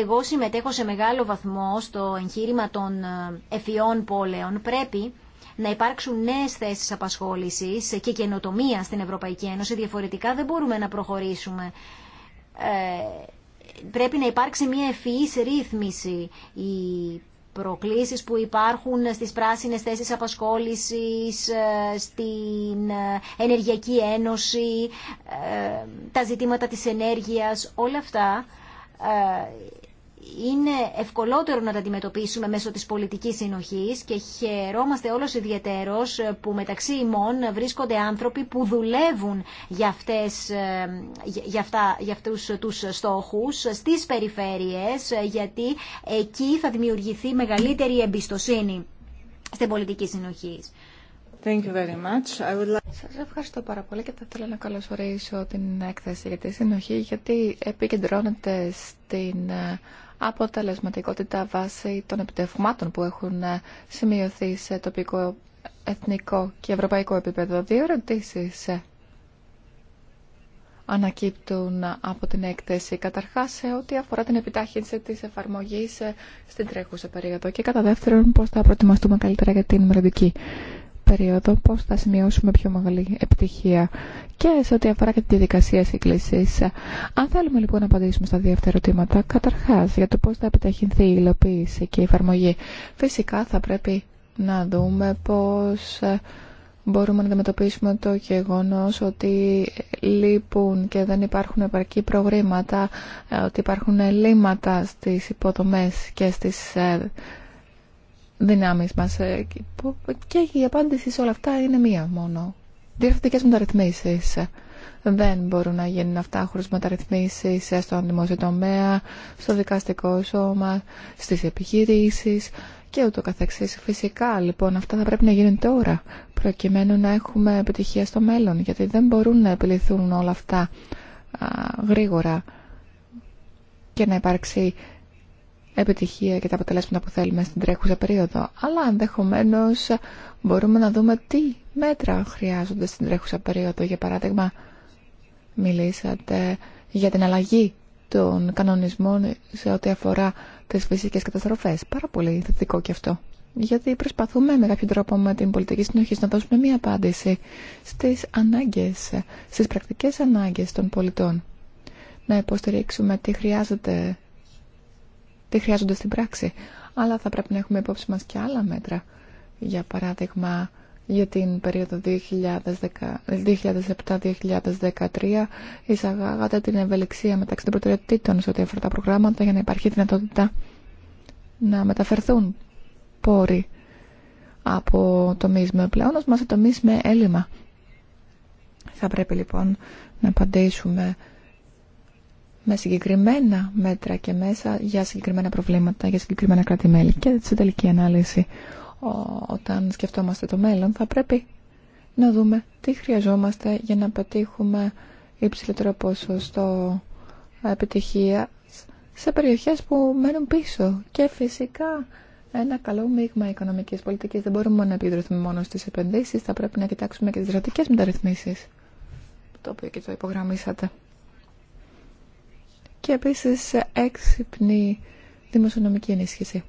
Εγώ συμμετέχω σε μεγάλο βαθμό στο εγχείρημα των εφιών πόλεων. Πρέπει να υπάρξουν νέε θέσει απασχόληση και καινοτομία στην Ευρωπαϊκή Ένωση. Διαφορετικά δεν μπορούμε να προχωρήσουμε. Ε, πρέπει να υπάρξει μια ευφυής ρύθμιση. Οι προκλήσεις που υπάρχουν στις πράσινες θέσεις απασχόλησης, ε, στην ε, ενεργειακή ένωση, τα ζητήματα της ενέργειας, όλα αυτά είναι ευκολότερο να τα αντιμετωπίσουμε μέσω της πολιτικής συνοχής και χαιρόμαστε όλος ιδιαιτέρως που μεταξύ ημών βρίσκονται άνθρωποι που δουλεύουν για, αυτές, ε, για, αυτά, για αυτούς τους στόχους στις περιφέρειες γιατί εκεί θα δημιουργηθεί μεγαλύτερη εμπιστοσύνη στην πολιτική συνοχή. Thank you very much. I would like... Σας ευχαριστώ πάρα πολύ και θα ήθελα να καλωσορίσω την έκθεση για τη συνοχή γιατί επικεντρώνεται στην ε, αποτελεσματικότητα βάσει των επιτευγμάτων που έχουν ε, σημειωθεί σε τοπικό, εθνικό και ευρωπαϊκό επίπεδο. Δύο ερωτήσει ε, ανακύπτουν ε, από την έκθεση. Καταρχάς, σε ό,τι αφορά την επιτάχυνση της εφαρμογής στην τρέχουσα περίοδο και κατά δεύτερον, πώς θα προετοιμαστούμε καλύτερα για την μελλοντική περίοδο πώς θα σημειώσουμε πιο μεγάλη επιτυχία και σε ό,τι αφορά και τη διαδικασία σύγκληση. Αν θέλουμε λοιπόν να απαντήσουμε στα δύο ερωτήματα, καταρχάς για το πώς θα επιταχυνθεί η υλοποίηση και η εφαρμογή, φυσικά θα πρέπει να δούμε πώς μπορούμε να αντιμετωπίσουμε το γεγονός ότι λείπουν και δεν υπάρχουν επαρκή προγρήματα, ε, ότι υπάρχουν ελλείμματα στις υποδομές και στις ε, δυνάμεις μας ε, και η απάντηση σε όλα αυτά είναι μία μόνο. Διευθυντικές μεταρρυθμίσεις. Δεν μπορούν να γίνουν αυτά χωρίς μεταρρυθμίσεις στον δημόσιο τομέα, στο δικαστικό σώμα, στις επιχειρήσεις και ούτω καθεξής. Φυσικά λοιπόν αυτά θα πρέπει να γίνουν τώρα προκειμένου να έχουμε επιτυχία στο μέλλον γιατί δεν μπορούν να επιληθούν όλα αυτά γρήγορα και να υπάρξει επιτυχία και τα αποτελέσματα που θέλουμε στην τρέχουσα περίοδο. Αλλά ενδεχομένω μπορούμε να δούμε τι μέτρα χρειάζονται στην τρέχουσα περίοδο. Για παράδειγμα, μιλήσατε για την αλλαγή των κανονισμών σε ό,τι αφορά τις φυσικές καταστροφές. Πάρα πολύ θετικό και αυτό. Γιατί προσπαθούμε με κάποιο τρόπο με την πολιτική συνοχή να δώσουμε μία απάντηση στι ανάγκες, στις πρακτικές ανάγκες των πολιτών. Να υποστηρίξουμε τι χρειάζεται δεν χρειάζονται στην πράξη. Αλλά θα πρέπει να έχουμε υπόψη μας και άλλα μέτρα. Για παράδειγμα, για την περίοδο 2007-2013 εισαγάγατε την ευελιξία μεταξύ των προτεραιοτήτων σε ό,τι αφορά τα προγράμματα για να υπάρχει δυνατότητα να μεταφερθούν πόροι από τομείς με πλεόνασμα σε τομείς με έλλειμμα. Θα πρέπει λοιπόν να απαντήσουμε με συγκεκριμένα μέτρα και μέσα για συγκεκριμένα προβλήματα, για συγκεκριμένα κράτη-μέλη. Και στην τελική ανάλυση, όταν σκεφτόμαστε το μέλλον, θα πρέπει να δούμε τι χρειαζόμαστε για να πετύχουμε υψηλότερο ποσοστό επιτυχία σε περιοχές που μένουν πίσω. Και φυσικά ένα καλό μείγμα οικονομικής πολιτικής. Δεν μπορούμε να επιδροθούμε μόνο στις επενδύσεις, θα πρέπει να κοιτάξουμε και τις δρατικές μεταρρυθμίσεις, το οποίο και το υπογραμμίσατε και επίσης έξυπνη δημοσιονομική ενίσχυση.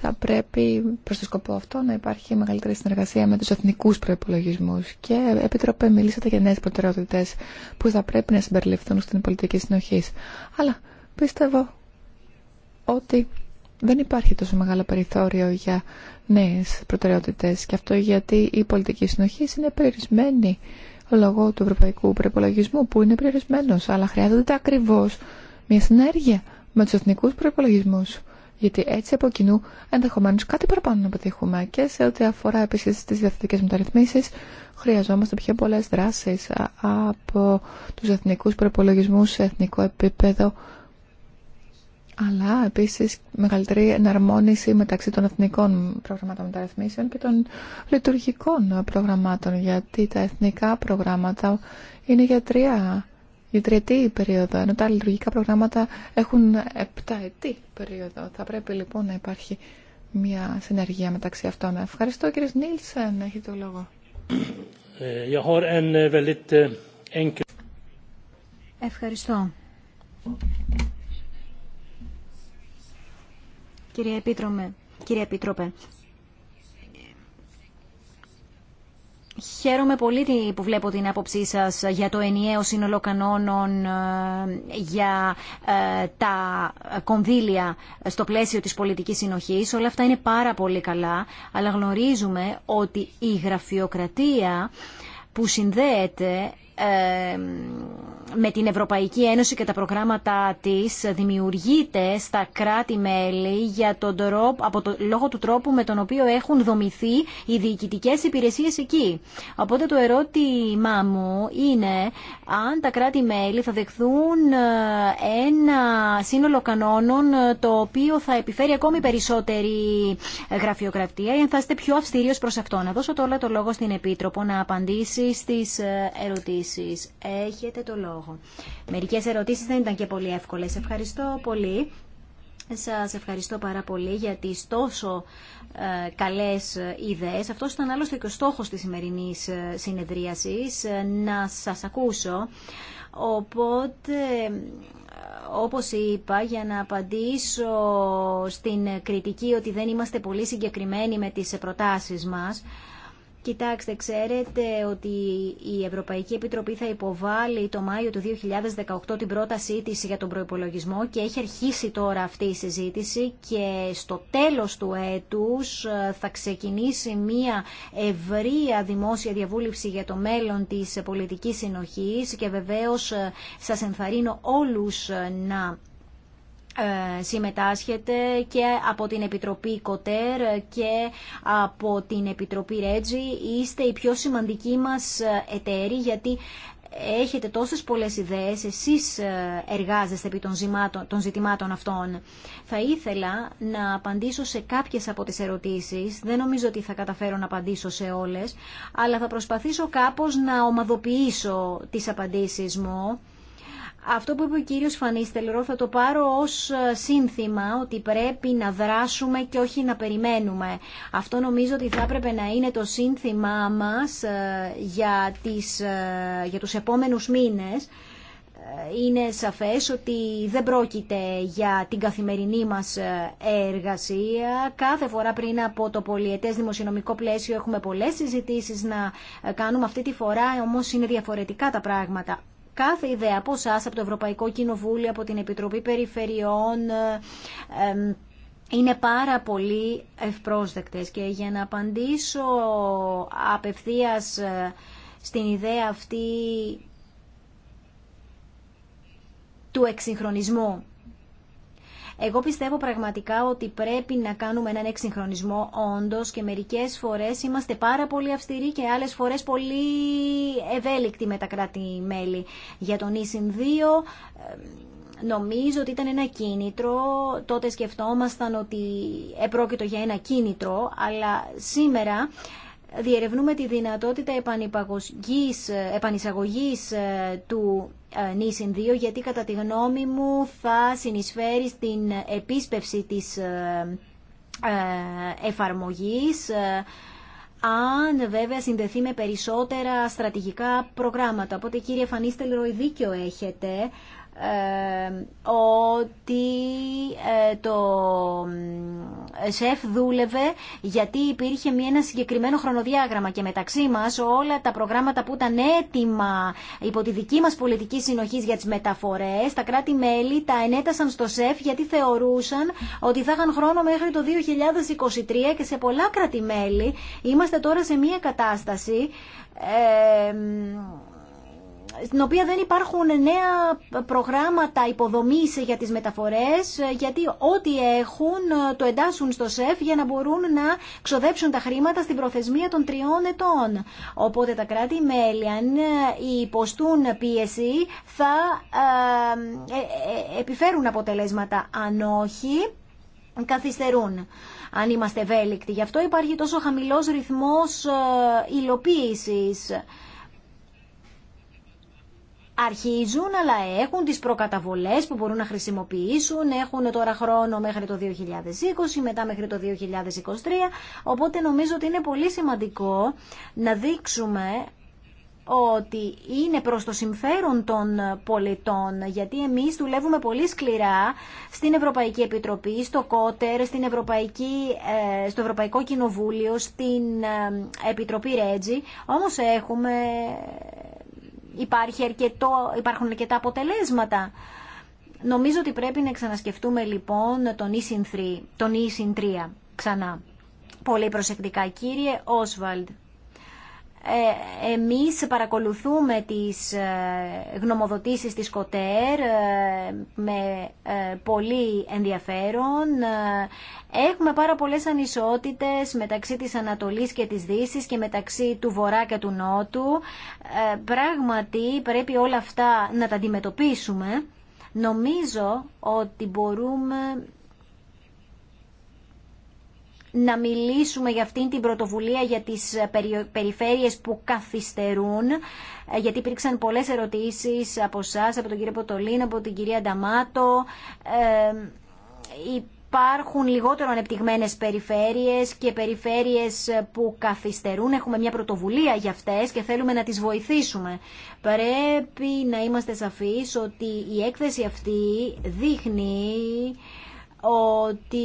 Θα πρέπει προς το σκοπό αυτό να υπάρχει μεγαλύτερη συνεργασία με τους εθνικούς προϋπολογισμούς και επιτροπέ μιλήσατε για νέες προτεραιότητες που θα πρέπει να συμπεριληφθούν στην πολιτική συνοχή. Αλλά πίστευω ότι δεν υπάρχει τόσο μεγάλο περιθώριο για νέες προτεραιότητες και αυτό γιατί η πολιτική συνοχή είναι περιορισμένη λόγω του ευρωπαϊκού προπολογισμού που είναι περιορισμένος αλλά χρειάζονται ακριβώς μια συνέργεια με τους εθνικούς προϋπολογισμούς. Γιατί έτσι από κοινού ενδεχομένω κάτι παραπάνω να πετύχουμε και σε ό,τι αφορά επίση τι διαθετικέ μεταρρυθμίσει, χρειαζόμαστε πιο πολλέ δράσει από του εθνικού προπολογισμού σε εθνικό επίπεδο, αλλά επίση μεγαλύτερη εναρμόνιση μεταξύ των εθνικών προγραμμάτων μεταρρυθμίσεων και των λειτουργικών προγραμμάτων, γιατί τα εθνικά προγράμματα είναι για τρία η τριετή περίοδο, ενώ τα λειτουργικά προγράμματα έχουν επταετή περίοδο. Θα πρέπει λοιπόν να υπάρχει μια συνεργία μεταξύ αυτών. Ευχαριστώ κύριε Νίλσεν, έχει το λόγο. Ε, ε, ε, Ευχαριστώ. Κύριε Επίτροπε, κύριε Επίτροπε, Χαίρομαι πολύ που βλέπω την άποψή σας για το ενιαίο σύνολο κανόνων ε, για ε, τα κονδύλια στο πλαίσιο της πολιτικής συνοχής. Όλα αυτά είναι πάρα πολύ καλά, αλλά γνωρίζουμε ότι η γραφειοκρατία που συνδέεται ε, με την Ευρωπαϊκή Ένωση και τα προγράμματα της δημιουργείται στα κράτη-μέλη για τον τρόπο, από το, λόγω του τρόπου με τον οποίο έχουν δομηθεί οι διοικητικέ υπηρεσίες εκεί. Οπότε το ερώτημά μου είναι αν τα κράτη-μέλη θα δεχθούν ε, ένα σύνολο κανόνων ε, το οποίο θα επιφέρει ακόμη περισσότερη γραφειοκρατία ή αν θα είστε πιο αυστηρίως προς αυτό. Να δώσω τώρα το λόγο στην Επίτροπο να απαντήσει στις ερωτήσεις. Έχετε το λόγο. Μερικές ερωτήσεις δεν ήταν και πολύ εύκολες. Ευχαριστώ πολύ. Σας ευχαριστώ πάρα πολύ για τι τόσο ε, καλές ε, ιδέες. Αυτός ήταν άλλωστε και ο στόχο της σημερινής ε, συνεδρίασης, να σας ακούσω. Οπότε, όπως είπα, για να απαντήσω στην κριτική ότι δεν είμαστε πολύ συγκεκριμένοι με τις προτάσεις μας, Κοιτάξτε, ξέρετε ότι η Ευρωπαϊκή Επιτροπή θα υποβάλει το Μάιο του 2018 την πρότασή της για τον προϋπολογισμό και έχει αρχίσει τώρα αυτή η συζήτηση και στο τέλος του έτους ε, θα ξεκινήσει μια ευρεία δημόσια διαβούλευση για το μέλλον της πολιτικής συνοχής και βεβαίως ε, σας ενθαρρύνω όλους ε, να ε, συμμετάσχετε και από την Επιτροπή Κοτέρ και από την Επιτροπή Ρέτζι. Είστε οι πιο σημαντικοί μας εταίροι γιατί έχετε τόσες πολλές ιδέες, εσείς ε, εργάζεστε επί των, ζητημάτων αυτών. Θα ήθελα να απαντήσω σε κάποιες από τις ερωτήσεις, δεν νομίζω ότι θα καταφέρω να απαντήσω σε όλες, αλλά θα προσπαθήσω κάπως να ομαδοποιήσω τις απαντήσεις μου αυτό που είπε ο κύριος Φανίστελρο θα το πάρω ως ε, σύνθημα ότι πρέπει να δράσουμε και όχι να περιμένουμε. Αυτό νομίζω ότι θα έπρεπε να είναι το σύνθημά μας ε, για, τις, ε, για τους επόμενους μήνες. Είναι σαφές ότι δεν πρόκειται για την καθημερινή μας εργασία. Κάθε φορά πριν από το πολιετές δημοσιονομικό πλαίσιο έχουμε πολλές συζητήσεις να κάνουμε αυτή τη φορά, όμως είναι διαφορετικά τα πράγματα κάθε ιδέα από εσά, από το Ευρωπαϊκό Κοινοβούλιο, από την Επιτροπή Περιφερειών, είναι πάρα πολύ ευπρόσδεκτες και για να απαντήσω απευθείας ε, στην ιδέα αυτή του εξυγχρονισμού εγώ πιστεύω πραγματικά ότι πρέπει να κάνουμε έναν εξυγχρονισμό όντω και μερικέ φορέ είμαστε πάρα πολύ αυστηροί και άλλε φορέ πολύ ευέλικτοι με τα κράτη-μέλη. Για τον ΙΣΙΝ 2. Νομίζω ότι ήταν ένα κίνητρο, τότε σκεφτόμασταν ότι επρόκειτο για ένα κίνητρο, αλλά σήμερα διερευνούμε τη δυνατότητα επανεισαγωγής ε, του νησιν ε, 2 γιατί κατά τη γνώμη μου θα συνεισφέρει στην επίσπευση της ε, εφαρμογής αν βέβαια συνδεθεί με περισσότερα στρατηγικά προγράμματα. Οπότε κύριε Φανίστελ, δίκιο έχετε ε, ότι ε, το ΣΕΦ δούλευε γιατί υπήρχε μια, ένα συγκεκριμένο χρονοδιάγραμμα και μεταξύ μας όλα τα προγράμματα που ήταν έτοιμα υπό τη δική μας πολιτική συνοχή για τις μεταφορές, τα κράτη-μέλη τα ενέτασαν στο ΣΕΦ γιατί θεωρούσαν ότι θα είχαν χρόνο μέχρι το 2023 και σε πολλά κράτη-μέλη είμαστε τώρα σε μια κατάσταση ε, στην οποία δεν υπάρχουν νέα προγράμματα υποδομής για τις μεταφορές, γιατί ό,τι έχουν ε, το εντάσσουν στο ΣΕΦ για να μπορούν να ξοδέψουν τα χρήματα στην προθεσμία των τριών ετών. Οπότε τα κράτη-μέλη, αν ε, υποστούν πίεση, θα ε, επιφέρουν αποτελέσματα. Αν όχι, καθυστερούν αν είμαστε ευέλικτοι. Γι' αυτό υπάρχει τόσο χαμηλός ρυθμός υλοποίησης αρχίζουν αλλά έχουν τις προκαταβολές που μπορούν να χρησιμοποιήσουν, έχουν τώρα χρόνο μέχρι το 2020, μετά μέχρι το 2023, οπότε νομίζω ότι είναι πολύ σημαντικό να δείξουμε ότι είναι προς το συμφέρον των πολιτών, γιατί εμείς δουλεύουμε πολύ σκληρά στην Ευρωπαϊκή Επιτροπή, στο ΚΟΤΕΡ, στην Ευρωπαϊκή, ε, στο Ευρωπαϊκό Κοινοβούλιο, στην ε, Επιτροπή Ρέτζι, όμως έχουμε υπάρχει αρκετό, υπάρχουν αρκετά αποτελέσματα. Νομίζω ότι πρέπει να ξανασκεφτούμε λοιπόν τον ΙΣΙΝ 3 ξανά. Πολύ προσεκτικά κύριε Όσβαλντ. Ε, εμείς παρακολουθούμε τις ε, γνωμοδοτήσεις της ΚΟΤΕΡ ε, με πολύ ενδιαφέρον. Έχουμε πάρα πολλές ανισότητες μεταξύ της Ανατολής και της Δύσης και μεταξύ του Βορρά και του Νότου. Πράγματι πρέπει όλα αυτά να τα αντιμετωπίσουμε. Νομίζω ότι μπορούμε να μιλήσουμε για αυτήν την πρωτοβουλία για τις ε, περιφέρειες που καθυστερούν, ε, γιατί υπήρξαν πολλές ερωτήσεις από εσά, από τον κύριο Ποτολίν, από την κυρία Νταμάτο. Ε, υπάρχουν λιγότερο ανεπτυγμένες περιφέρειες και περιφέρειες που καθυστερούν. Έχουμε μια πρωτοβουλία για αυτές και θέλουμε να τις βοηθήσουμε. Πρέπει να είμαστε σαφείς ότι η έκθεση αυτή δείχνει ότι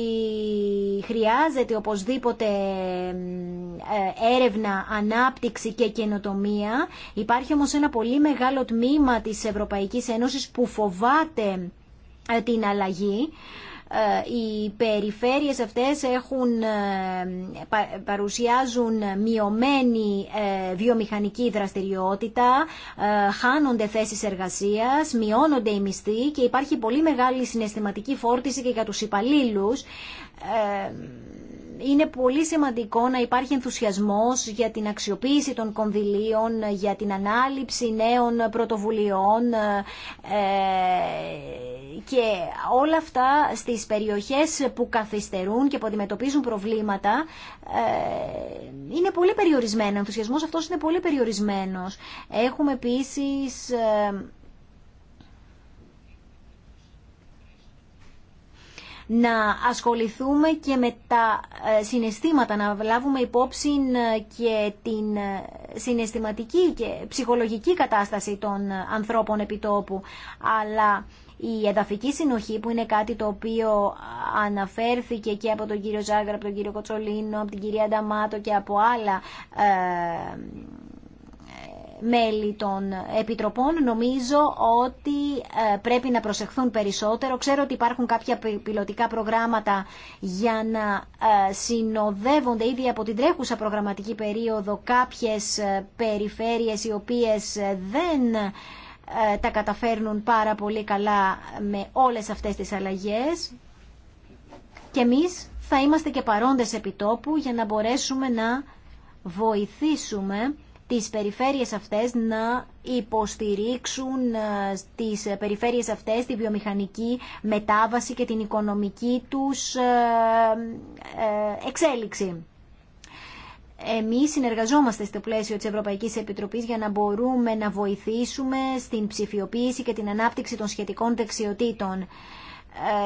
χρειάζεται οπωσδήποτε ε, έρευνα, ανάπτυξη και καινοτομία. Υπάρχει όμως ένα πολύ μεγάλο τμήμα της Ευρωπαϊκής Ένωσης που φοβάται ε, την αλλαγή. Ε, οι περιφέρειες αυτές έχουν, ε, παρουσιάζουν μειωμένη ε, βιομηχανική δραστηριότητα, χάνονται θέσεις εργασίας, μειώνονται οι μισθοί και υπάρχει πολύ μεγάλη συναισθηματική φόρτιση και για τους υπαλλήλους είναι πολύ σημαντικό να υπάρχει ενθουσιασμός για την αξιοποίηση των κονδυλίων, για την ανάληψη νέων πρωτοβουλειών ε, και όλα αυτά στις περιοχές που καθυστερούν και που αντιμετωπίζουν προβλήματα ε, είναι πολύ περιορισμένο. Ο ενθουσιασμός αυτός είναι πολύ περιορισμένος. Έχουμε επίσης ε, να ασχοληθούμε και με τα ε, συναισθήματα, να λάβουμε υπόψη ε, και την ε, συναισθηματική και ψυχολογική κατάσταση των ανθρώπων επιτόπου. Αλλά η εδαφική συνοχή που είναι κάτι το οποίο αναφέρθηκε και από τον κύριο Ζάγκρα, από τον κύριο Κοτσολίνο, από την κυρία Νταμάτο και από άλλα μέλη των επιτροπών νομίζω ότι ε, πρέπει να προσεχθούν περισσότερο. Ξέρω ότι υπάρχουν κάποια πιλωτικά προγράμματα για να ε, συνοδεύονται ήδη από την τρέχουσα προγραμματική περίοδο κάποιες ε, περιφέρειες οι οποίες δεν τα καταφέρνουν πάρα πολύ καλά με όλες αυτές τις αλλαγές και εμείς θα είμαστε και παρόντες επιτόπου για να μπορέσουμε να βοηθήσουμε τις περιφέρειες αυτές να υποστηρίξουν ε, τις περιφέρειες αυτές τη βιομηχανική μετάβαση και την οικονομική τους ε, ε, εξέλιξη. Εμείς συνεργαζόμαστε στο πλαίσιο της Ευρωπαϊκής Επιτροπής για να μπορούμε να βοηθήσουμε στην ψηφιοποίηση και την ανάπτυξη των σχετικών δεξιοτήτων.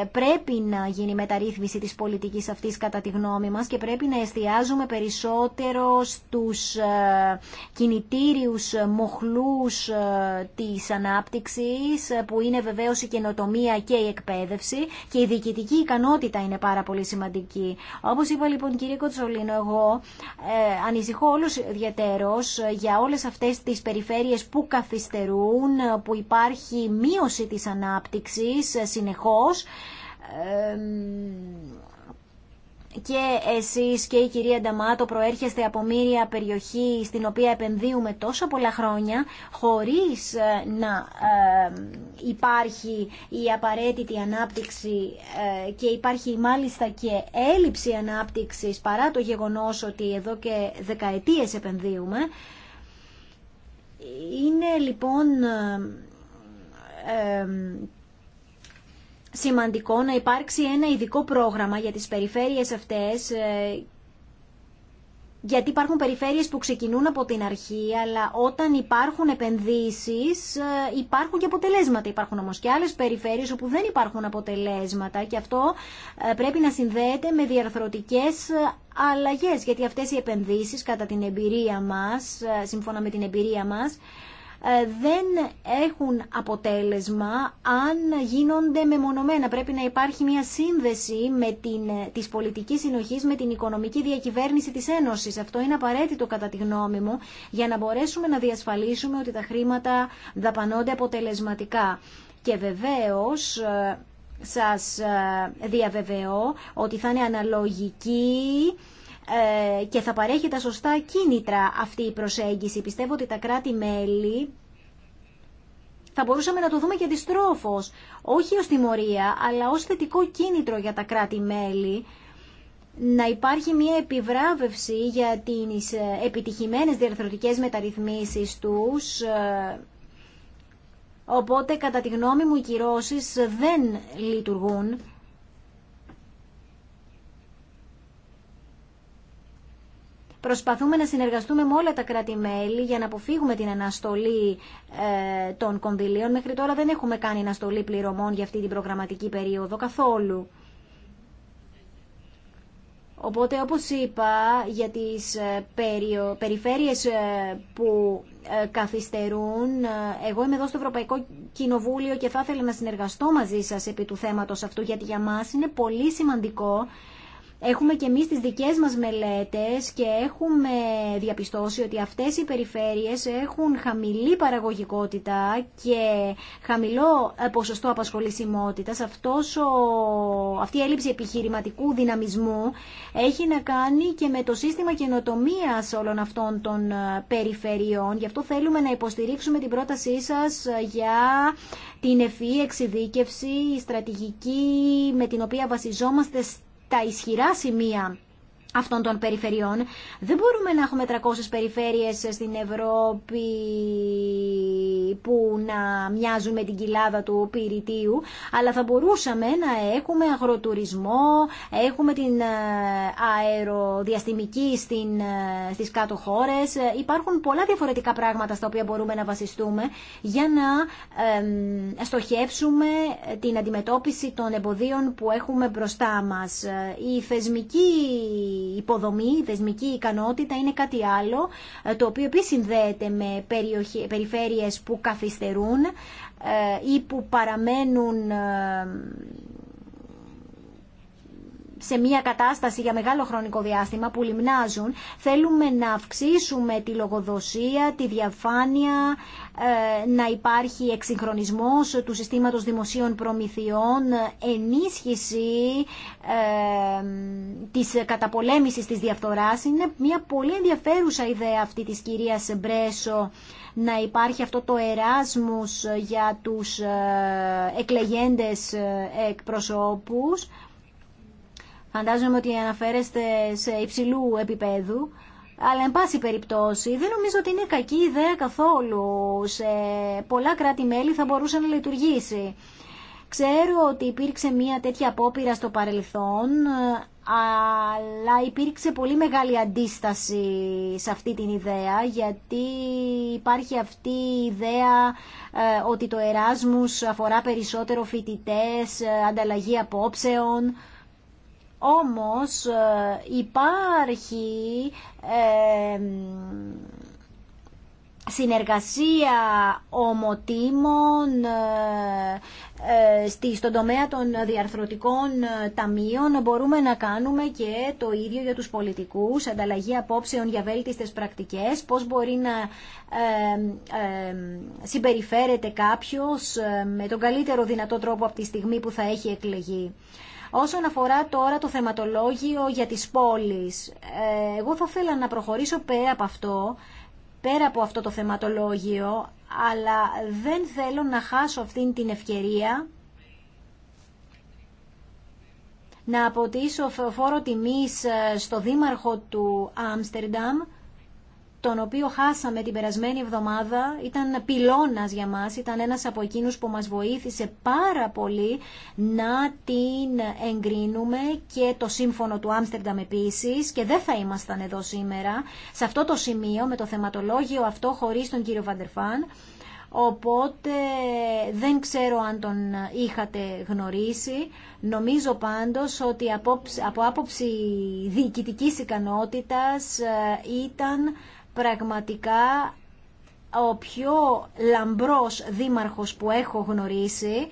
Ε, πρέπει να γίνει μεταρρύθμιση της πολιτικής αυτής κατά τη γνώμη μας και πρέπει να εστιάζουμε περισσότερο στους ε, κινητήριους μοχλούς ε, της ανάπτυξης που είναι βεβαίως η καινοτομία και η εκπαίδευση και η διοικητική ικανότητα είναι πάρα πολύ σημαντική. Όπως είπα λοιπόν κύριε Κοτσολίνο εγώ ανησυχώ όλους ιδιαίτερος για όλες αυτές τις περιφέρειες που καθυστερούν, που υπάρχει μείωση της ανάπτυξης συνεχώς και εσείς και η κυρία Νταμάτο προέρχεστε από μία περιοχή στην οποία επενδύουμε τόσα πολλά χρόνια χωρίς ε, να υπάρχει η απαραίτητη ανάπτυξη ε, και υπάρχει μάλιστα και έλλειψη ανάπτυξης παρά το γεγονός ότι εδώ και δεκαετίες επενδύουμε. Είναι λοιπόν ε, σημαντικό να υπάρξει ένα ειδικό πρόγραμμα για τις περιφέρειες αυτές ε, γιατί υπάρχουν περιφέρειες που ξεκινούν από την αρχή, αλλά όταν υπάρχουν επενδύσεις ε, υπάρχουν και αποτελέσματα. Υπάρχουν όμως και άλλες περιφέρειες όπου δεν υπάρχουν αποτελέσματα και αυτό ε, πρέπει να συνδέεται με διαρθρωτικές αλλαγές, γιατί αυτές οι επενδύσεις, κατά την εμπειρία μας, σύμφωνα με την εμπειρία μας, ε, δεν έχουν αποτέλεσμα αν γίνονται μεμονωμένα. Πρέπει να υπάρχει μια σύνδεση με την, της πολιτικής συνοχής με την οικονομική διακυβέρνηση της Ένωσης. Αυτό είναι απαραίτητο κατά τη γνώμη μου για να μπορέσουμε να διασφαλίσουμε ότι τα χρήματα δαπανώνται αποτελεσματικά. Και βεβαίως ε, σας ε, διαβεβαιώ ότι θα είναι αναλογική ε, και θα παρέχει τα σωστά κίνητρα αυτή η προσέγγιση. Πιστεύω ότι τα κράτη-μέλη θα μπορούσαμε να το δούμε και αντιστρόφως, όχι ως τιμωρία, αλλά ως θετικό κίνητρο για τα κράτη-μέλη, να υπάρχει μια επιβράβευση για τις ε, επιτυχημένες διαρθρωτικές μεταρρυθμίσεις τους, ε, οπότε κατά τη γνώμη μου οι κυρώσεις δεν λειτουργούν Προσπαθούμε να συνεργαστούμε με όλα τα κράτη-μέλη για να αποφύγουμε την αναστολή ε, των κονδυλίων. Μέχρι τώρα δεν έχουμε κάνει αναστολή πληρωμών για αυτή την προγραμματική περίοδο καθόλου. Οπότε, όπως είπα, για τις ε, περιφέρειες ε, που καθυστερούν, εγώ είμαι εδώ στο Ευρωπαϊκό Κοινοβούλιο και θα ήθελα να συνεργαστώ μαζί σας επί του θέματος αυτού, γιατί για μας είναι πολύ σημαντικό Έχουμε και εμείς τις δικές μας μελέτες και έχουμε διαπιστώσει ότι αυτές οι περιφέρειες έχουν χαμηλή παραγωγικότητα και χαμηλό ε, ποσοστό απασχολησιμότητας. Αυτός ο, αυτή η έλλειψη επιχειρηματικού δυναμισμού έχει να κάνει και με το σύστημα καινοτομία όλων αυτών των ε, περιφερειών. Γι' αυτό θέλουμε να υποστηρίξουμε την πρότασή σας ε, για την ευφυή εξειδίκευση, η στρατηγική με την οποία βασιζόμαστε τα ισχυρά σημεία αυτών των περιφερειών. Δεν μπορούμε να έχουμε 300 περιφέρειες στην Ευρώπη που να μοιάζουν με την κοιλάδα του πυρητίου, αλλά θα μπορούσαμε να έχουμε αγροτουρισμό, έχουμε την ε, αεροδιαστημική στην, ε, στις κάτω χώρες. Ε, υπάρχουν πολλά διαφορετικά πράγματα στα οποία μπορούμε να βασιστούμε για να στοχεύσουμε την αντιμετώπιση των εμποδίων που έχουμε μπροστά μας. Η θεσμική υποδομή, η δεσμική ικανότητα είναι κάτι άλλο, ε, το οποίο επίσης συνδέεται με περιοχές, περιφέρειες που καθυστερούν ε, ή που παραμένουν ε, σε μια κατάσταση για μεγάλο χρονικό διάστημα που λιμνάζουν, θέλουμε να αυξήσουμε τη λογοδοσία, τη διαφάνεια, ε, να υπάρχει εξυγχρονισμός του συστήματος δημοσίων προμηθειών, ενίσχυση ε, της καταπολέμησης της διαφθοράς. Είναι μια πολύ ενδιαφέρουσα ιδέα αυτή της κυρίας Μπρέσο να υπάρχει αυτό το εράσμους για τους ε, εκλεγέντες εκπροσώπους. Φαντάζομαι ότι αναφέρεστε σε υψηλού επίπεδου. Αλλά, εν πάση περιπτώσει, δεν νομίζω ότι είναι κακή ιδέα καθόλου. Σε πολλά κράτη-μέλη θα μπορούσε να λειτουργήσει. Ξέρω ότι υπήρξε μια τέτοια απόπειρα στο παρελθόν, αλλά υπήρξε πολύ μεγάλη αντίσταση σε αυτή την ιδέα, γιατί υπάρχει αυτή η ιδέα ε, ότι το Εράσμους αφορά περισσότερο φοιτητές, ε, ανταλλαγή απόψεων... Όμως ε, υπάρχει ε, συνεργασία ομοτήμων ε, στον τομέα των διαρθρωτικών ταμείων μπορούμε να κάνουμε και το ίδιο για τους πολιτικούς, ανταλλαγή απόψεων για βέλτιστες πρακτικές, πώς μπορεί να συμπεριφέρεται κάποιος με τον καλύτερο δυνατό τρόπο από τη στιγμή που θα έχει εκλεγεί. Όσον αφορά τώρα το θεματολόγιο για τις πόλεις, ε, εγώ θα ήθελα να προχωρήσω πέρα από αυτό, πέρα από αυτό το θεματολόγιο, αλλά δεν θέλω να χάσω αυτήν την ευκαιρία να αποτίσω φόρο τιμής ε, στο δήμαρχο του Άμστερνταμ, τον οποίο χάσαμε την περασμένη εβδομάδα ήταν πυλώνας για μας, ήταν ένας από εκείνους που μας βοήθησε πάρα πολύ να την εγκρίνουμε και το σύμφωνο του Άμστερνταμ επίση και δεν θα ήμασταν εδώ σήμερα σε αυτό το σημείο με το θεματολόγιο αυτό χωρίς τον κύριο Βαντερφάν οπότε δεν ξέρω αν τον είχατε γνωρίσει. Νομίζω πάντως ότι από άποψη διοικητικής ικανότητας ε, ήταν πραγματικά ο πιο λαμπρός δήμαρχος που έχω γνωρίσει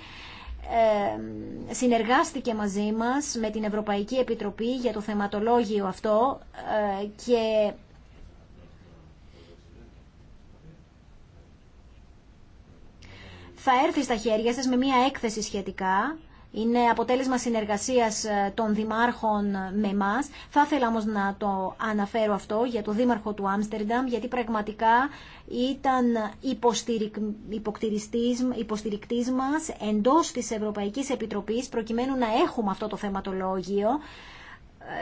συνεργάστηκε μαζί μας με την Ευρωπαϊκή Επιτροπή για το θεματολόγιο αυτό ε, και θα έρθει στα χέρια σας με μια έκθεση σχετικά είναι αποτέλεσμα συνεργασίας ε, των δημάρχων ε, με εμά. Θα ήθελα όμω να το αναφέρω αυτό για το δήμαρχο του Άμστερνταμ, γιατί πραγματικά ήταν υποστηρικτή μα εντός τη Ευρωπαϊκής Επιτροπής, προκειμένου να έχουμε αυτό το θεματολόγιο,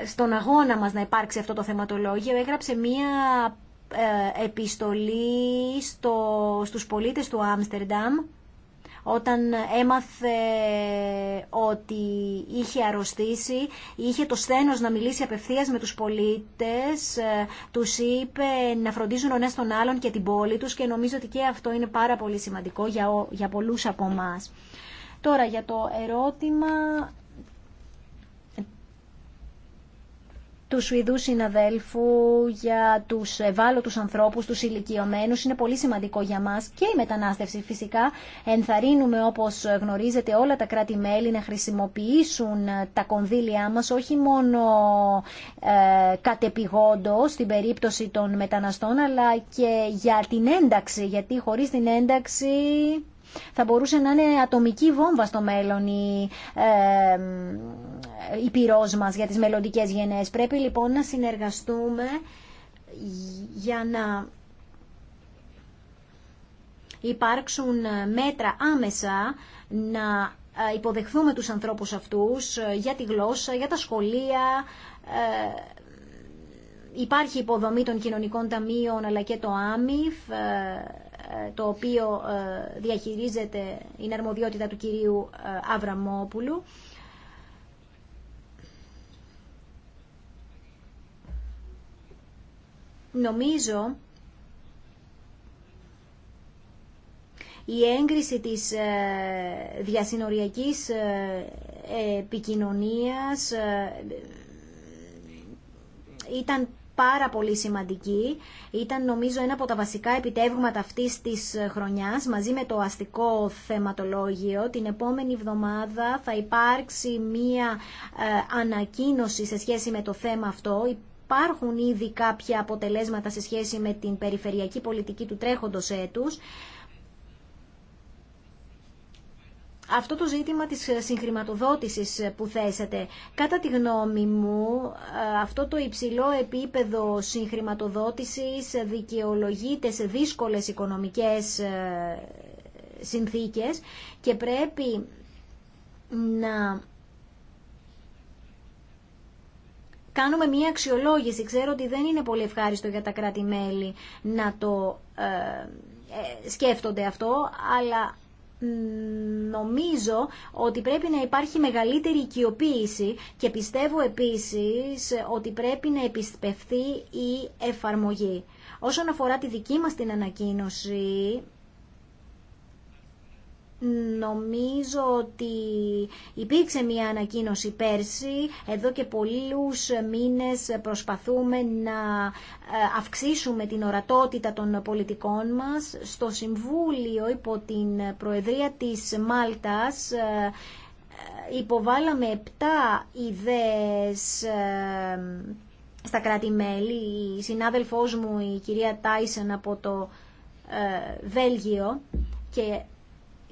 ε, στον αγώνα μας να υπάρξει αυτό το θεματολόγιο, έγραψε μία επιστολή στο, στους πολίτες του Άμστερνταμ όταν έμαθε ότι είχε αρρωστήσει, είχε το σθένος να μιλήσει απευθείας με τους πολίτες, ε, τους είπε να φροντίζουν ο ένας τον άλλον και την πόλη τους και νομίζω ότι και αυτό είναι πάρα πολύ σημαντικό για, για πολλούς από εμά. Τώρα για το ερώτημα του Σουηδού συναδέλφου για τους ευάλωτους ανθρώπους, τους ηλικιωμένου. Είναι πολύ σημαντικό για μας και η μετανάστευση φυσικά. Ενθαρρύνουμε όπως γνωρίζετε όλα τα κράτη-μέλη να χρησιμοποιήσουν τα κονδύλια μας όχι μόνο ε, κατεπηγόντως στην περίπτωση των μεταναστών αλλά και για την ένταξη γιατί χωρίς την ένταξη θα μπορούσε να είναι ατομική βόμβα στο μέλλον η, η για τις μελλοντικέ γενναίες. Πρέπει λοιπόν να συνεργαστούμε για να υπάρξουν μέτρα άμεσα να ε, υποδεχθούμε τους ανθρώπους αυτούς ε, για τη γλώσσα, για τα σχολεία. Ε, υπάρχει υποδομή των κοινωνικών ταμείων αλλά και το ΆΜΙΦ το οποίο ε, διαχειρίζεται η αρμοδιότητα του κυρίου ε, Αβραμόπουλου. Νομίζω η έγκριση της ε, διασυνοριακής επικοινωνίας ήταν πάρα πολύ σημαντική. Ήταν νομίζω ένα από τα βασικά επιτεύγματα αυτής της ε, χρονιάς μαζί με το αστικό θεματολόγιο. Την επόμενη εβδομάδα θα υπάρξει μία ε, ανακοίνωση σε σχέση με το θέμα αυτό υπάρχουν ήδη κάποια αποτελέσματα σε σχέση με την περιφερειακή πολιτική του τρέχοντος έτους αυτό το ζήτημα της συγχρηματοδότησης που θέσατε. Κατά τη γνώμη μου, ε, αυτό το υψηλό επίπεδο συγχρηματοδότησης δικαιολογείται σε δύσκολες οικονομικές ε, συνθήκες και πρέπει να κάνουμε μία αξιολόγηση. Ξέρω ότι δεν είναι πολύ ευχάριστο για τα κράτη-μέλη να το ε, σκέφτονται αυτό, αλλά νομίζω ότι πρέπει να υπάρχει μεγαλύτερη οικειοποίηση και πιστεύω επίσης ότι πρέπει να επισπευθεί η εφαρμογή. Όσον αφορά τη δική μας την ανακοίνωση, Νομίζω ότι υπήρξε μια ανακοίνωση πέρσι. Εδώ και πολλούς μήνες προσπαθούμε να ε, αυξήσουμε την ορατότητα των πολιτικών μας. Στο Συμβούλιο υπό την Προεδρία της Μάλτας ε, ε, υποβάλαμε 7 ιδέες στα κράτη-μέλη. Η συνάδελφός μου, η κυρία Τάισεν από το Βέλγιο και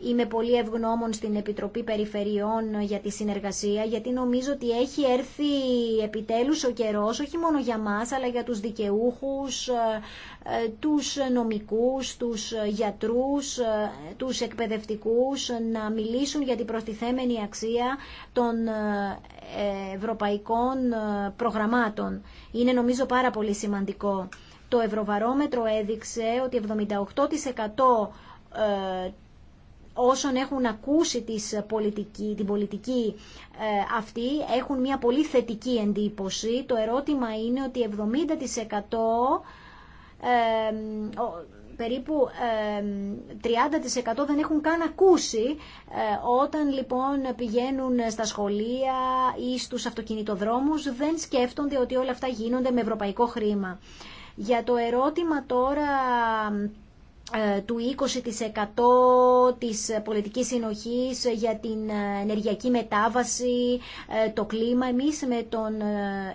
Είμαι πολύ ευγνώμων στην Επιτροπή Περιφερειών για τη συνεργασία, γιατί νομίζω ότι έχει έρθει επιτέλους ο καιρός, όχι μόνο για μας, αλλά για τους δικαιούχους, ε, ε, τους νομικούς, τους γιατρούς, ε, τους εκπαιδευτικούς, να μιλήσουν για την προστιθέμενη αξία των ευρωπαϊκών προγραμμάτων. Είναι νομίζω πάρα πολύ σημαντικό. Το Ευρωβαρόμετρο έδειξε ότι 78% όσων έχουν ακούσει τις πολιτική, την πολιτική ε, αυτή έχουν μια πολύ θετική εντύπωση. Το ερώτημα είναι ότι 70% ε, περίπου 30% ε, δεν έχουν καν ακούσει όταν λοιπόν πηγαίνουν στα σχολεία ή στους αυτοκινητοδρόμους δεν σκέφτονται ότι όλα αυτά γίνονται με ευρωπαϊκό χρήμα. Για το ερώτημα τώρα ε, του 20% της πολιτικής συνοχής για την ε, ενεργειακή μετάβαση, ε, το κλίμα. Εμείς με τον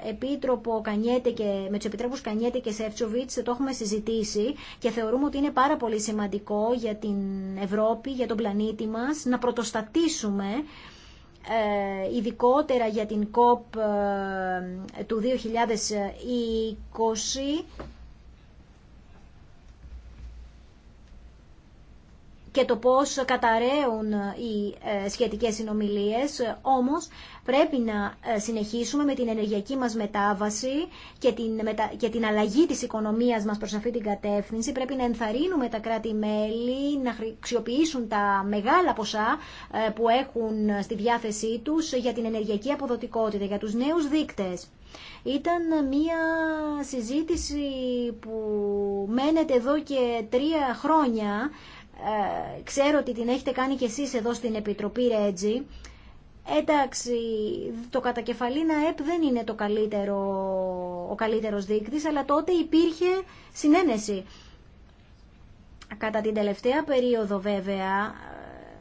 Επίτροπο Κανιέτε και με τους Επιτρόπους Κανιέτε και Σεύτσοβιτς το έχουμε συζητήσει και θεωρούμε ότι είναι πάρα πολύ σημαντικό για την Ευρώπη, για τον πλανήτη μας να πρωτοστατήσουμε ειδικότερα για την COP του 2020 και το πώς καταραίουν οι ε, σχετικές συνομιλίες. Όμως πρέπει να ε, συνεχίσουμε με την ενεργειακή μας μετάβαση και την, την αλλαγή της οικονομίας μας προς αυτή την κατεύθυνση. Πρέπει να ενθαρρύνουμε τα κράτη-μέλη να αξιοποιήσουν τα μεγάλα ποσά ε, που έχουν στη διάθεσή τους για την ενεργειακή αποδοτικότητα, για τους νέους δείκτες. Ήταν μια συζήτηση που μένεται εδώ και τρία χρόνια ε, ξέρω ότι την έχετε κάνει κι εσείς εδώ στην Επιτροπή Ρέτζη. Εντάξει, το κατακεφαλήνα ΕΠ δεν είναι το καλύτερο, ο καλύτερος δείκτης, αλλά τότε υπήρχε συνένεση. Κατά την τελευταία περίοδο βέβαια ε,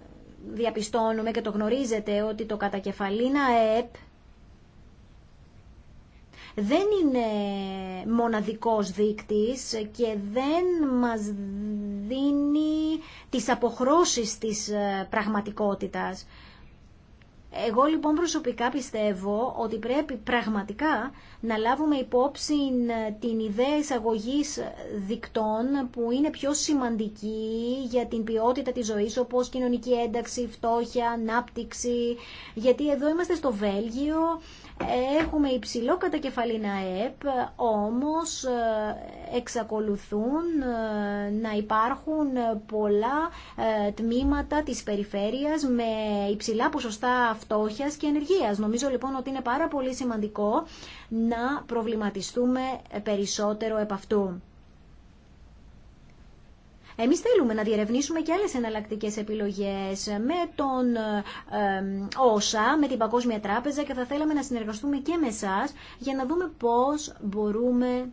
διαπιστώνουμε και το γνωρίζετε ότι το κατακεφαλήνα ΕΠ δεν είναι μοναδικός δείκτης και δεν μας δίνει τις αποχρώσεις της ε, πραγματικότητας. Εγώ λοιπόν προσωπικά πιστεύω ότι πρέπει πραγματικά να λάβουμε υπόψη ε, την ιδέα εισαγωγή δικτών που είναι πιο σημαντική για την ποιότητα της ζωής όπως κοινωνική ένταξη, φτώχεια, ανάπτυξη γιατί εδώ είμαστε στο Βέλγιο Έχουμε υψηλό κατακεφαλήν ΑΕΠ, όμως ε, εξακολουθούν ε, να υπάρχουν πολλά ε, τμήματα της περιφέρειας με υψηλά ποσοστά φτώχειας και ενεργείας. Νομίζω λοιπόν ότι είναι πάρα πολύ σημαντικό να προβληματιστούμε περισσότερο επ' αυτού. Εμείς θέλουμε να διερευνήσουμε και άλλες εναλλακτικές επιλογές με τον ΩΣΑ, με την Παγκόσμια Τράπεζα και θα θέλαμε να συνεργαστούμε και με εσά για να δούμε πώς μπορούμε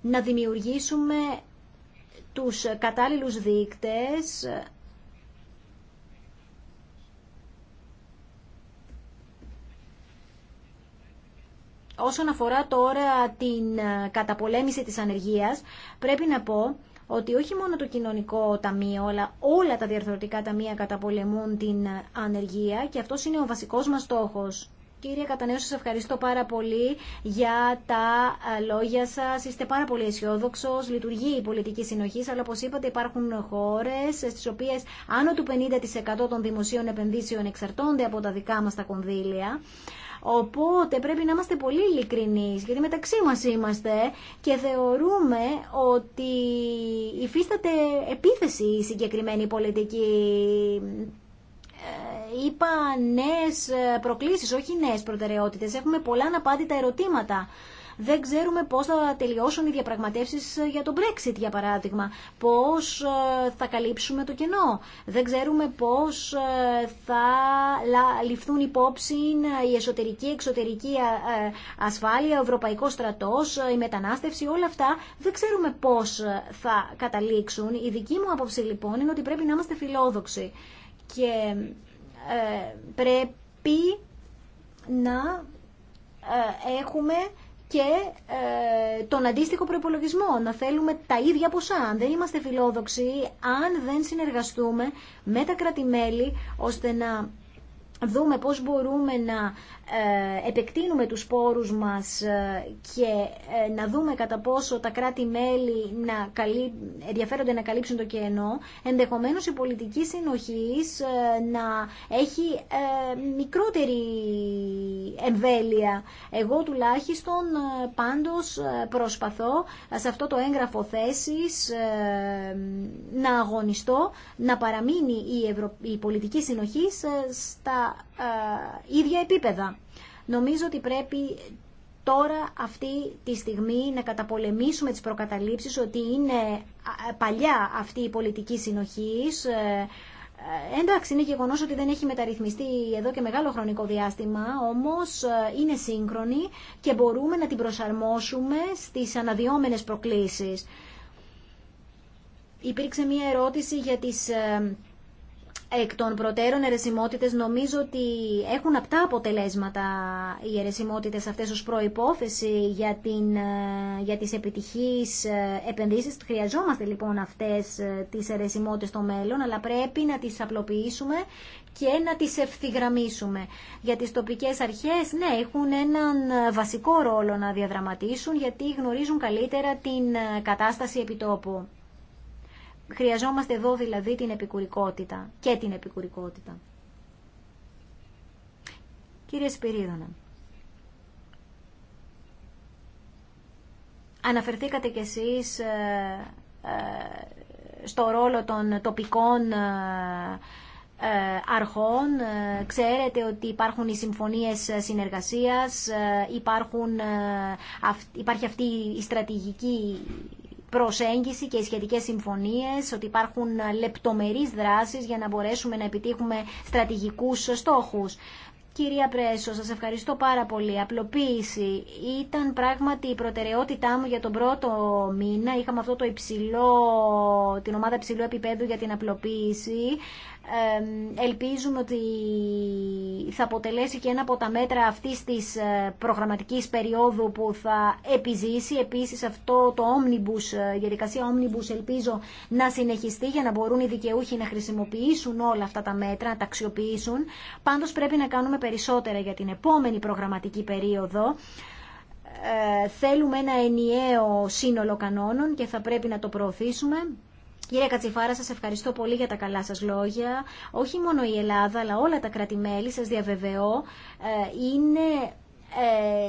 να δημιουργήσουμε τους κατάλληλους δείκτες Όσον αφορά τώρα την ε, καταπολέμηση της ανεργίας, πρέπει να πω ότι όχι μόνο το κοινωνικό ταμείο, αλλά όλα τα διαρθρωτικά ταμεία καταπολεμούν την ε, ανεργία και αυτό είναι ο βασικός μας στόχος. Κύριε Κατανέου, σας ευχαριστώ πάρα πολύ για τα ε, λόγια σας. Είστε πάρα πολύ αισιόδοξο. Λειτουργεί η πολιτική συνοχή, αλλά όπως είπατε υπάρχουν χώρες στις οποίες άνω του 50% των δημοσίων επενδύσεων εξαρτώνται από τα δικά μας τα κονδύλια. Οπότε πρέπει να είμαστε πολύ ειλικρινεί, γιατί μεταξύ μα είμαστε και θεωρούμε ότι υφίσταται επίθεση η συγκεκριμένη πολιτική ε, είπα νέε προκλήσει, όχι νέε προτεραιότητε. Έχουμε πολλά αναπάντητα ερωτήματα. Δεν ξέρουμε πώς θα τελειώσουν οι διαπραγματεύσεις ε, για το Brexit, για παράδειγμα. Πώς ε, θα καλύψουμε το κενό. Δεν ξέρουμε πώς ε, θα ληφθούν υπόψη η εσωτερική, εξωτερική ασφάλεια, ο Ευρωπαϊκός στρατός, η μετανάστευση, όλα αυτά. Δεν ξέρουμε πώς θα καταλήξουν. Η δική μου άποψη λοιπόν είναι ότι πρέπει να είμαστε φιλόδοξοι και πρέπει να έχουμε και ε, τον αντίστοιχο προπολογισμό, να θέλουμε τα ίδια ποσά. Αν δεν είμαστε φιλόδοξοι, αν δεν συνεργαστούμε με τα κράτη-μέλη ώστε να δούμε πώς μπορούμε να ε, επεκτείνουμε τους πόρους μας ε, και ε, να δούμε κατά πόσο τα κράτη-μέλη να ενδιαφέρονται να καλύψουν το κενό, ενδεχομένως η πολιτική συνοχής να έχει μικρότερη εμβέλεια. Εγώ τουλάχιστον πάντως προσπαθώ σε αυτό το έγγραφο θέσης να αγωνιστώ, να παραμείνει η, πολιτική συνοχής στα ε, ίδια επίπεδα. Νομίζω ότι πρέπει τώρα αυτή τη στιγμή να καταπολεμήσουμε τις προκαταλήψεις ότι είναι ε, παλιά αυτή η πολιτική συνοχής. Ε, εντάξει, είναι γεγονός ότι δεν έχει μεταρρυθμιστεί εδώ και μεγάλο χρονικό διάστημα, όμως είναι σύγχρονη και μπορούμε να την προσαρμόσουμε στις αναδυόμενες προκλήσεις. Υπήρξε μία ερώτηση για τις εκ των προτέρων ερεσιμότητε, νομίζω ότι έχουν απτά αποτελέσματα οι αιρεσιμότητε αυτές ως προϋπόθεση για, την, ε, για τις επιτυχείς ε, επενδύσεις. Χρειαζόμαστε λοιπόν αυτές ε, τις αιρεσιμότητε στο μέλλον, αλλά πρέπει να τις απλοποιήσουμε και να τις ευθυγραμμίσουμε. Για τις τοπικές αρχές, ναι, έχουν έναν βασικό ρόλο να διαδραματίσουν, γιατί γνωρίζουν καλύτερα την κατάσταση επιτόπου. Χρειαζόμαστε εδώ δηλαδή την επικουρικότητα και την επικουρικότητα. Κύριε Σπυρίδωνα, αναφερθήκατε κι εσείς ε, ε, στο ρόλο των τοπικών ε, αρχών. Ξέρετε ότι υπάρχουν οι συμφωνίες συνεργασίας, υπάρχουν, υπάρχει αυτή η στρατηγική προσέγγιση και οι σχετικές συμφωνίες, ότι υπάρχουν λεπτομερείς δράσεις για να μπορέσουμε να επιτύχουμε στρατηγικούς στόχους. Κυρία Πρέσο, σας ευχαριστώ πάρα πολύ. Απλοποίηση ήταν πράγματι η προτεραιότητά μου για τον πρώτο μήνα. Είχαμε αυτό το υψηλό, την ομάδα υψηλού επίπεδου για την απλοποίηση ελπίζουμε ότι θα αποτελέσει και ένα από τα μέτρα αυτής της ε, προγραμματικής περίοδου που θα επιζήσει. Επίσης αυτό το omnibus, ε, η διαδικασία omnibus ελπίζω να συνεχιστεί για να μπορούν οι δικαιούχοι να χρησιμοποιήσουν όλα αυτά τα μέτρα, να τα αξιοποιήσουν. Πάντως πρέπει να κάνουμε περισσότερα για την επόμενη προγραμματική περίοδο. Ε, θέλουμε ένα ενιαίο σύνολο κανόνων και θα πρέπει να το προωθήσουμε. Κύριε Κατσιφάρα, σας ευχαριστώ πολύ για τα καλά σας λόγια. Όχι μόνο η Ελλάδα, αλλά όλα τα κρατημέλη, σας διαβεβαιώ, ε, είναι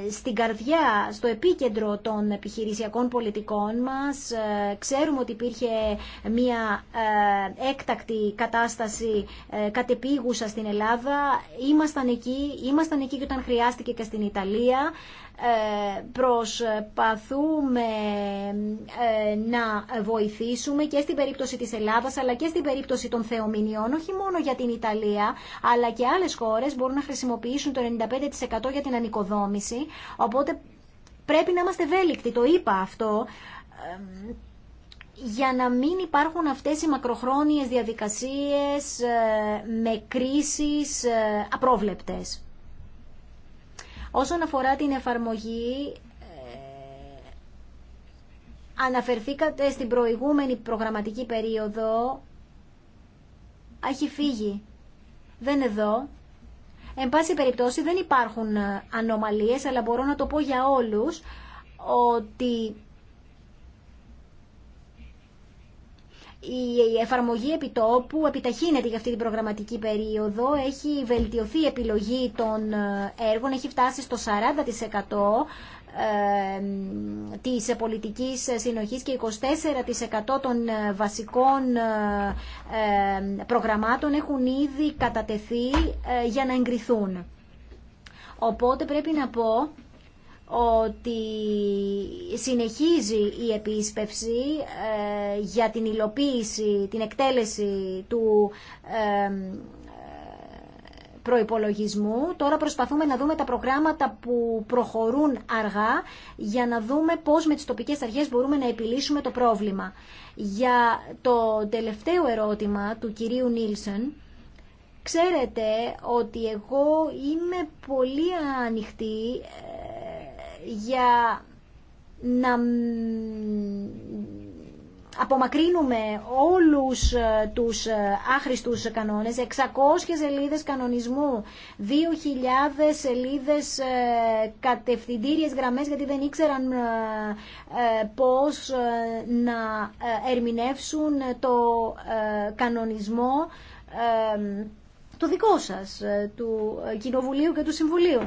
ε, στην καρδιά, στο επίκεντρο των επιχειρησιακών πολιτικών μας. Ε, ξέρουμε ότι υπήρχε μια έκτακτη κατάσταση κατεπίγουσα στην Ελλάδα. Ήμασταν εκεί, ήμασταν εκεί και όταν χρειάστηκε και στην Ιταλία. Ε, προσπαθούμε ε, να βοηθήσουμε και στην περίπτωση της Ελλάδας αλλά και στην περίπτωση των θεομηνιών όχι μόνο για την Ιταλία αλλά και άλλες χώρες μπορούν να χρησιμοποιήσουν το 95% για την ανοικοδόμηση οπότε πρέπει να είμαστε ευέλικτοι, το είπα αυτό για να μην υπάρχουν αυτές οι μακροχρόνιες διαδικασίες ε, με κρίσεις απρόβλεπτες. Όσον αφορά την εφαρμογή, ε, αναφερθήκατε στην προηγούμενη προγραμματική περίοδο, έχει φύγει, δεν εδώ. Εν πάση περιπτώσει δεν υπάρχουν ε, ανομαλίες, αλλά μπορώ να το πω για όλους ότι η εφαρμογή επιτόπου επιταχύνεται για αυτή την προγραμματική περίοδο, έχει βελτιωθεί η επιλογή των ε, έργων, έχει φτάσει στο 40% ε, της πολιτικής συνοχής και 24% των ε, βασικών προγραμμάτων έχουν ήδη κατατεθεί για να εγκριθούν. Οπότε πρέπει να πω ότι συνεχίζει η επίσπευση ε, για την υλοποίηση, την εκτέλεση του προϋπολογισμού. Τώρα προσπαθούμε να δούμε τα προγράμματα που προχωρούν αργά για να δούμε πώς με τις τοπικές αρχές μπορούμε να επιλύσουμε το πρόβλημα. Για το τελευταίο ερώτημα του κυρίου Νίλσεν, ξέρετε ότι εγώ είμαι πολύ ανοιχτή ε, για να απομακρύνουμε όλους ε, τους ε, άχρηστους κανόνες, 600 σελίδες κανονισμού, 2.000 σελίδες ε, κατευθυντήριες γραμμές γιατί δεν ήξεραν πώς να ερμηνεύσουν το κανονισμό το δικό σας, ε, του ε, Κοινοβουλίου και του Συμβουλίου.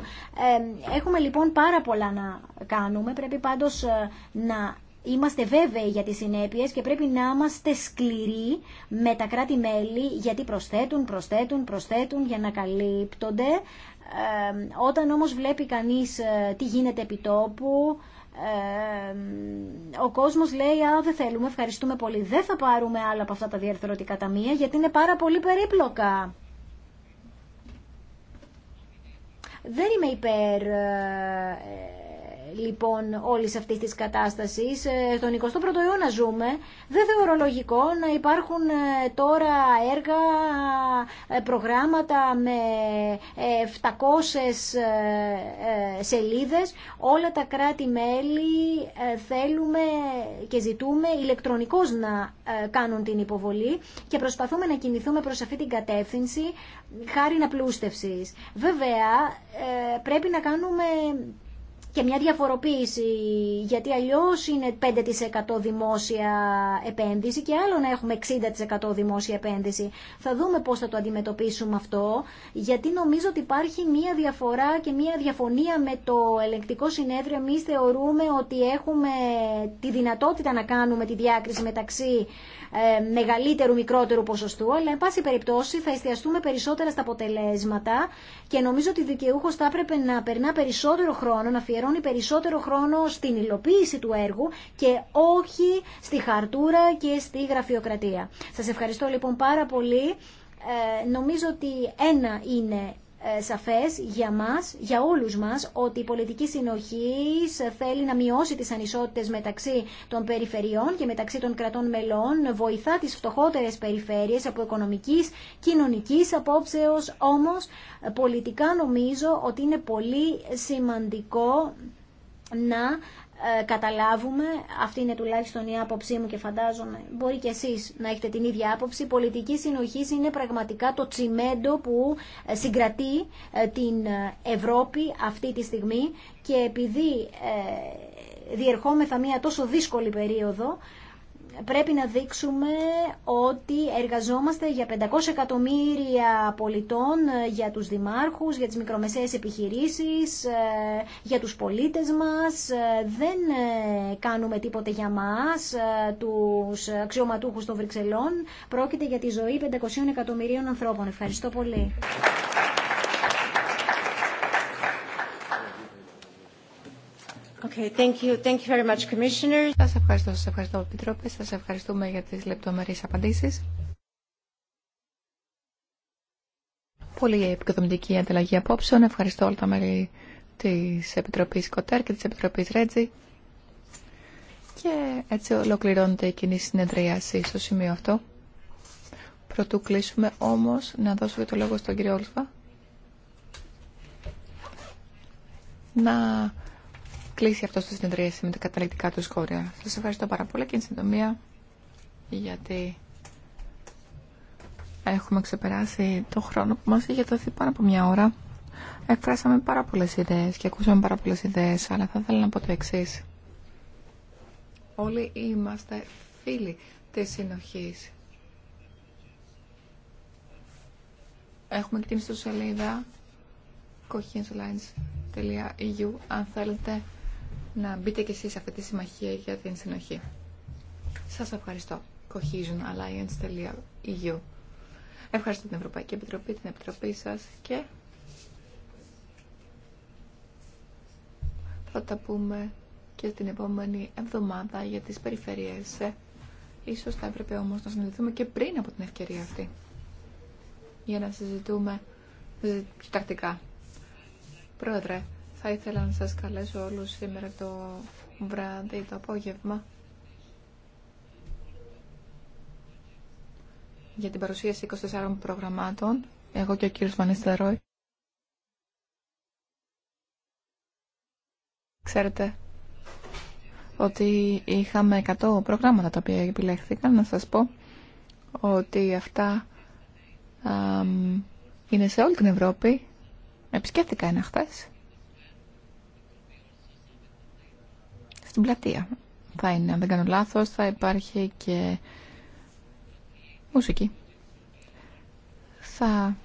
Ε, έχουμε λοιπόν πάρα πολλά να κάνουμε, πρέπει πάντως να είμαστε βέβαιοι για τις συνέπειες και πρέπει να είμαστε σκληροί με τα κράτη-μέλη γιατί προσθέτουν, προσθέτουν, προσθέτουν για να καλύπτονται. Όταν όμως βλέπει κανείς τι γίνεται επί τόπου, ο κόσμος λέει «Α, δεν θέλουμε, ευχαριστούμε πολύ, δεν θα πάρουμε άλλα από αυτά τα διαρθρωτικά ταμεία γιατί είναι πάρα πολύ περίπλοκα». Δεν είμαι υπέρ ε, λοιπόν όλης αυτής της κατάστασης. Στον ε, 21ο αιώνα ζούμε. Δεν θεωρώ λογικό να υπάρχουν ε, τώρα έργα, ε, προγράμματα με 700 σελίδες. Όλα τα κράτη-μέλη θέλουμε και ζητούμε ηλεκτρονικώς να κάνουν την υποβολή και προσπαθούμε να κινηθούμε προς αυτή την κατεύθυνση χάρη πλούστευσης. Βέβαια, πρέπει να κάνουμε και μια διαφοροποίηση, γιατί αλλιώς είναι 5% δημόσια επένδυση και άλλο να έχουμε 60% δημόσια επένδυση. Θα δούμε πώς θα το αντιμετωπίσουμε αυτό, γιατί νομίζω ότι υπάρχει μια διαφορά και μια διαφωνία με το ελεγκτικό συνέδριο. Εμεί θεωρούμε ότι έχουμε τη δυνατότητα να κάνουμε τη διάκριση μεταξύ ε, μεγαλύτερου, μικρότερου ποσοστού, αλλά εν πάση περιπτώσει θα εστιαστούμε περισσότερα στα αποτελέσματα και νομίζω ότι δικαιούχος θα έπρεπε να περνά περισσότερο χρόνο να αφιερώνει περισσότερο χρόνο στην υλοποίηση του έργου και όχι στη χαρτούρα και στη γραφειοκρατία. Σας ευχαριστώ λοιπόν πάρα πολύ. Ε, νομίζω ότι ένα είναι ε, σαφές για μας, για όλους μας, ότι η πολιτική συνοχή θέλει να μειώσει τις ανισότητες μεταξύ των περιφερειών και μεταξύ των κρατών μελών, βοηθά τις φτωχότερες περιφέρειες από οικονομικής, κοινωνικής απόψεως, όμως πολιτικά νομίζω ότι είναι πολύ σημαντικό να ε, καταλάβουμε, αυτή είναι τουλάχιστον η άποψή μου και φαντάζομαι μπορεί και εσείς να έχετε την ίδια άποψη, η πολιτική συνοχή είναι πραγματικά το τσιμέντο που ε, συγκρατεί ε, την Ευρώπη αυτή τη στιγμή και επειδή διερχόμεθα μια τόσο δύσκολη περίοδο, πρέπει να δείξουμε ότι εργαζόμαστε για 500 εκατομμύρια πολιτών, ε, για τους δημάρχους, για τις μικρομεσαίες επιχειρήσεις, ε, για τους πολίτες μας. Ε, δεν κάνουμε τίποτε για μας, τους αξιωματούχους των Βρυξελών. Πρόκειται για τη ζωή 500 εκατομμυρίων ανθρώπων. Ευχαριστώ πολύ. Okay, thank you. Thank you very much, Σας ευχαριστώ, σας ευχαριστώ, Επιτρόπε. Σας ευχαριστούμε για τις λεπτομερείς απαντήσεις. Πολύ επικοδομητική ανταλλαγή απόψεων. Ευχαριστώ όλα τα μέλη της Επιτροπής Κοτέρ και της Επιτροπής Ρέτζη. Και έτσι ολοκληρώνεται η κοινή συνεδρίαση στο σημείο αυτό. Πρωτού κλείσουμε όμως να δώσω το λόγο στον κύριο Όλσβα. Να κλείσει αυτό το συνεδρίαση με τα καταληκτικά του σχόλια. Σας ευχαριστώ πάρα πολύ και εν συντομία γιατί έχουμε ξεπεράσει το χρόνο που μας είχε δοθεί πάνω από μια ώρα. Εκφράσαμε πάρα πολλές ιδέες και ακούσαμε πάρα πολλές ιδέες, αλλά θα ήθελα να πω το εξή. Όλοι είμαστε φίλοι της συνοχής. Έχουμε και την ιστοσελίδα αν θέλετε να μπείτε κι εσείς σε αυτή τη συμμαχία για την συνοχή. Σας ευχαριστώ. cohesionalliance.eu Ευχαριστώ την Ευρωπαϊκή Επιτροπή, την Επιτροπή σας και θα τα πούμε και την επόμενη εβδομάδα για τις περιφερειές. Ίσως θα έπρεπε όμως να συναντηθούμε και πριν από την ευκαιρία αυτή για να συζητούμε πιο τακτικά. Πρόεδρε, θα ήθελα να σας καλέσω όλους σήμερα το βράδυ, το απόγευμα, για την παρουσίαση 24 προγραμμάτων, εγώ και ο κύριος Βανίστερόι. Ξέρετε ότι είχαμε 100 προγράμματα τα οποία επιλέχθηκαν. Να σας πω ότι αυτά είναι σε όλη την Ευρώπη. Επισκέφθηκα ένα χθες. στην πλατεία. Θα είναι, αν δεν κάνω λάθος, θα υπάρχει και μουσική. Θα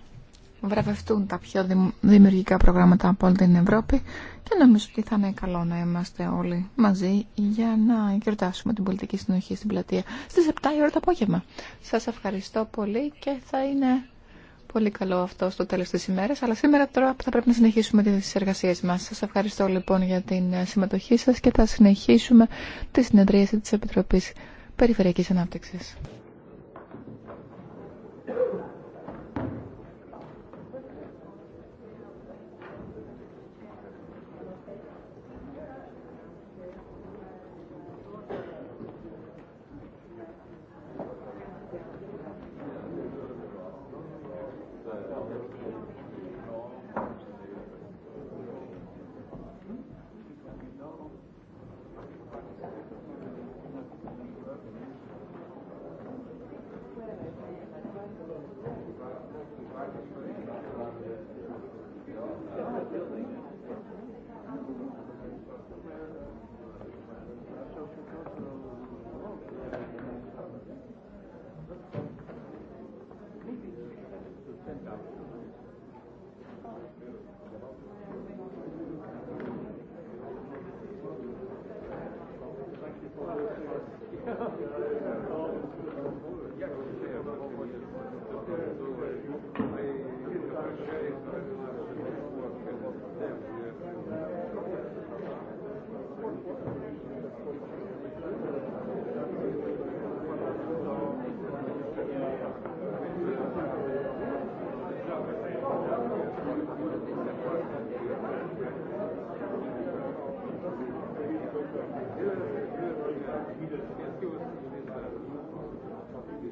βραβευτούν τα πιο δημιουργικά προγράμματα από όλη την Ευρώπη και νομίζω ότι θα είναι καλό να είμαστε όλοι μαζί για να γιορτάσουμε την πολιτική συνοχή στην πλατεία στις 7 η ώρα το απόγευμα. Σας ευχαριστώ πολύ και θα είναι Πολύ καλό αυτό στο τέλος της ημέρας, αλλά σήμερα τώρα θα πρέπει να συνεχίσουμε τις εργασίες μας. Σας ευχαριστώ λοιπόν για την ε, συμμετοχή σας και θα συνεχίσουμε τη συνεδρίαση της Επιτροπής Περιφερειακής Ανάπτυξης. Yeah, θα πει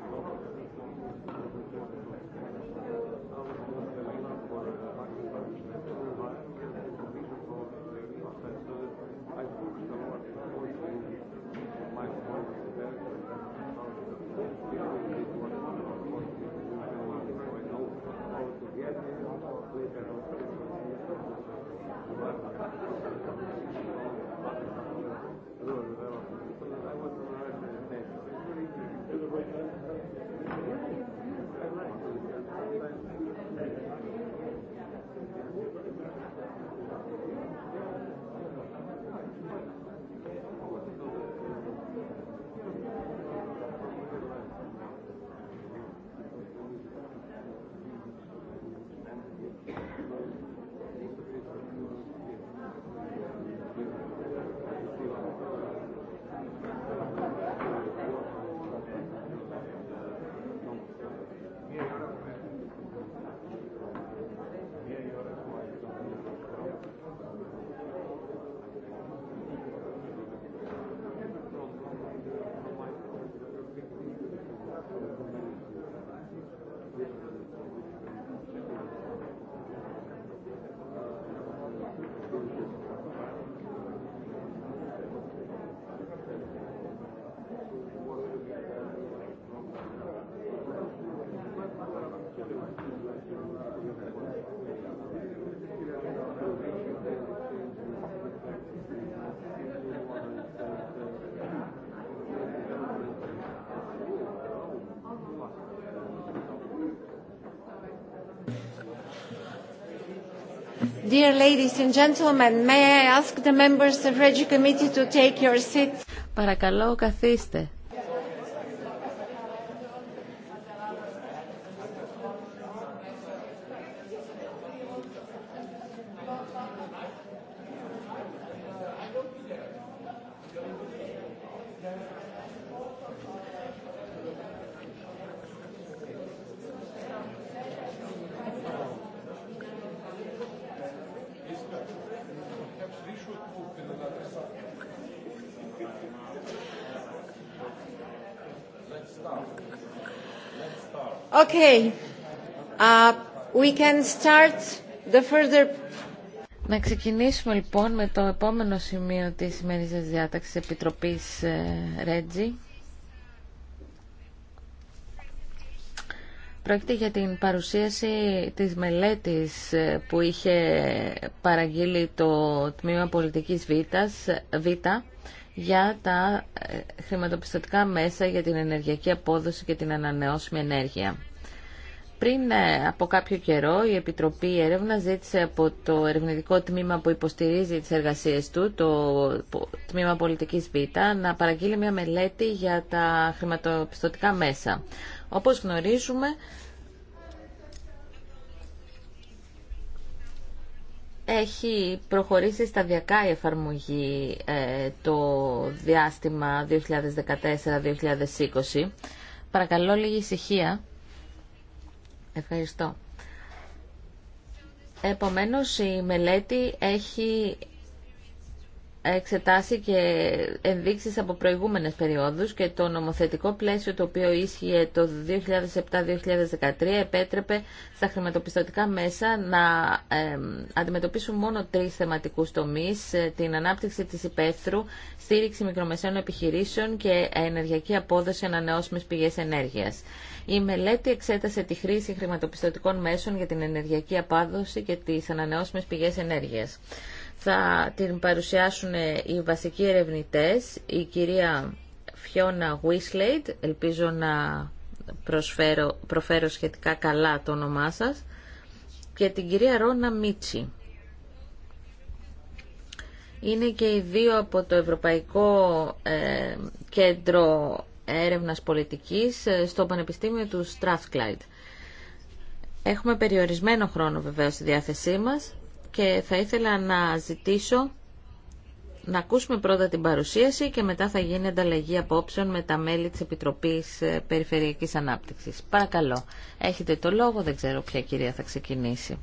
Dear ladies and gentlemen, may I ask the members of the Regi Committee to take your seats. Παρακαλώ καθίστε. Uh, Να ξεκινήσουμε λοιπόν με το επόμενο σημείο της σημερινής σας διάταξης Επιτροπής ε, Ρέτζι. Πρόκειται για την παρουσίαση της μελέτης ε, που είχε παραγγείλει το Τμήμα Πολιτικής Βήτας, Βήτα για τα ε, χρηματοπιστωτικά μέσα για την ενεργειακή απόδοση και την ανανεώσιμη ενέργεια. Πριν ε, από κάποιο καιρό η Επιτροπή Έρευνα ζήτησε από το ερευνητικό τμήμα που υποστηρίζει τις εργασίες του, το τμήμα πολιτικής Β, να παραγγείλει μια μελέτη για τα χρηματοπιστωτικά μέσα. Όπως γνωρίζουμε, έχει προχωρήσει σταδιακά η εφαρμογή ε, το διάστημα 2014-2020. Παρακαλώ λίγη ησυχία. Ευχαριστώ. Επομένως, η μελέτη έχει εξετάσει και ενδείξεις από προηγούμενες περιόδους και το νομοθετικό πλαίσιο το οποίο ίσχυε το 2007-2013 επέτρεπε στα χρηματοπιστωτικά μέσα να αντιμετωπίσουν μόνο τρεις θεματικούς τομείς ε, την ανάπτυξη της υπαίθρου, στήριξη μικρομεσαίων επιχειρήσεων και ενεργειακή απόδοση ανανεώσιμες πηγές ενέργειας. Η μελέτη εξέτασε τη χρήση χρηματοπιστωτικών μέσων για την ενεργειακή απάδοση και τις ανανεώσιμες πηγές ενέργειας. Θα την παρουσιάσουν οι βασικοί ερευνητές, η κυρία Φιώνα Γουίσλεϊτ, ελπίζω να προσφέρω, προφέρω σχετικά καλά το όνομά σας, και την κυρία Ρώνα Μίτσι. Είναι και οι δύο από το Ευρωπαϊκό ε, Κέντρο έρευνας πολιτικής ε, στο Πανεπιστήμιο του Strathclyde. Έχουμε περιορισμένο χρόνο βεβαίως στη διάθεσή μας και θα ήθελα να ζητήσω να ακούσουμε πρώτα την παρουσίαση και μετά θα γίνει ανταλλαγή απόψεων με τα μέλη της Επιτροπής ε, Περιφερειακής Ανάπτυξης. Παρακαλώ, έχετε το λόγο, δεν ξέρω ποια κυρία θα ξεκινήσει.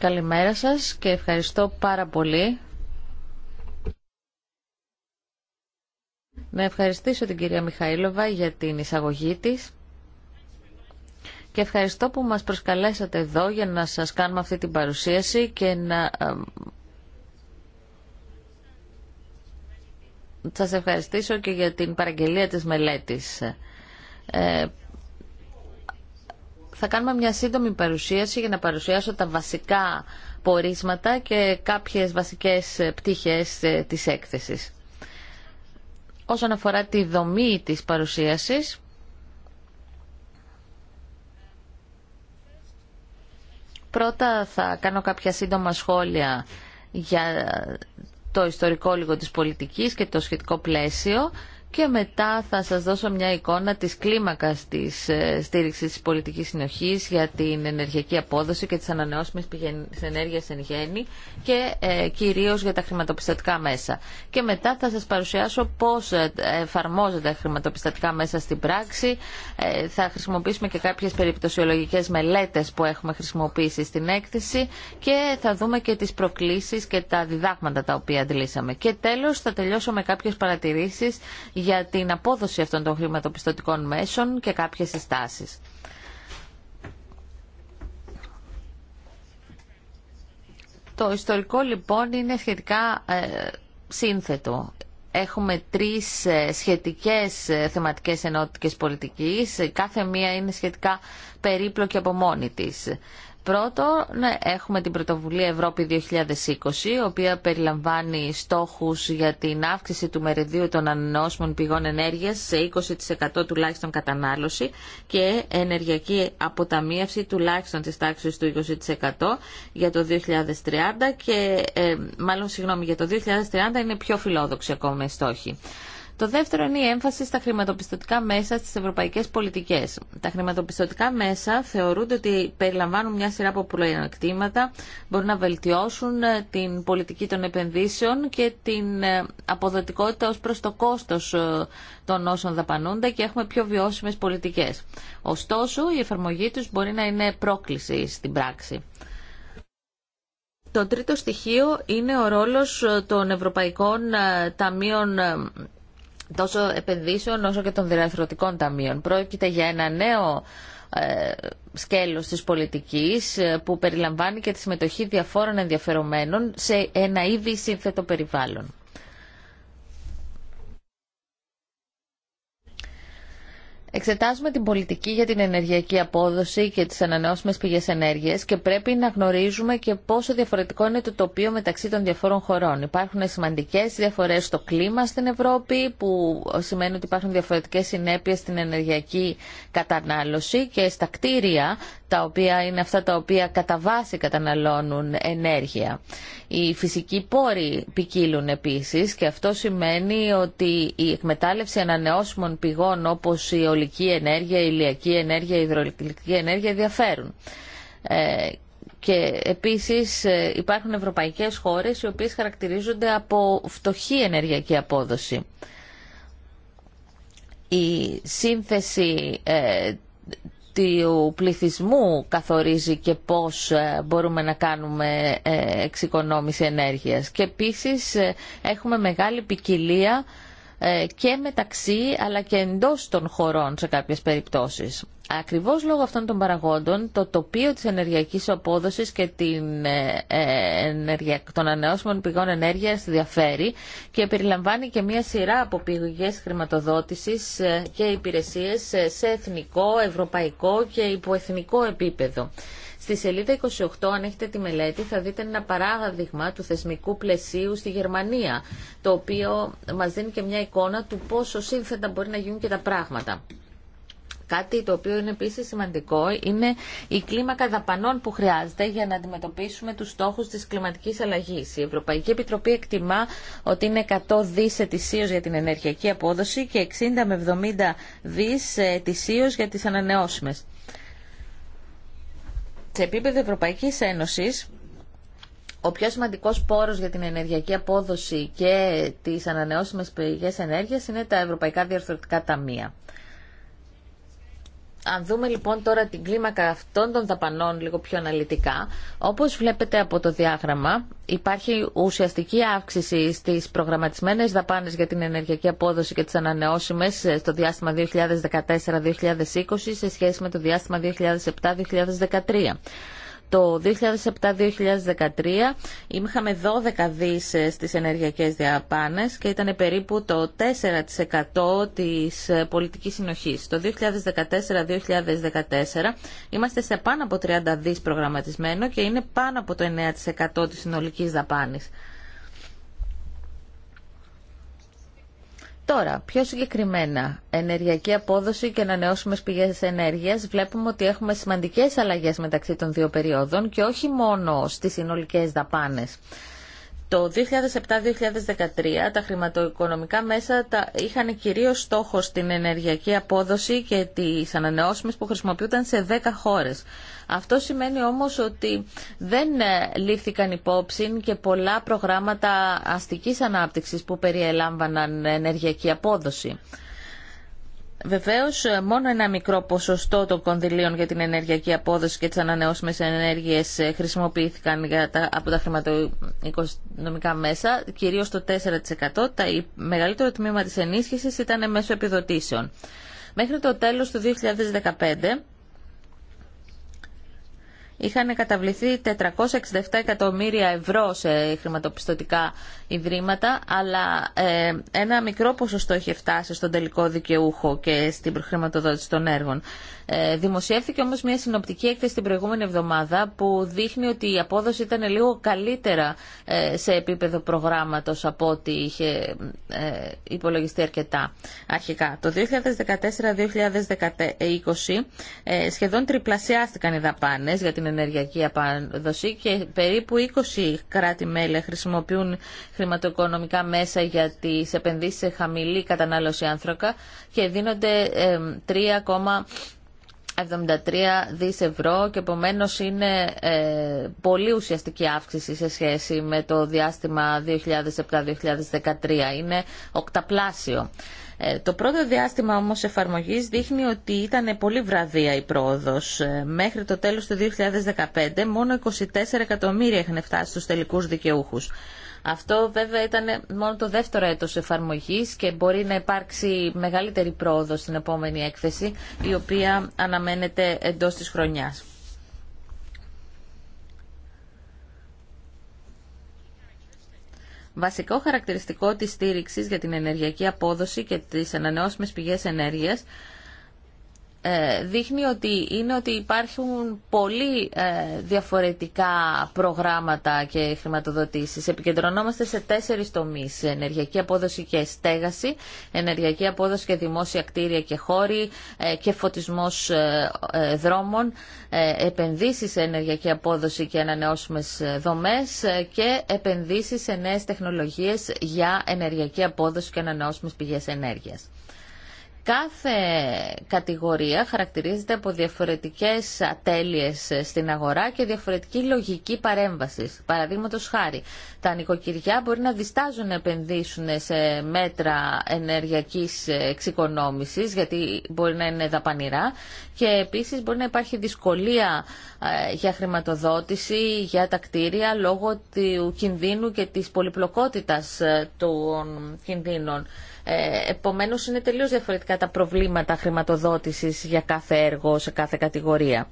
Καλημέρα σας και ευχαριστώ πάρα πολύ Να ευχαριστήσω την κυρία Μιχαήλοβα για την εισαγωγή της και ευχαριστώ που μας προσκαλέσατε εδώ για να σας κάνουμε αυτή την παρουσίαση και να σας ευχαριστήσω και για την παραγγελία της μελέτης. Ε, θα κάνουμε μια σύντομη παρουσίαση για να παρουσιάσω τα βασικά πορίσματα και κάποιες βασικές πτυχές ε, της έκθεσης. Όσον αφορά τη δομή της παρουσίασης, πρώτα θα κάνω κάποια σύντομα σχόλια για το ιστορικό λίγο της πολιτικής και το σχετικό πλαίσιο και μετά θα σας δώσω μια εικόνα της κλίμακας της ε, στήριξης της πολιτικής συνοχής για την ενεργειακή απόδοση και τις ανανεώσιμες πηγές ενέργειας εν γέννη και ε, κυρίως για τα χρηματοπιστωτικά μέσα. Και μετά θα σας παρουσιάσω πώς ε, εφαρμόζονται τα χρηματοπιστωτικά μέσα στην πράξη. Ε, θα χρησιμοποιήσουμε και κάποιες περιπτωσιολογικές μελέτες που έχουμε χρησιμοποιήσει στην έκθεση και θα δούμε και τις προκλήσεις και τα διδάγματα τα οποία αντιλήσαμε. Και τέλος θα τελειώσω με κάποιες παρατηρήσεις για την απόδοση αυτών των χρηματοπιστωτικών μέσων και κάποιες συστάσεις. Το ιστορικό λοιπόν είναι σχετικά ε, σύνθετο. Έχουμε τρεις ε, σχετικές ε, θεματικές ενότητες πολιτικής. Κάθε μία είναι σχετικά περίπλοκη από μόνη της. Πρώτο, ναι, έχουμε την πρωτοβουλία Ευρώπη 2020, η οποία περιλαμβάνει στόχους για την αύξηση του μεριδίου των ανανεώσιμων πηγών ενέργειας σε 20% τουλάχιστον κατανάλωση και ενεργειακή αποταμίευση τουλάχιστον της τάξης του 20% για το 2030 και, ε, μάλλον συγγνώμη, για το 2030 είναι πιο φιλόδοξη ακόμα η στόχη. Το δεύτερο είναι η έμφαση στα χρηματοπιστωτικά μέσα στις ευρωπαϊκές πολιτικές. Τα χρηματοπιστωτικά μέσα θεωρούνται ότι περιλαμβάνουν μια σειρά από πλοενεκτήματα, μπορούν να βελτιώσουν ε, την πολιτική των επενδύσεων και την ε, αποδοτικότητα ως προς το κόστος ε, των όσων δαπανούνται και έχουμε πιο βιώσιμες πολιτικές. Ωστόσο, η εφαρμογή τους μπορεί να είναι πρόκληση στην πράξη. Το τρίτο στοιχείο είναι ο ρόλος των Ευρωπαϊκών Ταμείων τόσο επενδύσεων όσο και των διαρθρωτικών ταμείων. Πρόκειται για ένα νέο ε, σκέλος της πολιτικής ε, που περιλαμβάνει και τη συμμετοχή διαφόρων ενδιαφερομένων σε ένα ήδη σύνθετο περιβάλλον. Εξετάζουμε την πολιτική για την ενεργειακή απόδοση και τις ανανεώσιμες πηγές ενέργειας και πρέπει να γνωρίζουμε και πόσο διαφορετικό είναι το τοπίο μεταξύ των διαφόρων χωρών. Υπάρχουν σημαντικές διαφορές στο κλίμα στην Ευρώπη που σημαίνει ότι υπάρχουν διαφορετικές συνέπειες στην ενεργειακή κατανάλωση και στα κτίρια τα οποία είναι αυτά τα οποία κατά βάση καταναλώνουν ενέργεια. Οι φυσικοί πόροι ποικίλουν επίσης και αυτό σημαίνει ότι η εκμετάλλευση ανανεώσιμων πηγών όπως η ολική ενέργεια, η ηλιακή ενέργεια, η υδροληπτική ενέργεια διαφέρουν. Ε, και επίσης ε, υπάρχουν ευρωπαϊκές χώρες οι οποίες χαρακτηρίζονται από φτωχή ενεργειακή απόδοση. Η σύνθεση ε, του πληθυσμού καθορίζει και πώς ε, μπορούμε να κάνουμε ε, εξοικονόμηση ενέργειας. Και επίσης ε, έχουμε μεγάλη ποικιλία ε, και μεταξύ αλλά και εντός των χωρών σε κάποιες περιπτώσεις. Ακριβώς λόγω αυτών των παραγόντων το τοπίο της ενεργειακής απόδοσης και την, ε, ε, ενεργεια... των ανανεώσιμων πηγών ενέργειας διαφέρει και περιλαμβάνει και μια σειρά από πηγές χρηματοδότησης και υπηρεσίες σε εθνικό, ευρωπαϊκό και υποεθνικό επίπεδο. Στη σελίδα 28, αν έχετε τη μελέτη, θα δείτε ένα παράδειγμα του θεσμικού πλαισίου στη Γερμανία, το οποίο μας δίνει και μια εικόνα του πόσο σύνθετα μπορεί να γίνουν και τα πράγματα. Κάτι το οποίο είναι επίση σημαντικό είναι η κλίμακα δαπανών που χρειάζεται για να αντιμετωπίσουμε του στόχου τη κλιματική αλλαγή. Η Ευρωπαϊκή Επιτροπή εκτιμά ότι είναι 100 δι ετησίω για την ενεργειακή απόδοση και 60 με 70 δι ετησίω για τι ανανεώσιμε σε επίπεδο ευρωπαϊκή Ένωση, ο πιο σημαντικό πόρος για την ενεργειακή απόδοση και τι ανανεώσιμε πηγέ ενέργειας είναι τα Ευρωπαϊκά Διαρθρωτικά Ταμεία. Αν δούμε λοιπόν τώρα την κλίμακα αυτών των δαπανών λίγο πιο αναλυτικά, όπως βλέπετε από το διάγραμμα, υπάρχει ουσιαστική αύξηση στις προγραμματισμένες δαπάνες για την ενεργειακή απόδοση και τις ανανεώσιμες στο διάστημα 2014-2020 σε σχέση με το διάστημα 2007-2013. Το 2007-2013 είχαμε 12 δις ε, στις ενεργειακές διαπάνες και ήταν περίπου το 4% της ε, πολιτικής συνοχής. Το 2014-2014 είμαστε σε πάνω από 30 δις προγραμματισμένο και είναι πάνω από το 9% της συνολικής δαπάνης. Τώρα, πιο συγκεκριμένα, ενεργειακή απόδοση και ανανεώσιμε πηγέ ενέργεια. Βλέπουμε ότι έχουμε σημαντικέ αλλαγέ μεταξύ των δύο περιόδων και όχι μόνο στι συνολικέ δαπάνε. Το 2007-2013 τα χρηματοοικονομικά μέσα τα είχαν κυρίως στόχο στην ενεργειακή απόδοση και τις ανανεώσιμες που χρησιμοποιούνταν σε 10 χώρες. Αυτό σημαίνει όμως ότι δεν ε, λήφθηκαν υπόψη και πολλά προγράμματα αστικής ανάπτυξης που περιέλαμβαναν ενεργειακή απόδοση. Βεβαίω, ε, μόνο ένα μικρό ποσοστό των κονδυλίων για την ενεργειακή απόδοση και τι ανανεώσιμε ενέργειες ε, χρησιμοποιήθηκαν για τα, από τα χρηματοοικονομικά μέσα, κυρίως το 4%. Τα, η μεγαλύτερο τμήμα τη ενίσχυση ήταν μέσω επιδοτήσεων. Μέχρι το τέλος του 2015 είχαν καταβληθεί 467 εκατομμύρια ευρώ σε χρηματοπιστωτικά ιδρύματα, αλλά ε, ένα μικρό ποσοστό είχε φτάσει στον τελικό δικαιούχο και στην χρηματοδότηση των έργων. Ε, δημοσιεύθηκε όμως μια συνοπτική έκθεση την προηγούμενη εβδομάδα που δείχνει ότι η απόδοση ήταν λίγο καλύτερα ε, σε επίπεδο προγράμματος από ό,τι είχε υπολογιστεί αρκετά αρχικά. Το 2014-2020 σχεδόν τριπλασιάστηκαν οι δαπάνες για την ενεργειακή απάνδοση και περίπου 20 κράτη-μέλη χρησιμοποιούν χρηματοοικονομικά μέσα για τις επενδύσεις σε χαμηλή κατανάλωση άνθρακα και δίνονται 3,73 δις ευρώ και επομένω είναι ε, πολύ ουσιαστική αύξηση σε σχέση με το διάστημα 2007-2013. Είναι οκταπλάσιο. Ε, το πρώτο διάστημα όμως εφαρμογής δείχνει ότι ήταν πολύ βραδία η πρόοδος. Ε, μέχρι το τέλος του 2015 μόνο 24 εκατομμύρια είχαν φτάσει στους τελικούς δικαιούχους. Αυτό βέβαια ήταν μόνο το δεύτερο έτος εφαρμογής και μπορεί να υπάρξει μεγαλύτερη πρόοδος στην επόμενη έκθεση η οποία αναμένεται εντός της χρονιάς. Βασικό χαρακτηριστικό της στήριξης για την ενεργειακή απόδοση και τις ανανεώσιμες πηγές ενέργειας ε, δείχνει ότι είναι ότι υπάρχουν πολύ ε, διαφορετικά προγράμματα και χρηματοδοτήσεις. Επικεντρωνόμαστε σε τέσσερις τομείς. Ενεργειακή απόδοση και στέγαση, ενεργειακή απόδοση και δημόσια κτίρια και χώροι ε, και φωτισμός δρόμων, επενδύσεις σε ενεργειακή απόδοση και ανανεώσιμες δομές και επενδύσεις σε νέες τεχνολογίες για ενεργειακή απόδοση και ανανεώσιμες πηγές ενέργειας. Κάθε κατηγορία χαρακτηρίζεται από διαφορετικές ατέλειες στην αγορά και διαφορετική λογική παρέμβασης. Παραδείγματο χάρη, τα νοικοκυριά μπορεί να διστάζουν να επενδύσουν σε μέτρα ενεργειακής εξοικονόμησης, γιατί μπορεί να είναι δαπανηρά και επίσης μπορεί να υπάρχει δυσκολία ε, για χρηματοδότηση, για τα κτίρια, λόγω του κινδύνου και της πολυπλοκότητας ε, των κινδύνων. Ε, επομένως είναι τελείως διαφορετικά τα προβλήματα χρηματοδότησης για κάθε έργο σε κάθε κατηγορία.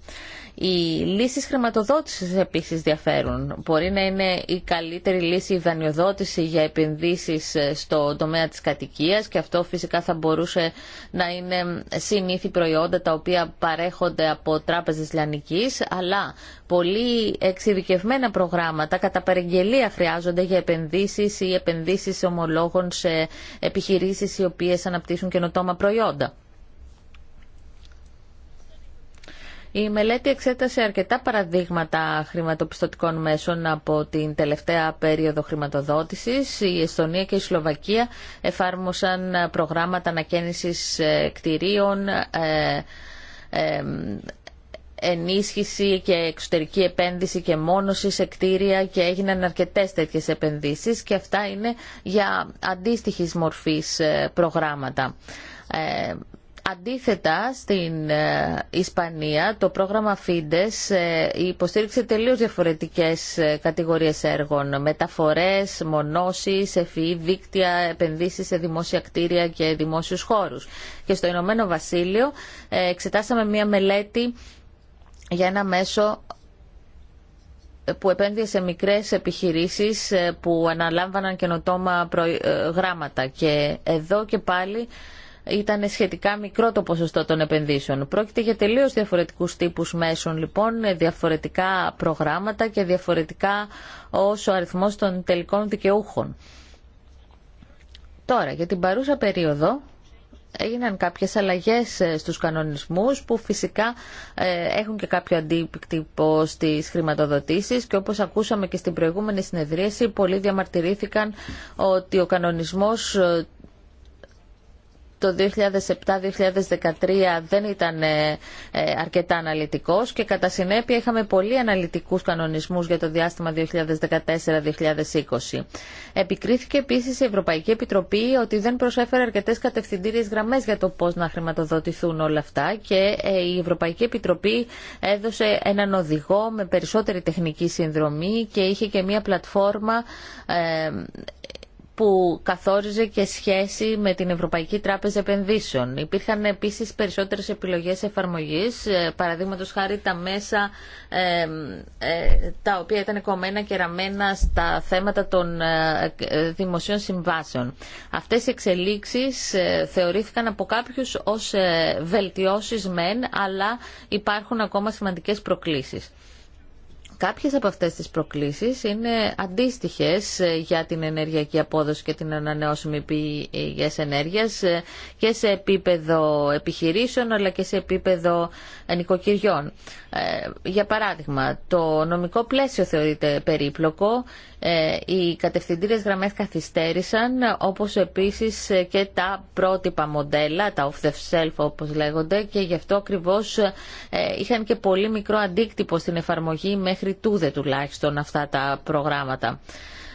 Οι λύσεις χρηματοδότησης επίσης διαφέρουν. Μπορεί να είναι η καλύτερη λύση η δανειοδότηση για επενδύσεις στο τομέα της κατοικίας και αυτό φυσικά θα μπορούσε να είναι συνήθι προϊόντα τα οποία παρέχονται από τράπεζες λιανικής, αλλά πολύ εξειδικευμένα προγράμματα κατά παρεγγελία χρειάζονται για επενδύσεις ή επενδύσεις ομολόγων σε επιχειρήσεις οι οποίες αναπτύσσουν καινοτόμα προϊόντα. Η μελέτη εξέτασε αρκετά παραδείγματα χρηματοπιστωτικών μέσων από την τελευταία περίοδο χρηματοδότησης. Η Εστονία και η Σλοβακία εφάρμοσαν προγράμματα ανακαίνησης ε, κτηρίων, ε, ε, ενίσχυση και εξωτερική επένδυση και μόνωση σε κτίρια και έγιναν αρκετές τέτοιες επενδύσεις και αυτά είναι για αντίστοιχης μορφής προγράμματα. Αντίθετα, στην ε, Ισπανία το πρόγραμμα Φίντες υποστήριξε τελείως διαφορετικές ε, κατηγορίες έργων. Μεταφορές, μονώσεις, εφηή δίκτυα, επενδύσεις σε δημόσια κτίρια και δημόσιους χώρους. Και στο Ηνωμένο Βασίλειο ε, εξετάσαμε μία μελέτη για ένα μέσο που επένδυε σε μικρές επιχειρήσεις που αναλάμβαναν καινοτόμα γράμματα. Και εδώ και πάλι ήταν σχετικά μικρό το ποσοστό των επενδύσεων. Πρόκειται για τελείως διαφορετικούς τύπους μέσων, λοιπόν, διαφορετικά προγράμματα και διαφορετικά όσο αριθμός των τελικών δικαιούχων. Τώρα, για την παρούσα περίοδο, έγιναν κάποιες αλλαγές ε, στους κανονισμούς που φυσικά ε, έχουν και κάποιο αντίπτυπο στις χρηματοδοτήσεις και όπως ακούσαμε και στην προηγούμενη συνεδρίαση πολλοί διαμαρτυρήθηκαν ότι ο κανονισμός ε, το 2007-2013 δεν ήταν ε, ε, αρκετά αναλυτικός και κατά συνέπεια είχαμε πολύ αναλυτικούς κανονισμούς για το διάστημα 2014-2020. Επικρίθηκε επίσης η Ευρωπαϊκή Επιτροπή ότι δεν προσέφερε αρκετές κατευθυντήριες γραμμές για το πώς να χρηματοδοτηθούν όλα αυτά και ε, η Ευρωπαϊκή Επιτροπή έδωσε έναν οδηγό με περισσότερη τεχνική συνδρομή και είχε και μια πλατφόρμα που καθόριζε και σχέση με την Ευρωπαϊκή Τράπεζα Επενδύσεων. Υπήρχαν επίσης περισσότερες επιλογές εφαρμογής, ε, παραδείγματο χάρη τα μέσα ε, ε, τα οποία ήταν κομμένα και ραμμένα στα θέματα των δημοσίων συμβάσεων. Αυτές οι εξελίξεις θεωρήθηκαν από κάποιους ως βελτιώσεις μεν, αλλά υπάρχουν ακόμα σημαντικές προκλήσεις. Κάποιες από αυτές τις προκλήσεις είναι αντίστοιχες ε, για την ενεργειακή απόδοση και την ανανεώσιμη πηγές ενέργειας ε, και σε επίπεδο επιχειρήσεων αλλά και σε επίπεδο ε, νοικοκυριών. Για παράδειγμα, το νομικό πλαίσιο θεωρείται περίπλοκο ε, οι κατευθυντήρες γραμμές καθυστέρησαν, όπως επίσης και τα πρότυπα μοντέλα, τα off-the-shelf όπως λέγονται, και γι' αυτό ακριβώς ε, είχαν και πολύ μικρό αντίκτυπο στην εφαρμογή μέχρι τούδε τουλάχιστον αυτά τα προγράμματα.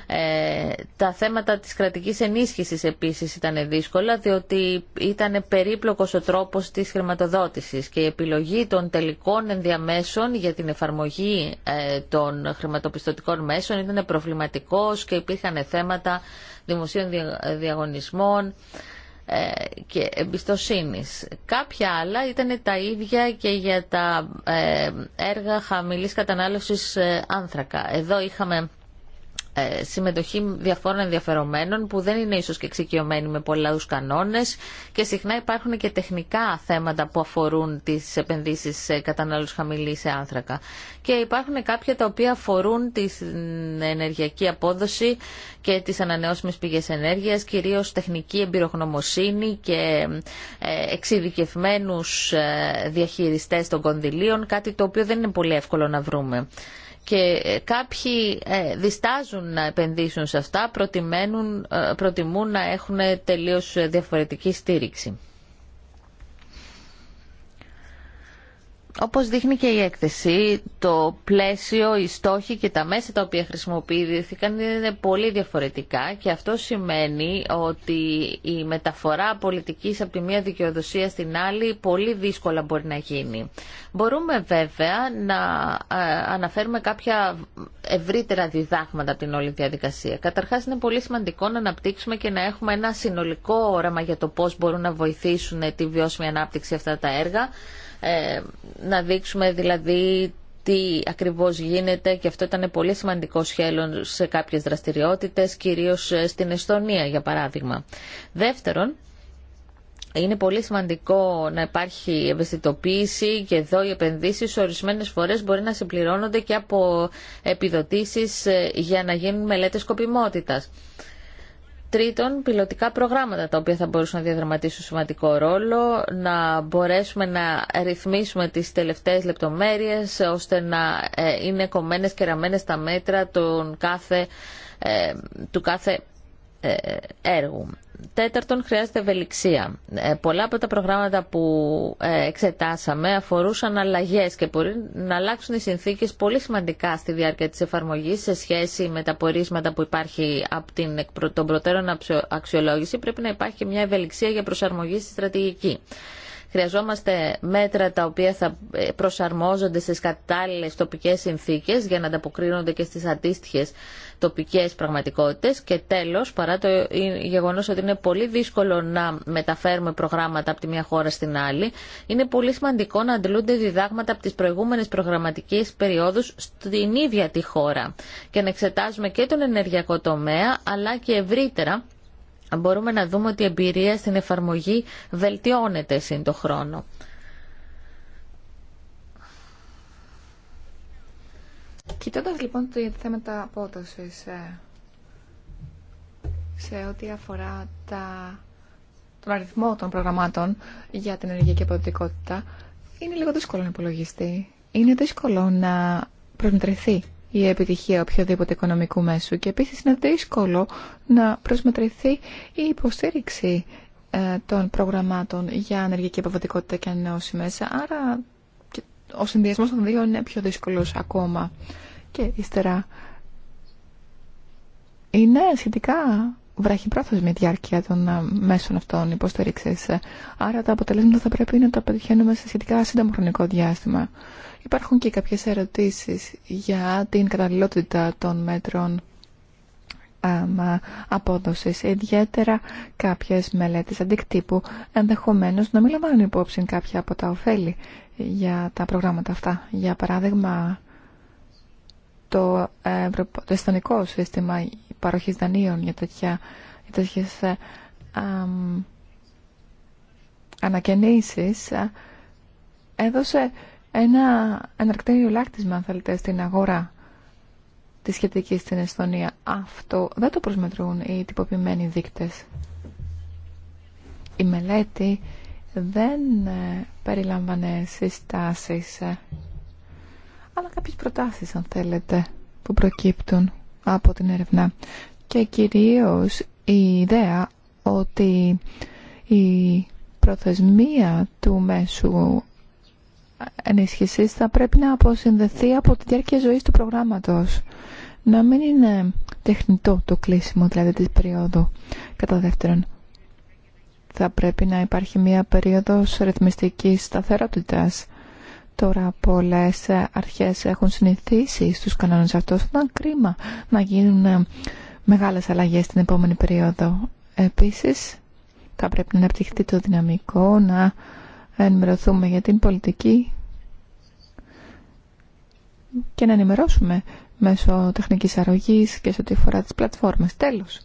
Ε, τα θέματα της κρατικής ενίσχυσης επίσης ήταν δύσκολα διότι ήταν περίπλοκος ο τρόπος της χρηματοδότησης και η επιλογή των τελικών ενδιαμέσων για την εφαρμογή ε, των χρηματοπιστωτικών μέσων ήταν προβληματικός και υπήρχαν θέματα δημοσίων διαγωνισμών ε, και εμπιστοσύνης. Κάποια άλλα ήταν τα ίδια και για τα έργα χαμηλής κατανάλωσης άνθρακα. Εδώ είχαμε ε, συμμετοχή διαφόρων ενδιαφερομένων που δεν είναι ίσως και εξοικειωμένοι με πολλούς κανόνες και συχνά υπάρχουν και τεχνικά θέματα που αφορούν τις επενδύσεις κατανάλωση χαμηλή σε άνθρακα. Και υπάρχουν κάποια τα οποία αφορούν την ενεργειακή απόδοση και τις ανανεώσιμες πηγές ενέργειας, κυρίως τεχνική εμπειρογνωμοσύνη και ε, εξειδικευμένους ε, διαχειριστές των κονδυλίων, κάτι το οποίο δεν είναι πολύ εύκολο να βρούμε και ε, κάποιοι ε, διστάζουν να επενδύσουν σε αυτά, ε, προτιμούν να έχουν τελείως διαφορετική στήριξη. Όπως δείχνει και η έκθεση, το πλαίσιο, οι στόχοι και τα μέσα τα οποία χρησιμοποιήθηκαν είναι πολύ διαφορετικά και αυτό σημαίνει ότι η μεταφορά πολιτικής από τη μία δικαιοδοσία στην άλλη πολύ δύσκολα μπορεί να γίνει. Μπορούμε βέβαια να ε, αναφέρουμε κάποια ευρύτερα διδάγματα από την όλη διαδικασία. Καταρχάς είναι πολύ σημαντικό να αναπτύξουμε και να έχουμε ένα συνολικό όραμα για το πώς μπορούν να βοηθήσουν τη βιώσιμη ανάπτυξη αυτά τα έργα ε, να δείξουμε δηλαδή τι ακριβώς γίνεται και αυτό ήταν πολύ σημαντικό σχέδιο σε κάποιες δραστηριότητες, κυρίως ε, στην Εστονία για παράδειγμα. Δεύτερον, είναι πολύ σημαντικό να υπάρχει ευαισθητοποίηση και εδώ οι επενδύσεις ορισμένες φορές μπορεί να συμπληρώνονται και από επιδοτήσεις ε, για να γίνουν μελέτες σκοπιμότητας. Τρίτον, πιλωτικά προγράμματα τα οποία θα μπορούσαν να διαδραματίσουν σημαντικό ρόλο, να μπορέσουμε να ρυθμίσουμε τις τελευταίες λεπτομέρειες ώστε να ε, είναι κομμένες και ραμμένες τα μέτρα τον κάθε, ε, του κάθε ε, έργου. Τέταρτον, χρειάζεται ευελιξία. Ε, πολλά από τα προγράμματα που ε, εξετάσαμε αφορούσαν αλλαγέ και μπορεί να αλλάξουν οι συνθήκες πολύ σημαντικά στη διάρκεια της εφαρμογή σε σχέση με τα πορίσματα που υπάρχει από την, τον προτέρων αξιολόγηση. Πρέπει να υπάρχει μια ευελιξία για προσαρμογή στη στρατηγική. Χρειαζόμαστε μέτρα τα οποία θα προσαρμόζονται στις κατάλληλες τοπικές συνθήκες για να ανταποκρίνονται και στις αντίστοιχες τοπικές πραγματικότητες και τέλος, παρά το γεγονός ότι είναι πολύ δύσκολο να μεταφέρουμε προγράμματα από τη μια χώρα στην άλλη, είναι πολύ σημαντικό να αντλούνται διδάγματα από τις προηγούμενες προγραμματικές περιόδους στην ίδια τη χώρα και να εξετάζουμε και τον ενεργειακό τομέα αλλά και ευρύτερα μπορούμε να δούμε ότι η εμπειρία στην εφαρμογή βελτιώνεται σύν το χρόνο. Κοιτώντα λοιπόν το θέμα τα απόδοση ε, σε ό,τι αφορά τα, τον αριθμό των προγραμμάτων για την ενεργειακή αποδοτικότητα, είναι λίγο δύσκολο να υπολογιστεί. Είναι δύσκολο να προμητρηθεί η επιτυχία οποιοδήποτε οικονομικού μέσου και επίσης είναι δύσκολο να προσμετρηθεί η υποστήριξη ε, των προγραμμάτων για ανεργική αποβατικότητα και μέσα. Άρα ο συνδυασμός των δύο είναι πιο δύσκολος ακόμα. Και ύστερα είναι σχετικά βραχυπρόθεσμη διάρκεια των ε, μέσων αυτών υποστήριξη. Ε, άρα τα αποτελέσματα θα πρέπει να τα πετυχαίνουμε σε σχετικά σύντομο χρονικό διάστημα. Υπάρχουν και κάποιες ερωτήσεις για την καταλληλότητα των μέτρων απόδοσης, ιδιαίτερα κάποιες μελέτες αντικτύπου, ενδεχομένως να μην λαμβάνουν υπόψη κάποια από τα ωφέλη για τα προγράμματα αυτά. Για παράδειγμα, το, ε, ευρω... το σύστημα παροχή δανείων για, τέτοια, για ε, ανακαινήσεις ε, έδωσε ένα εναρκτήριο λάκτισμα, αν θέλετε, στην αγορά τη σχετική στην Εσθονία. Αυτό δεν το προσμετρούν οι τυποποιημένοι δείκτες. Η μελέτη δεν ε, περιλάμβανε συστάσεις, αλλά κάποιες προτάσεις, αν θέλετε, που προκύπτουν από την έρευνα. Και κυρίως η ιδέα ότι η προθεσμία του μέσου ενίσχυσης θα πρέπει να αποσυνδεθεί από τη διάρκεια ζωής του προγράμματος. Να μην είναι τεχνητό το κλείσιμο, δηλαδή της περίοδου. Κατά δεύτερον, θα πρέπει να υπάρχει μια περίοδος ρυθμιστικής σταθερότητας Τώρα πολλές αρχές έχουν συνηθίσει στους κανόνες αυτούς. Θα ήταν κρίμα να γίνουν ε, μεγάλες αλλαγές στην επόμενη περίοδο. Επίσης, θα πρέπει να αναπτυχθεί το δυναμικό, να ενημερωθούμε για την πολιτική και να ενημερώσουμε μέσω τεχνικής αρρωγής και σε ό,τι αφορά τις πλατφόρμες. Τέλος,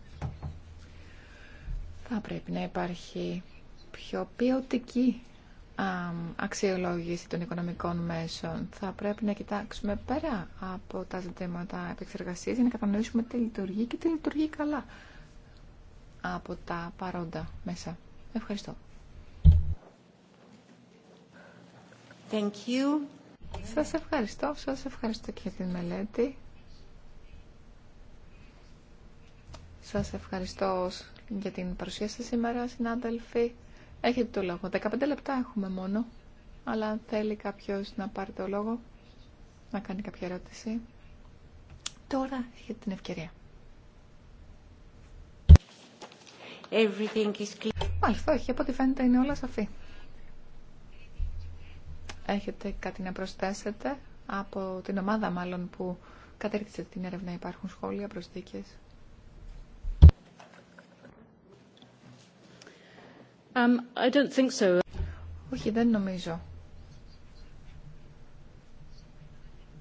θα πρέπει να υπάρχει πιο ποιοτική αξιολόγηση των οικονομικών μέσων. Θα πρέπει να κοιτάξουμε πέρα από τα ζητήματα επεξεργασίας για να κατανοήσουμε τι λειτουργεί και τι λειτουργεί καλά από τα παρόντα μέσα. Ευχαριστώ. Thank you. Σας ευχαριστώ. Σας ευχαριστώ και για την μελέτη. Σας ευχαριστώ για την παρουσία σας σήμερα, συνάδελφοι. Έχετε το λόγο. 15 λεπτά έχουμε μόνο. Αλλά αν θέλει κάποιος να πάρει το λόγο, να κάνει κάποια ερώτηση, τώρα έχετε την ευκαιρία. Everything is clear. Μάλιστα, όχι. Από ό,τι φαίνεται είναι όλα σαφή. Έχετε κάτι να προσθέσετε από την ομάδα μάλλον που κατέρχισε την έρευνα. Υπάρχουν σχόλια, προσθήκε. Um, I don't Όχι, δεν νομίζω.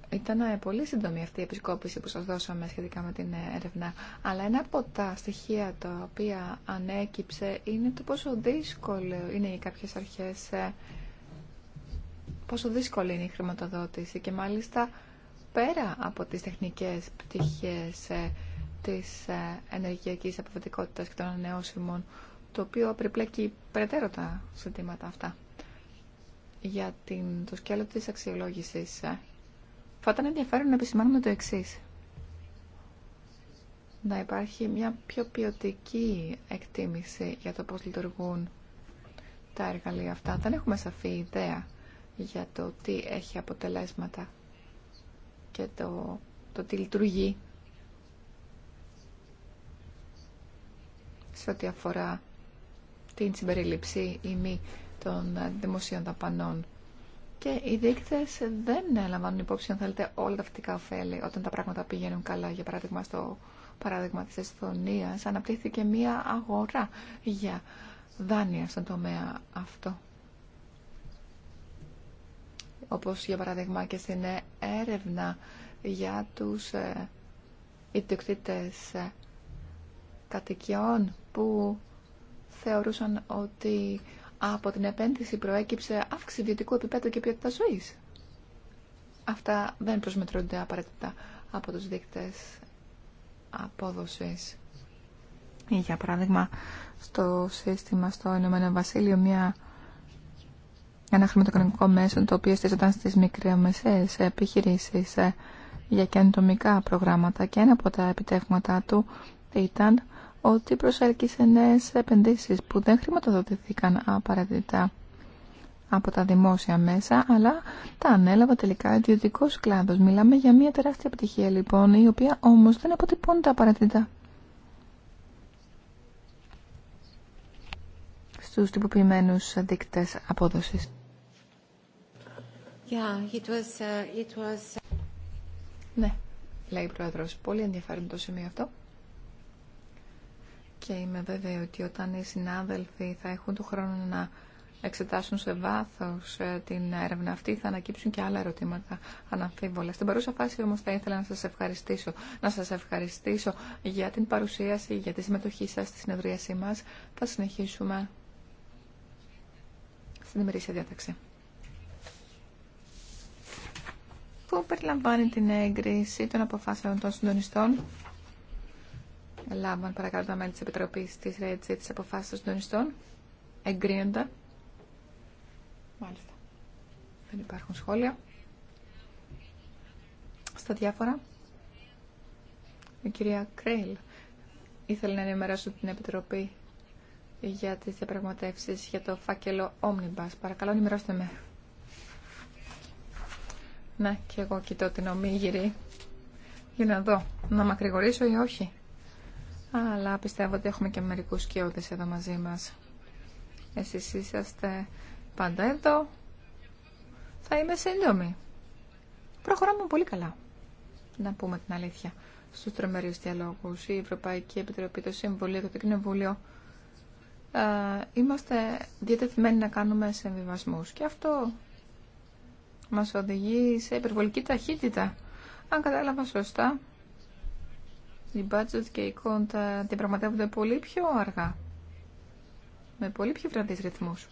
Ήταν ε, πολύ σύντομη αυτή η επισκόπηση που σας δώσαμε σχετικά με την ε, έρευνα. Αλλά ένα από τα στοιχεία τα οποία ανέκυψε είναι το πόσο δύσκολο είναι οι κάποιες αρχές, ε, πόσο δύσκολη είναι η χρηματοδότηση και μάλιστα πέρα από τις τεχνικές πτυχές της ενεργειακής αποφατικότητας και των ανανεώσιμων το οποίο περιπλέκει περαιτέρω τα ζητήματα αυτά για την, το σκέλο της αξιολόγησης. Ε, θα ήταν ενδιαφέρον να επισημάνουμε το εξή. Να υπάρχει μια πιο ποιοτική εκτίμηση για το πώς λειτουργούν τα εργαλεία αυτά. Δεν έχουμε σαφή ιδέα για το τι έχει αποτελέσματα και το, το τι λειτουργεί σε ό,τι αφορά την συμπερίληψη ή μη των δημοσίων δαπανών. Και οι δείκτε δεν λαμβάνουν υπόψη, αν θέλετε, όλα τα φυτικά ωφέλη όταν τα πράγματα πηγαίνουν καλά. Για παράδειγμα, στο παράδειγμα τη Εσθονία, αναπτύχθηκε μία αγορά για δάνεια στον τομέα αυτό. Όπως για παράδειγμα και στην έρευνα για τους ε, ιδιοκτήτες ε, κατοικιών που θεωρούσαν ότι από την επένδυση προέκυψε αύξηση ιδιωτικού επίπεδου και ποιότητα ζωή. Αυτά δεν προσμετρούνται απαραίτητα από τους δείκτες απόδοσης. Για παράδειγμα, στο σύστημα στο Ηνωμένο Βασίλειο μια ένα χρηματοοικονομικό μέσο το οποίο στήσονταν στις μικρομεσαίες επιχειρήσεις ε, για καινοτομικά προγράμματα και ένα από τα επιτεύγματα του ήταν ότι προσέλκυσε νέε επενδύσει που δεν χρηματοδοτηθήκαν απαραίτητα από τα δημόσια μέσα, αλλά τα ανέλαβε τελικά ιδιωτικό κλάδο. Μιλάμε για μια τεράστια επιτυχία λοιπόν, η οποία όμω δεν αποτυπώνεται απαραίτητα. Στου τυποποιημένου δείκτε απόδοση. Yeah, it was, uh, it was... Uh, ναι, λέει η Πρόεδρος. Πολύ ενδιαφέρον το σημείο αυτό και είμαι βέβαιη ότι όταν οι συνάδελφοι θα έχουν το χρόνο να εξετάσουν σε βάθος ε, την έρευνα αυτή θα ανακύψουν και άλλα ερωτήματα αναμφίβολα. Στην παρούσα φάση όμως θα ήθελα να σας ευχαριστήσω, να σας ευχαριστήσω για την παρουσίαση, για τη συμμετοχή σας στη συνεδρίασή μας. Θα συνεχίσουμε στην ημερήσια διάταξη. Που περιλαμβάνει την έγκριση των αποφάσεων των συντονιστών. Λάμβαν παρακαλώ τα μέλη της Επιτροπής της ΡΕΤΣΙ της αποφάσεις των συντονιστών. εγκρίνοντα Μάλιστα. Δεν υπάρχουν σχόλια. Στα διάφορα. Η κυρία Κρέιλ ήθελε να ενημερώσω την Επιτροπή για τις διαπραγματεύσεις για το φάκελο Omnibus. Παρακαλώ, ενημερώστε με. Να, και εγώ κοιτώ την ομίγυρη για να δω, να μακρηγορήσω ή όχι αλλά πιστεύω ότι έχουμε και μερικούς σκιώδες εδώ μαζί μας. Εσείς είσαστε πάντα εδώ. Θα είμαι σύντομη. Προχωράμε πολύ καλά, να πούμε την αλήθεια, στους τρομερίους διαλόγους. Η Ευρωπαϊκή Επιτροπή, το Συμβουλίο, το Κοινοβούλιο. Ε, είμαστε διατεθειμένοι να κάνουμε συμβιβασμούς και αυτό μας οδηγεί σε υπερβολική ταχύτητα. Αν κατάλαβα σωστά, η budget και οι κόντα διαπραγματεύονται πολύ πιο αργά. Με πολύ πιο βραδείς ρυθμούς.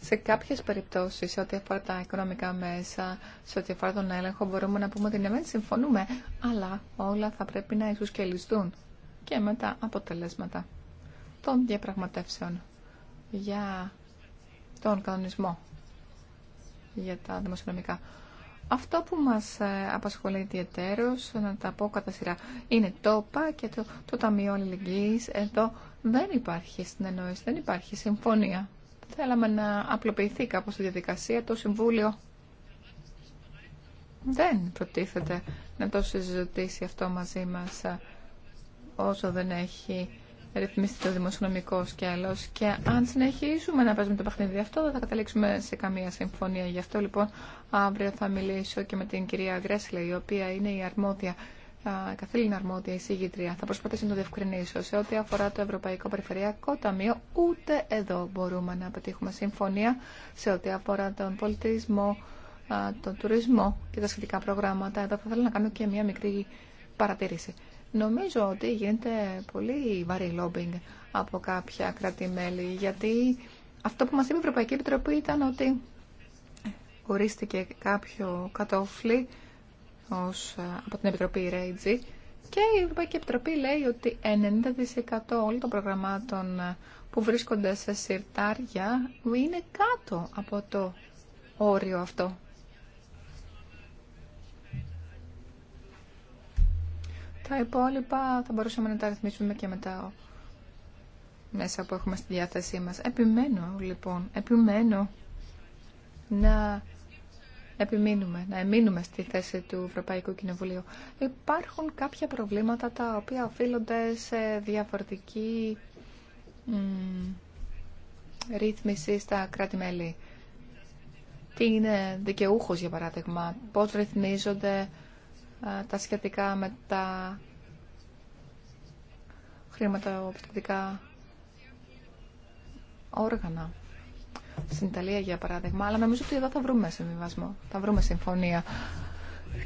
Σε κάποιες περιπτώσεις, σε ό,τι αφορά τα οικονομικά μέσα, σε ό,τι αφορά τον έλεγχο, μπορούμε να πούμε ότι ναι, δεν συμφωνούμε, αλλά όλα θα πρέπει να ισουσκελιστούν και με τα αποτελέσματα των διαπραγματεύσεων για τον κανονισμό για τα δημοσιονομικά. Αυτό που μας ε, απασχολεί ιδιαίτερως, να τα πω κατά σειρά, είναι το ΠΑ και το, το Ταμείο Αλληλεγγύης. Εδώ δεν υπάρχει συνεννόηση, δεν υπάρχει συμφωνία. Θέλαμε να απλοποιηθεί κάπως η διαδικασία. Το Συμβούλιο δεν προτίθεται να το συζητήσει αυτό μαζί μας ε, όσο δεν έχει ρυθμιστεί το δημοσιονομικό σκέλο. και αν συνεχίσουμε να παίζουμε το παιχνίδι αυτό δεν θα καταλήξουμε σε καμία συμφωνία. Γι' αυτό λοιπόν αύριο θα μιλήσω και με την κυρία Γκρέσλε η οποία είναι η αρμόδια καθήλυνα αρμόδια εισηγήτρια. Θα προσπαθήσω να το διευκρινίσω. Σε ό,τι αφορά το Ευρωπαϊκό Περιφερειακό Ταμείο, ούτε εδώ μπορούμε να πετύχουμε συμφωνία σε ό,τι αφορά τον πολιτισμό, τον τουρισμό και τα σχετικά προγράμματα. Εδώ θα ήθελα να κάνω και μια μικρή παρατήρηση. Νομίζω ότι γίνεται πολύ βαρύ λόμπινγκ από κρατημέλη, γιατί αυτό που μας είπε η Ευρωπαϊκή Επιτροπή ήταν ότι ορίστηκε κάποιο κατόφλι ως, ε, από την Επιτροπή Ρέιτζη και η Ευρωπαϊκή Επιτροπή λέει ότι 90% όλων των προγραμμάτων ε, που βρίσκονται σε συρτάρια είναι κάτω από το όριο αυτό. Τα υπόλοιπα θα μπορούσαμε να τα ρυθμίσουμε και μετά μέσα που έχουμε στη διάθεσή μας. Επιμένω λοιπόν, επιμένω να επιμείνουμε, να εμείνουμε στη θέση του Ευρωπαϊκού Κοινοβουλίου. Υπάρχουν κάποια προβλήματα τα οποία οφείλονται σε διαφορετική μ, ρύθμιση στα κράτη-μέλη. Τι είναι δικαιούχος για παράδειγμα, πώς ρυθμίζονται τα σχετικά με τα χρηματοπιστωτικά όργανα στην Ιταλία για παράδειγμα, αλλά νομίζω ότι εδώ θα βρούμε συμβιβασμό, θα βρούμε συμφωνία.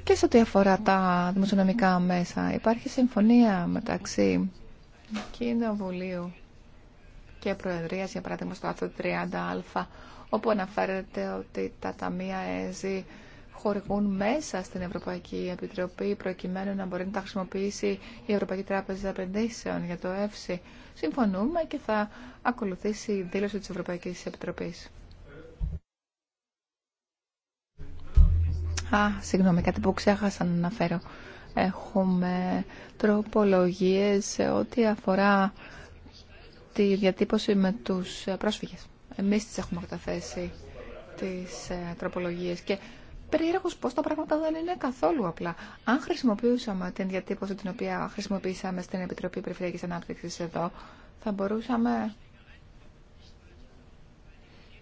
Και σε ό,τι αφορά τα δημοσιονομικά μέσα, υπάρχει συμφωνία μεταξύ Κοινοβουλίου και Προεδρίας, για παράδειγμα στο άρθρο 30α, όπου αναφέρεται ότι τα ταμεία ΕΖΗ χορηγούν μέσα στην Ευρωπαϊκή Επιτροπή προκειμένου να μπορεί να τα χρησιμοποιήσει η Ευρωπαϊκή Τράπεζα Επενδύσεων για το ΕΦΣΥ. Συμφωνούμε και θα ακολουθήσει η δήλωση της Ευρωπαϊκής Επιτροπής. Α, συγγνώμη, κάτι που ξέχασα να αναφέρω. Έχουμε τροπολογίες σε ό,τι αφορά τη διατύπωση με τους πρόσφυγες. Εμείς τις έχουμε καταθέσει τις ε, τροπολογίες και περίεργο πως τα πράγματα δεν είναι καθόλου απλά. Αν χρησιμοποιούσαμε την διατύπωση την οποία χρησιμοποιήσαμε στην Επιτροπή Περιφερειακή ανάπτυξη εδώ, θα μπορούσαμε...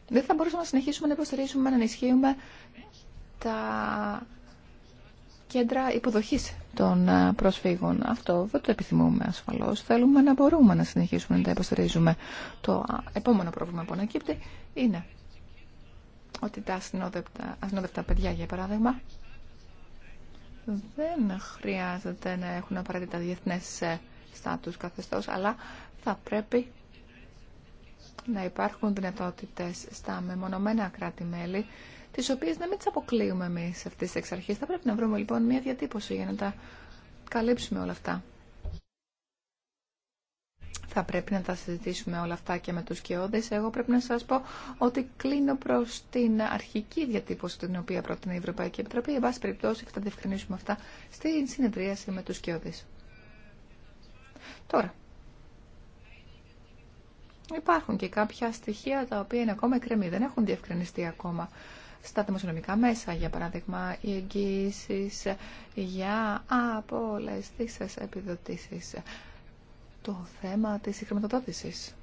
Δεν θα μπορούσαμε να συνεχίσουμε να υποστηρίζουμε, να ενισχύουμε τα κέντρα υποδοχής των ε, προσφύγων. Αυτό δεν το επιθυμούμε ασφαλώς. Θέλουμε να μπορούμε να συνεχίσουμε να τα υποστηρίζουμε. Το επόμενο πρόβλημα που ανακύπτει είναι ότι τα ασυνόδευτα, ασυνόδευτα παιδιά, για παράδειγμα, δεν χρειάζεται να έχουν απαραίτητα διεθνές ε, στάτους καθεστώς, αλλά θα πρέπει να υπάρχουν δυνατότητες στα μεμονωμένα κράτη-μέλη, τις οποίες να μην τις αποκλείουμε εμείς αυτής της αρχής. Θα πρέπει να βρούμε λοιπόν μια διατύπωση για να τα καλύψουμε όλα αυτά. Θα πρέπει να τα συζητήσουμε όλα αυτά και με τους κοιόδες. Εγώ πρέπει να σας πω ότι κλείνω προς την αρχική διατύπωση την οποία πρότεινε η Ευρωπαϊκή Επιτροπή. Εν πάση περιπτώσει θα διευκρινίσουμε αυτά στην συνεδρίαση με τους κοιόδες. Τώρα, υπάρχουν και κάποια στοιχεία τα οποία είναι ακόμα εκκρεμή, δεν έχουν διευκρινιστεί ακόμα στα δημοσιονομικά μέσα, για παράδειγμα, οι εγγύησει για απόλες τις επιδοτήσεις το θέμα της χρηματοδότησης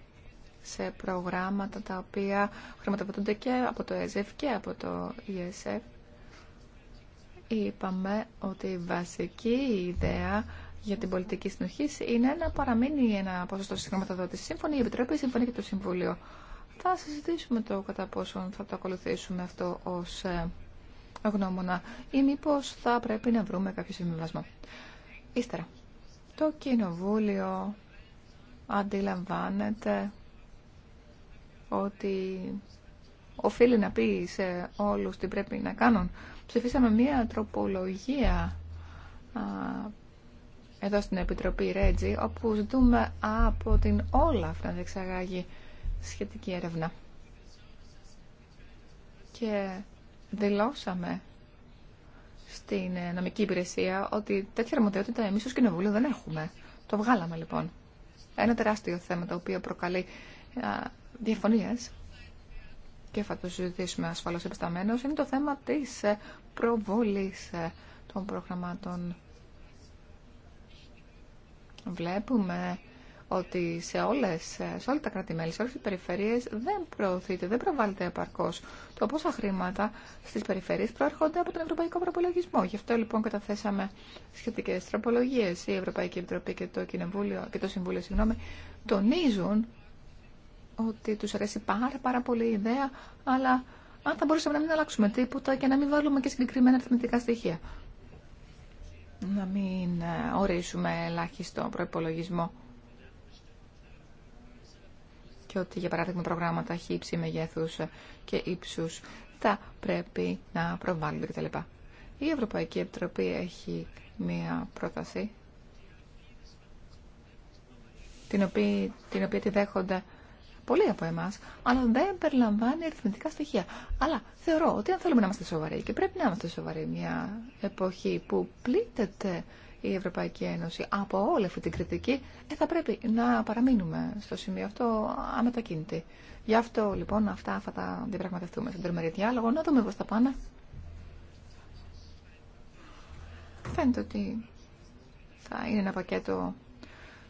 σε προγράμματα τα οποία χρηματοδοτούνται και από το ΕΖΕΦ και από το ESF. Είπαμε ότι η βασική ιδέα για την πολιτική συνοχή είναι να παραμείνει ένα ποσοστό τη χρηματοδότηση. Σύμφωνη η Επιτροπή, σύμφωνη και το Συμβούλιο. Θα συζητήσουμε το κατά πόσον θα το ακολουθήσουμε αυτό ω ε, γνώμονα ή μήπω θα πρέπει να βρούμε κάποιο συμβιβασμό. Ύστερα, το Κοινοβούλιο αντιλαμβάνεται ότι οφείλει να πει σε όλους τι πρέπει να κάνουν. Ψηφίσαμε μία τροπολογία εδώ στην Επιτροπή Ρέτζι, όπου ζητούμε από την Όλαφ να διεξαγάγει σχετική έρευνα. Και δηλώσαμε στην νομική υπηρεσία ότι τέτοια αρμοδιότητα εμείς ως Κοινοβούλιο δεν έχουμε. Το βγάλαμε λοιπόν. Ένα τεράστιο θέμα το οποίο προκαλεί διαφωνίες και θα το συζητήσουμε ασφαλώς επισταμένως είναι το θέμα της ε, προβολής ε, των προγραμμάτων. Βλέπουμε ότι σε, όλες, σε όλα τα κράτη-μέλη, σε όλες τις περιφερειές δεν προωθείται, δεν προβάλλεται επαρκώς το πόσα χρήματα στις περιφερειές προέρχονται από τον Ευρωπαϊκό Προπολογισμό. Γι' αυτό λοιπόν καταθέσαμε σχετικές τροπολογίες. Η Ευρωπαϊκή Επιτροπή και το, Κοινοβούλιο, και το Συμβούλιο συγγνώμη, τονίζουν ότι τους αρέσει πάρα, πάρα πολύ η ιδέα, αλλά αν θα μπορούσαμε να μην αλλάξουμε τίποτα και να μην βάλουμε και συγκεκριμένα αριθμητικά στοιχεία. Να μην ε, ορίσουμε ελάχιστο προπολογισμό και ότι για παράδειγμα προγράμματα έχει ύψη και ύψου, θα πρέπει να προβάλλονται κτλ. Η Ευρωπαϊκή Επιτροπή έχει μία πρόταση την οποία, την οποία τη δέχονται πολλοί από εμά, αλλά δεν περιλαμβάνει αριθμητικά στοιχεία. Αλλά θεωρώ ότι αν θέλουμε να είμαστε σοβαροί, και πρέπει να είμαστε σοβαροί, μια εποχή που πλήττεται η Ευρωπαϊκή Ένωση από όλη αυτή την κριτική, ε, θα πρέπει να παραμείνουμε στο σημείο αυτό αμετακίνητοι. Γι' αυτό λοιπόν αυτά θα τα διαπραγματευτούμε στον τρομερή διάλογο, να δούμε πώς θα πάνε. Φαίνεται ότι θα είναι ένα πακέτο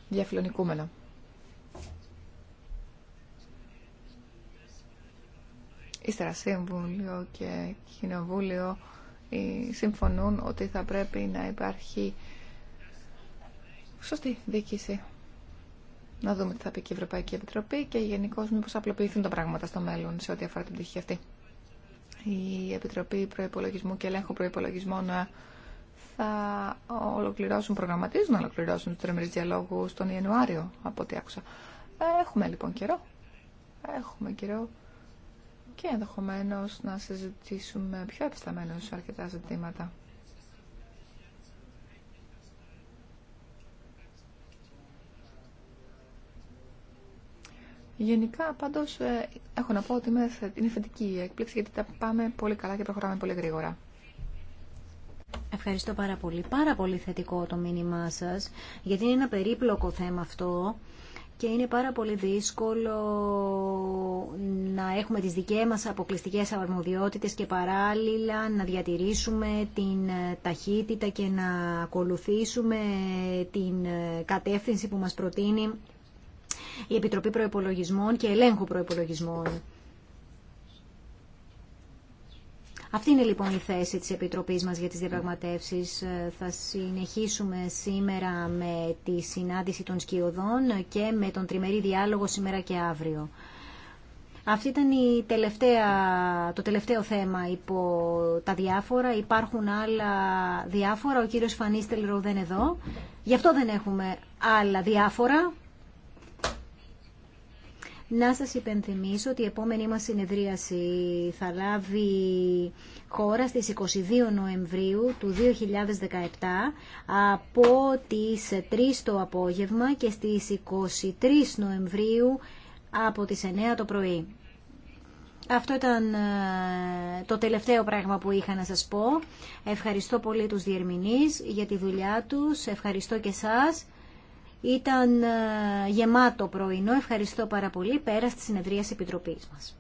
διαφιλονικούμενο. Ύστερα Σύμβουλιο και Κοινοβούλιο ε, συμφωνούν ότι θα πρέπει να υπάρχει σωστή διοίκηση. Να δούμε τι θα πει και η Ευρωπαϊκή Επιτροπή και γενικώ μήπω απλοποιηθούν τα πράγματα στο μέλλον σε ό,τι αφορά την πτυχή αυτή. Η Επιτροπή Προπολογισμού και Ελέγχου Προπολογισμών ε, θα ολοκληρώσουν, προγραμματίζουν να ολοκληρώσουν του τρεμερεί διαλόγου τον Ιανουάριο, από ό,τι άκουσα. Ε, έχουμε λοιπόν καιρό. Έχουμε καιρό και ενδεχομένω να συζητήσουμε πιο σε αρκετά ζητήματα. Γενικά, πάντως, ε, έχω να πω ότι είναι θετική η έκπληξη γιατί τα πάμε πολύ καλά και προχωράμε πολύ γρήγορα. Ευχαριστώ πάρα πολύ. Πάρα πολύ θετικό το μήνυμά σα, γιατί είναι ένα περίπλοκο θέμα αυτό και είναι πάρα πολύ δύσκολο να έχουμε τις δικές μας αποκλειστικές αρμοδιότητες και παράλληλα να διατηρήσουμε την ε, ταχύτητα και να ακολουθήσουμε την ε, κατεύθυνση που μας προτείνει η Επιτροπή Προϋπολογισμών και Ελέγχου προεπολογισμών. Αυτή είναι λοιπόν η θέση της Επιτροπής μας για τις διαπραγματεύσεις. Ε, θα συνεχίσουμε σήμερα με τη συνάντηση των σκιωδών και με τον τριμερή διάλογο σήμερα και αύριο. Αυτή ήταν η τελευταία, το τελευταίο θέμα υπό τα διάφορα. Υπάρχουν άλλα διάφορα. Ο κύριος Φανίστελρο δεν είναι εδώ. Γι' αυτό δεν έχουμε άλλα διάφορα. Να σας υπενθυμίσω ότι η επόμενή μας συνεδρίαση θα λάβει χώρα στις 22 Νοεμβρίου του 2017 από τις 3 το απόγευμα και στις 23 Νοεμβρίου από τις 9 το πρωί. Αυτό ήταν ε, το τελευταίο πράγμα που είχα να σας πω. Ευχαριστώ πολύ τους διερμηνείς για τη δουλειά τους. Ευχαριστώ και σας. Ήταν ε, γεμάτο πρωινό. Ευχαριστώ πάρα πολύ. Πέρα στη συνεδρία Επιτροπή Επιτροπής μας.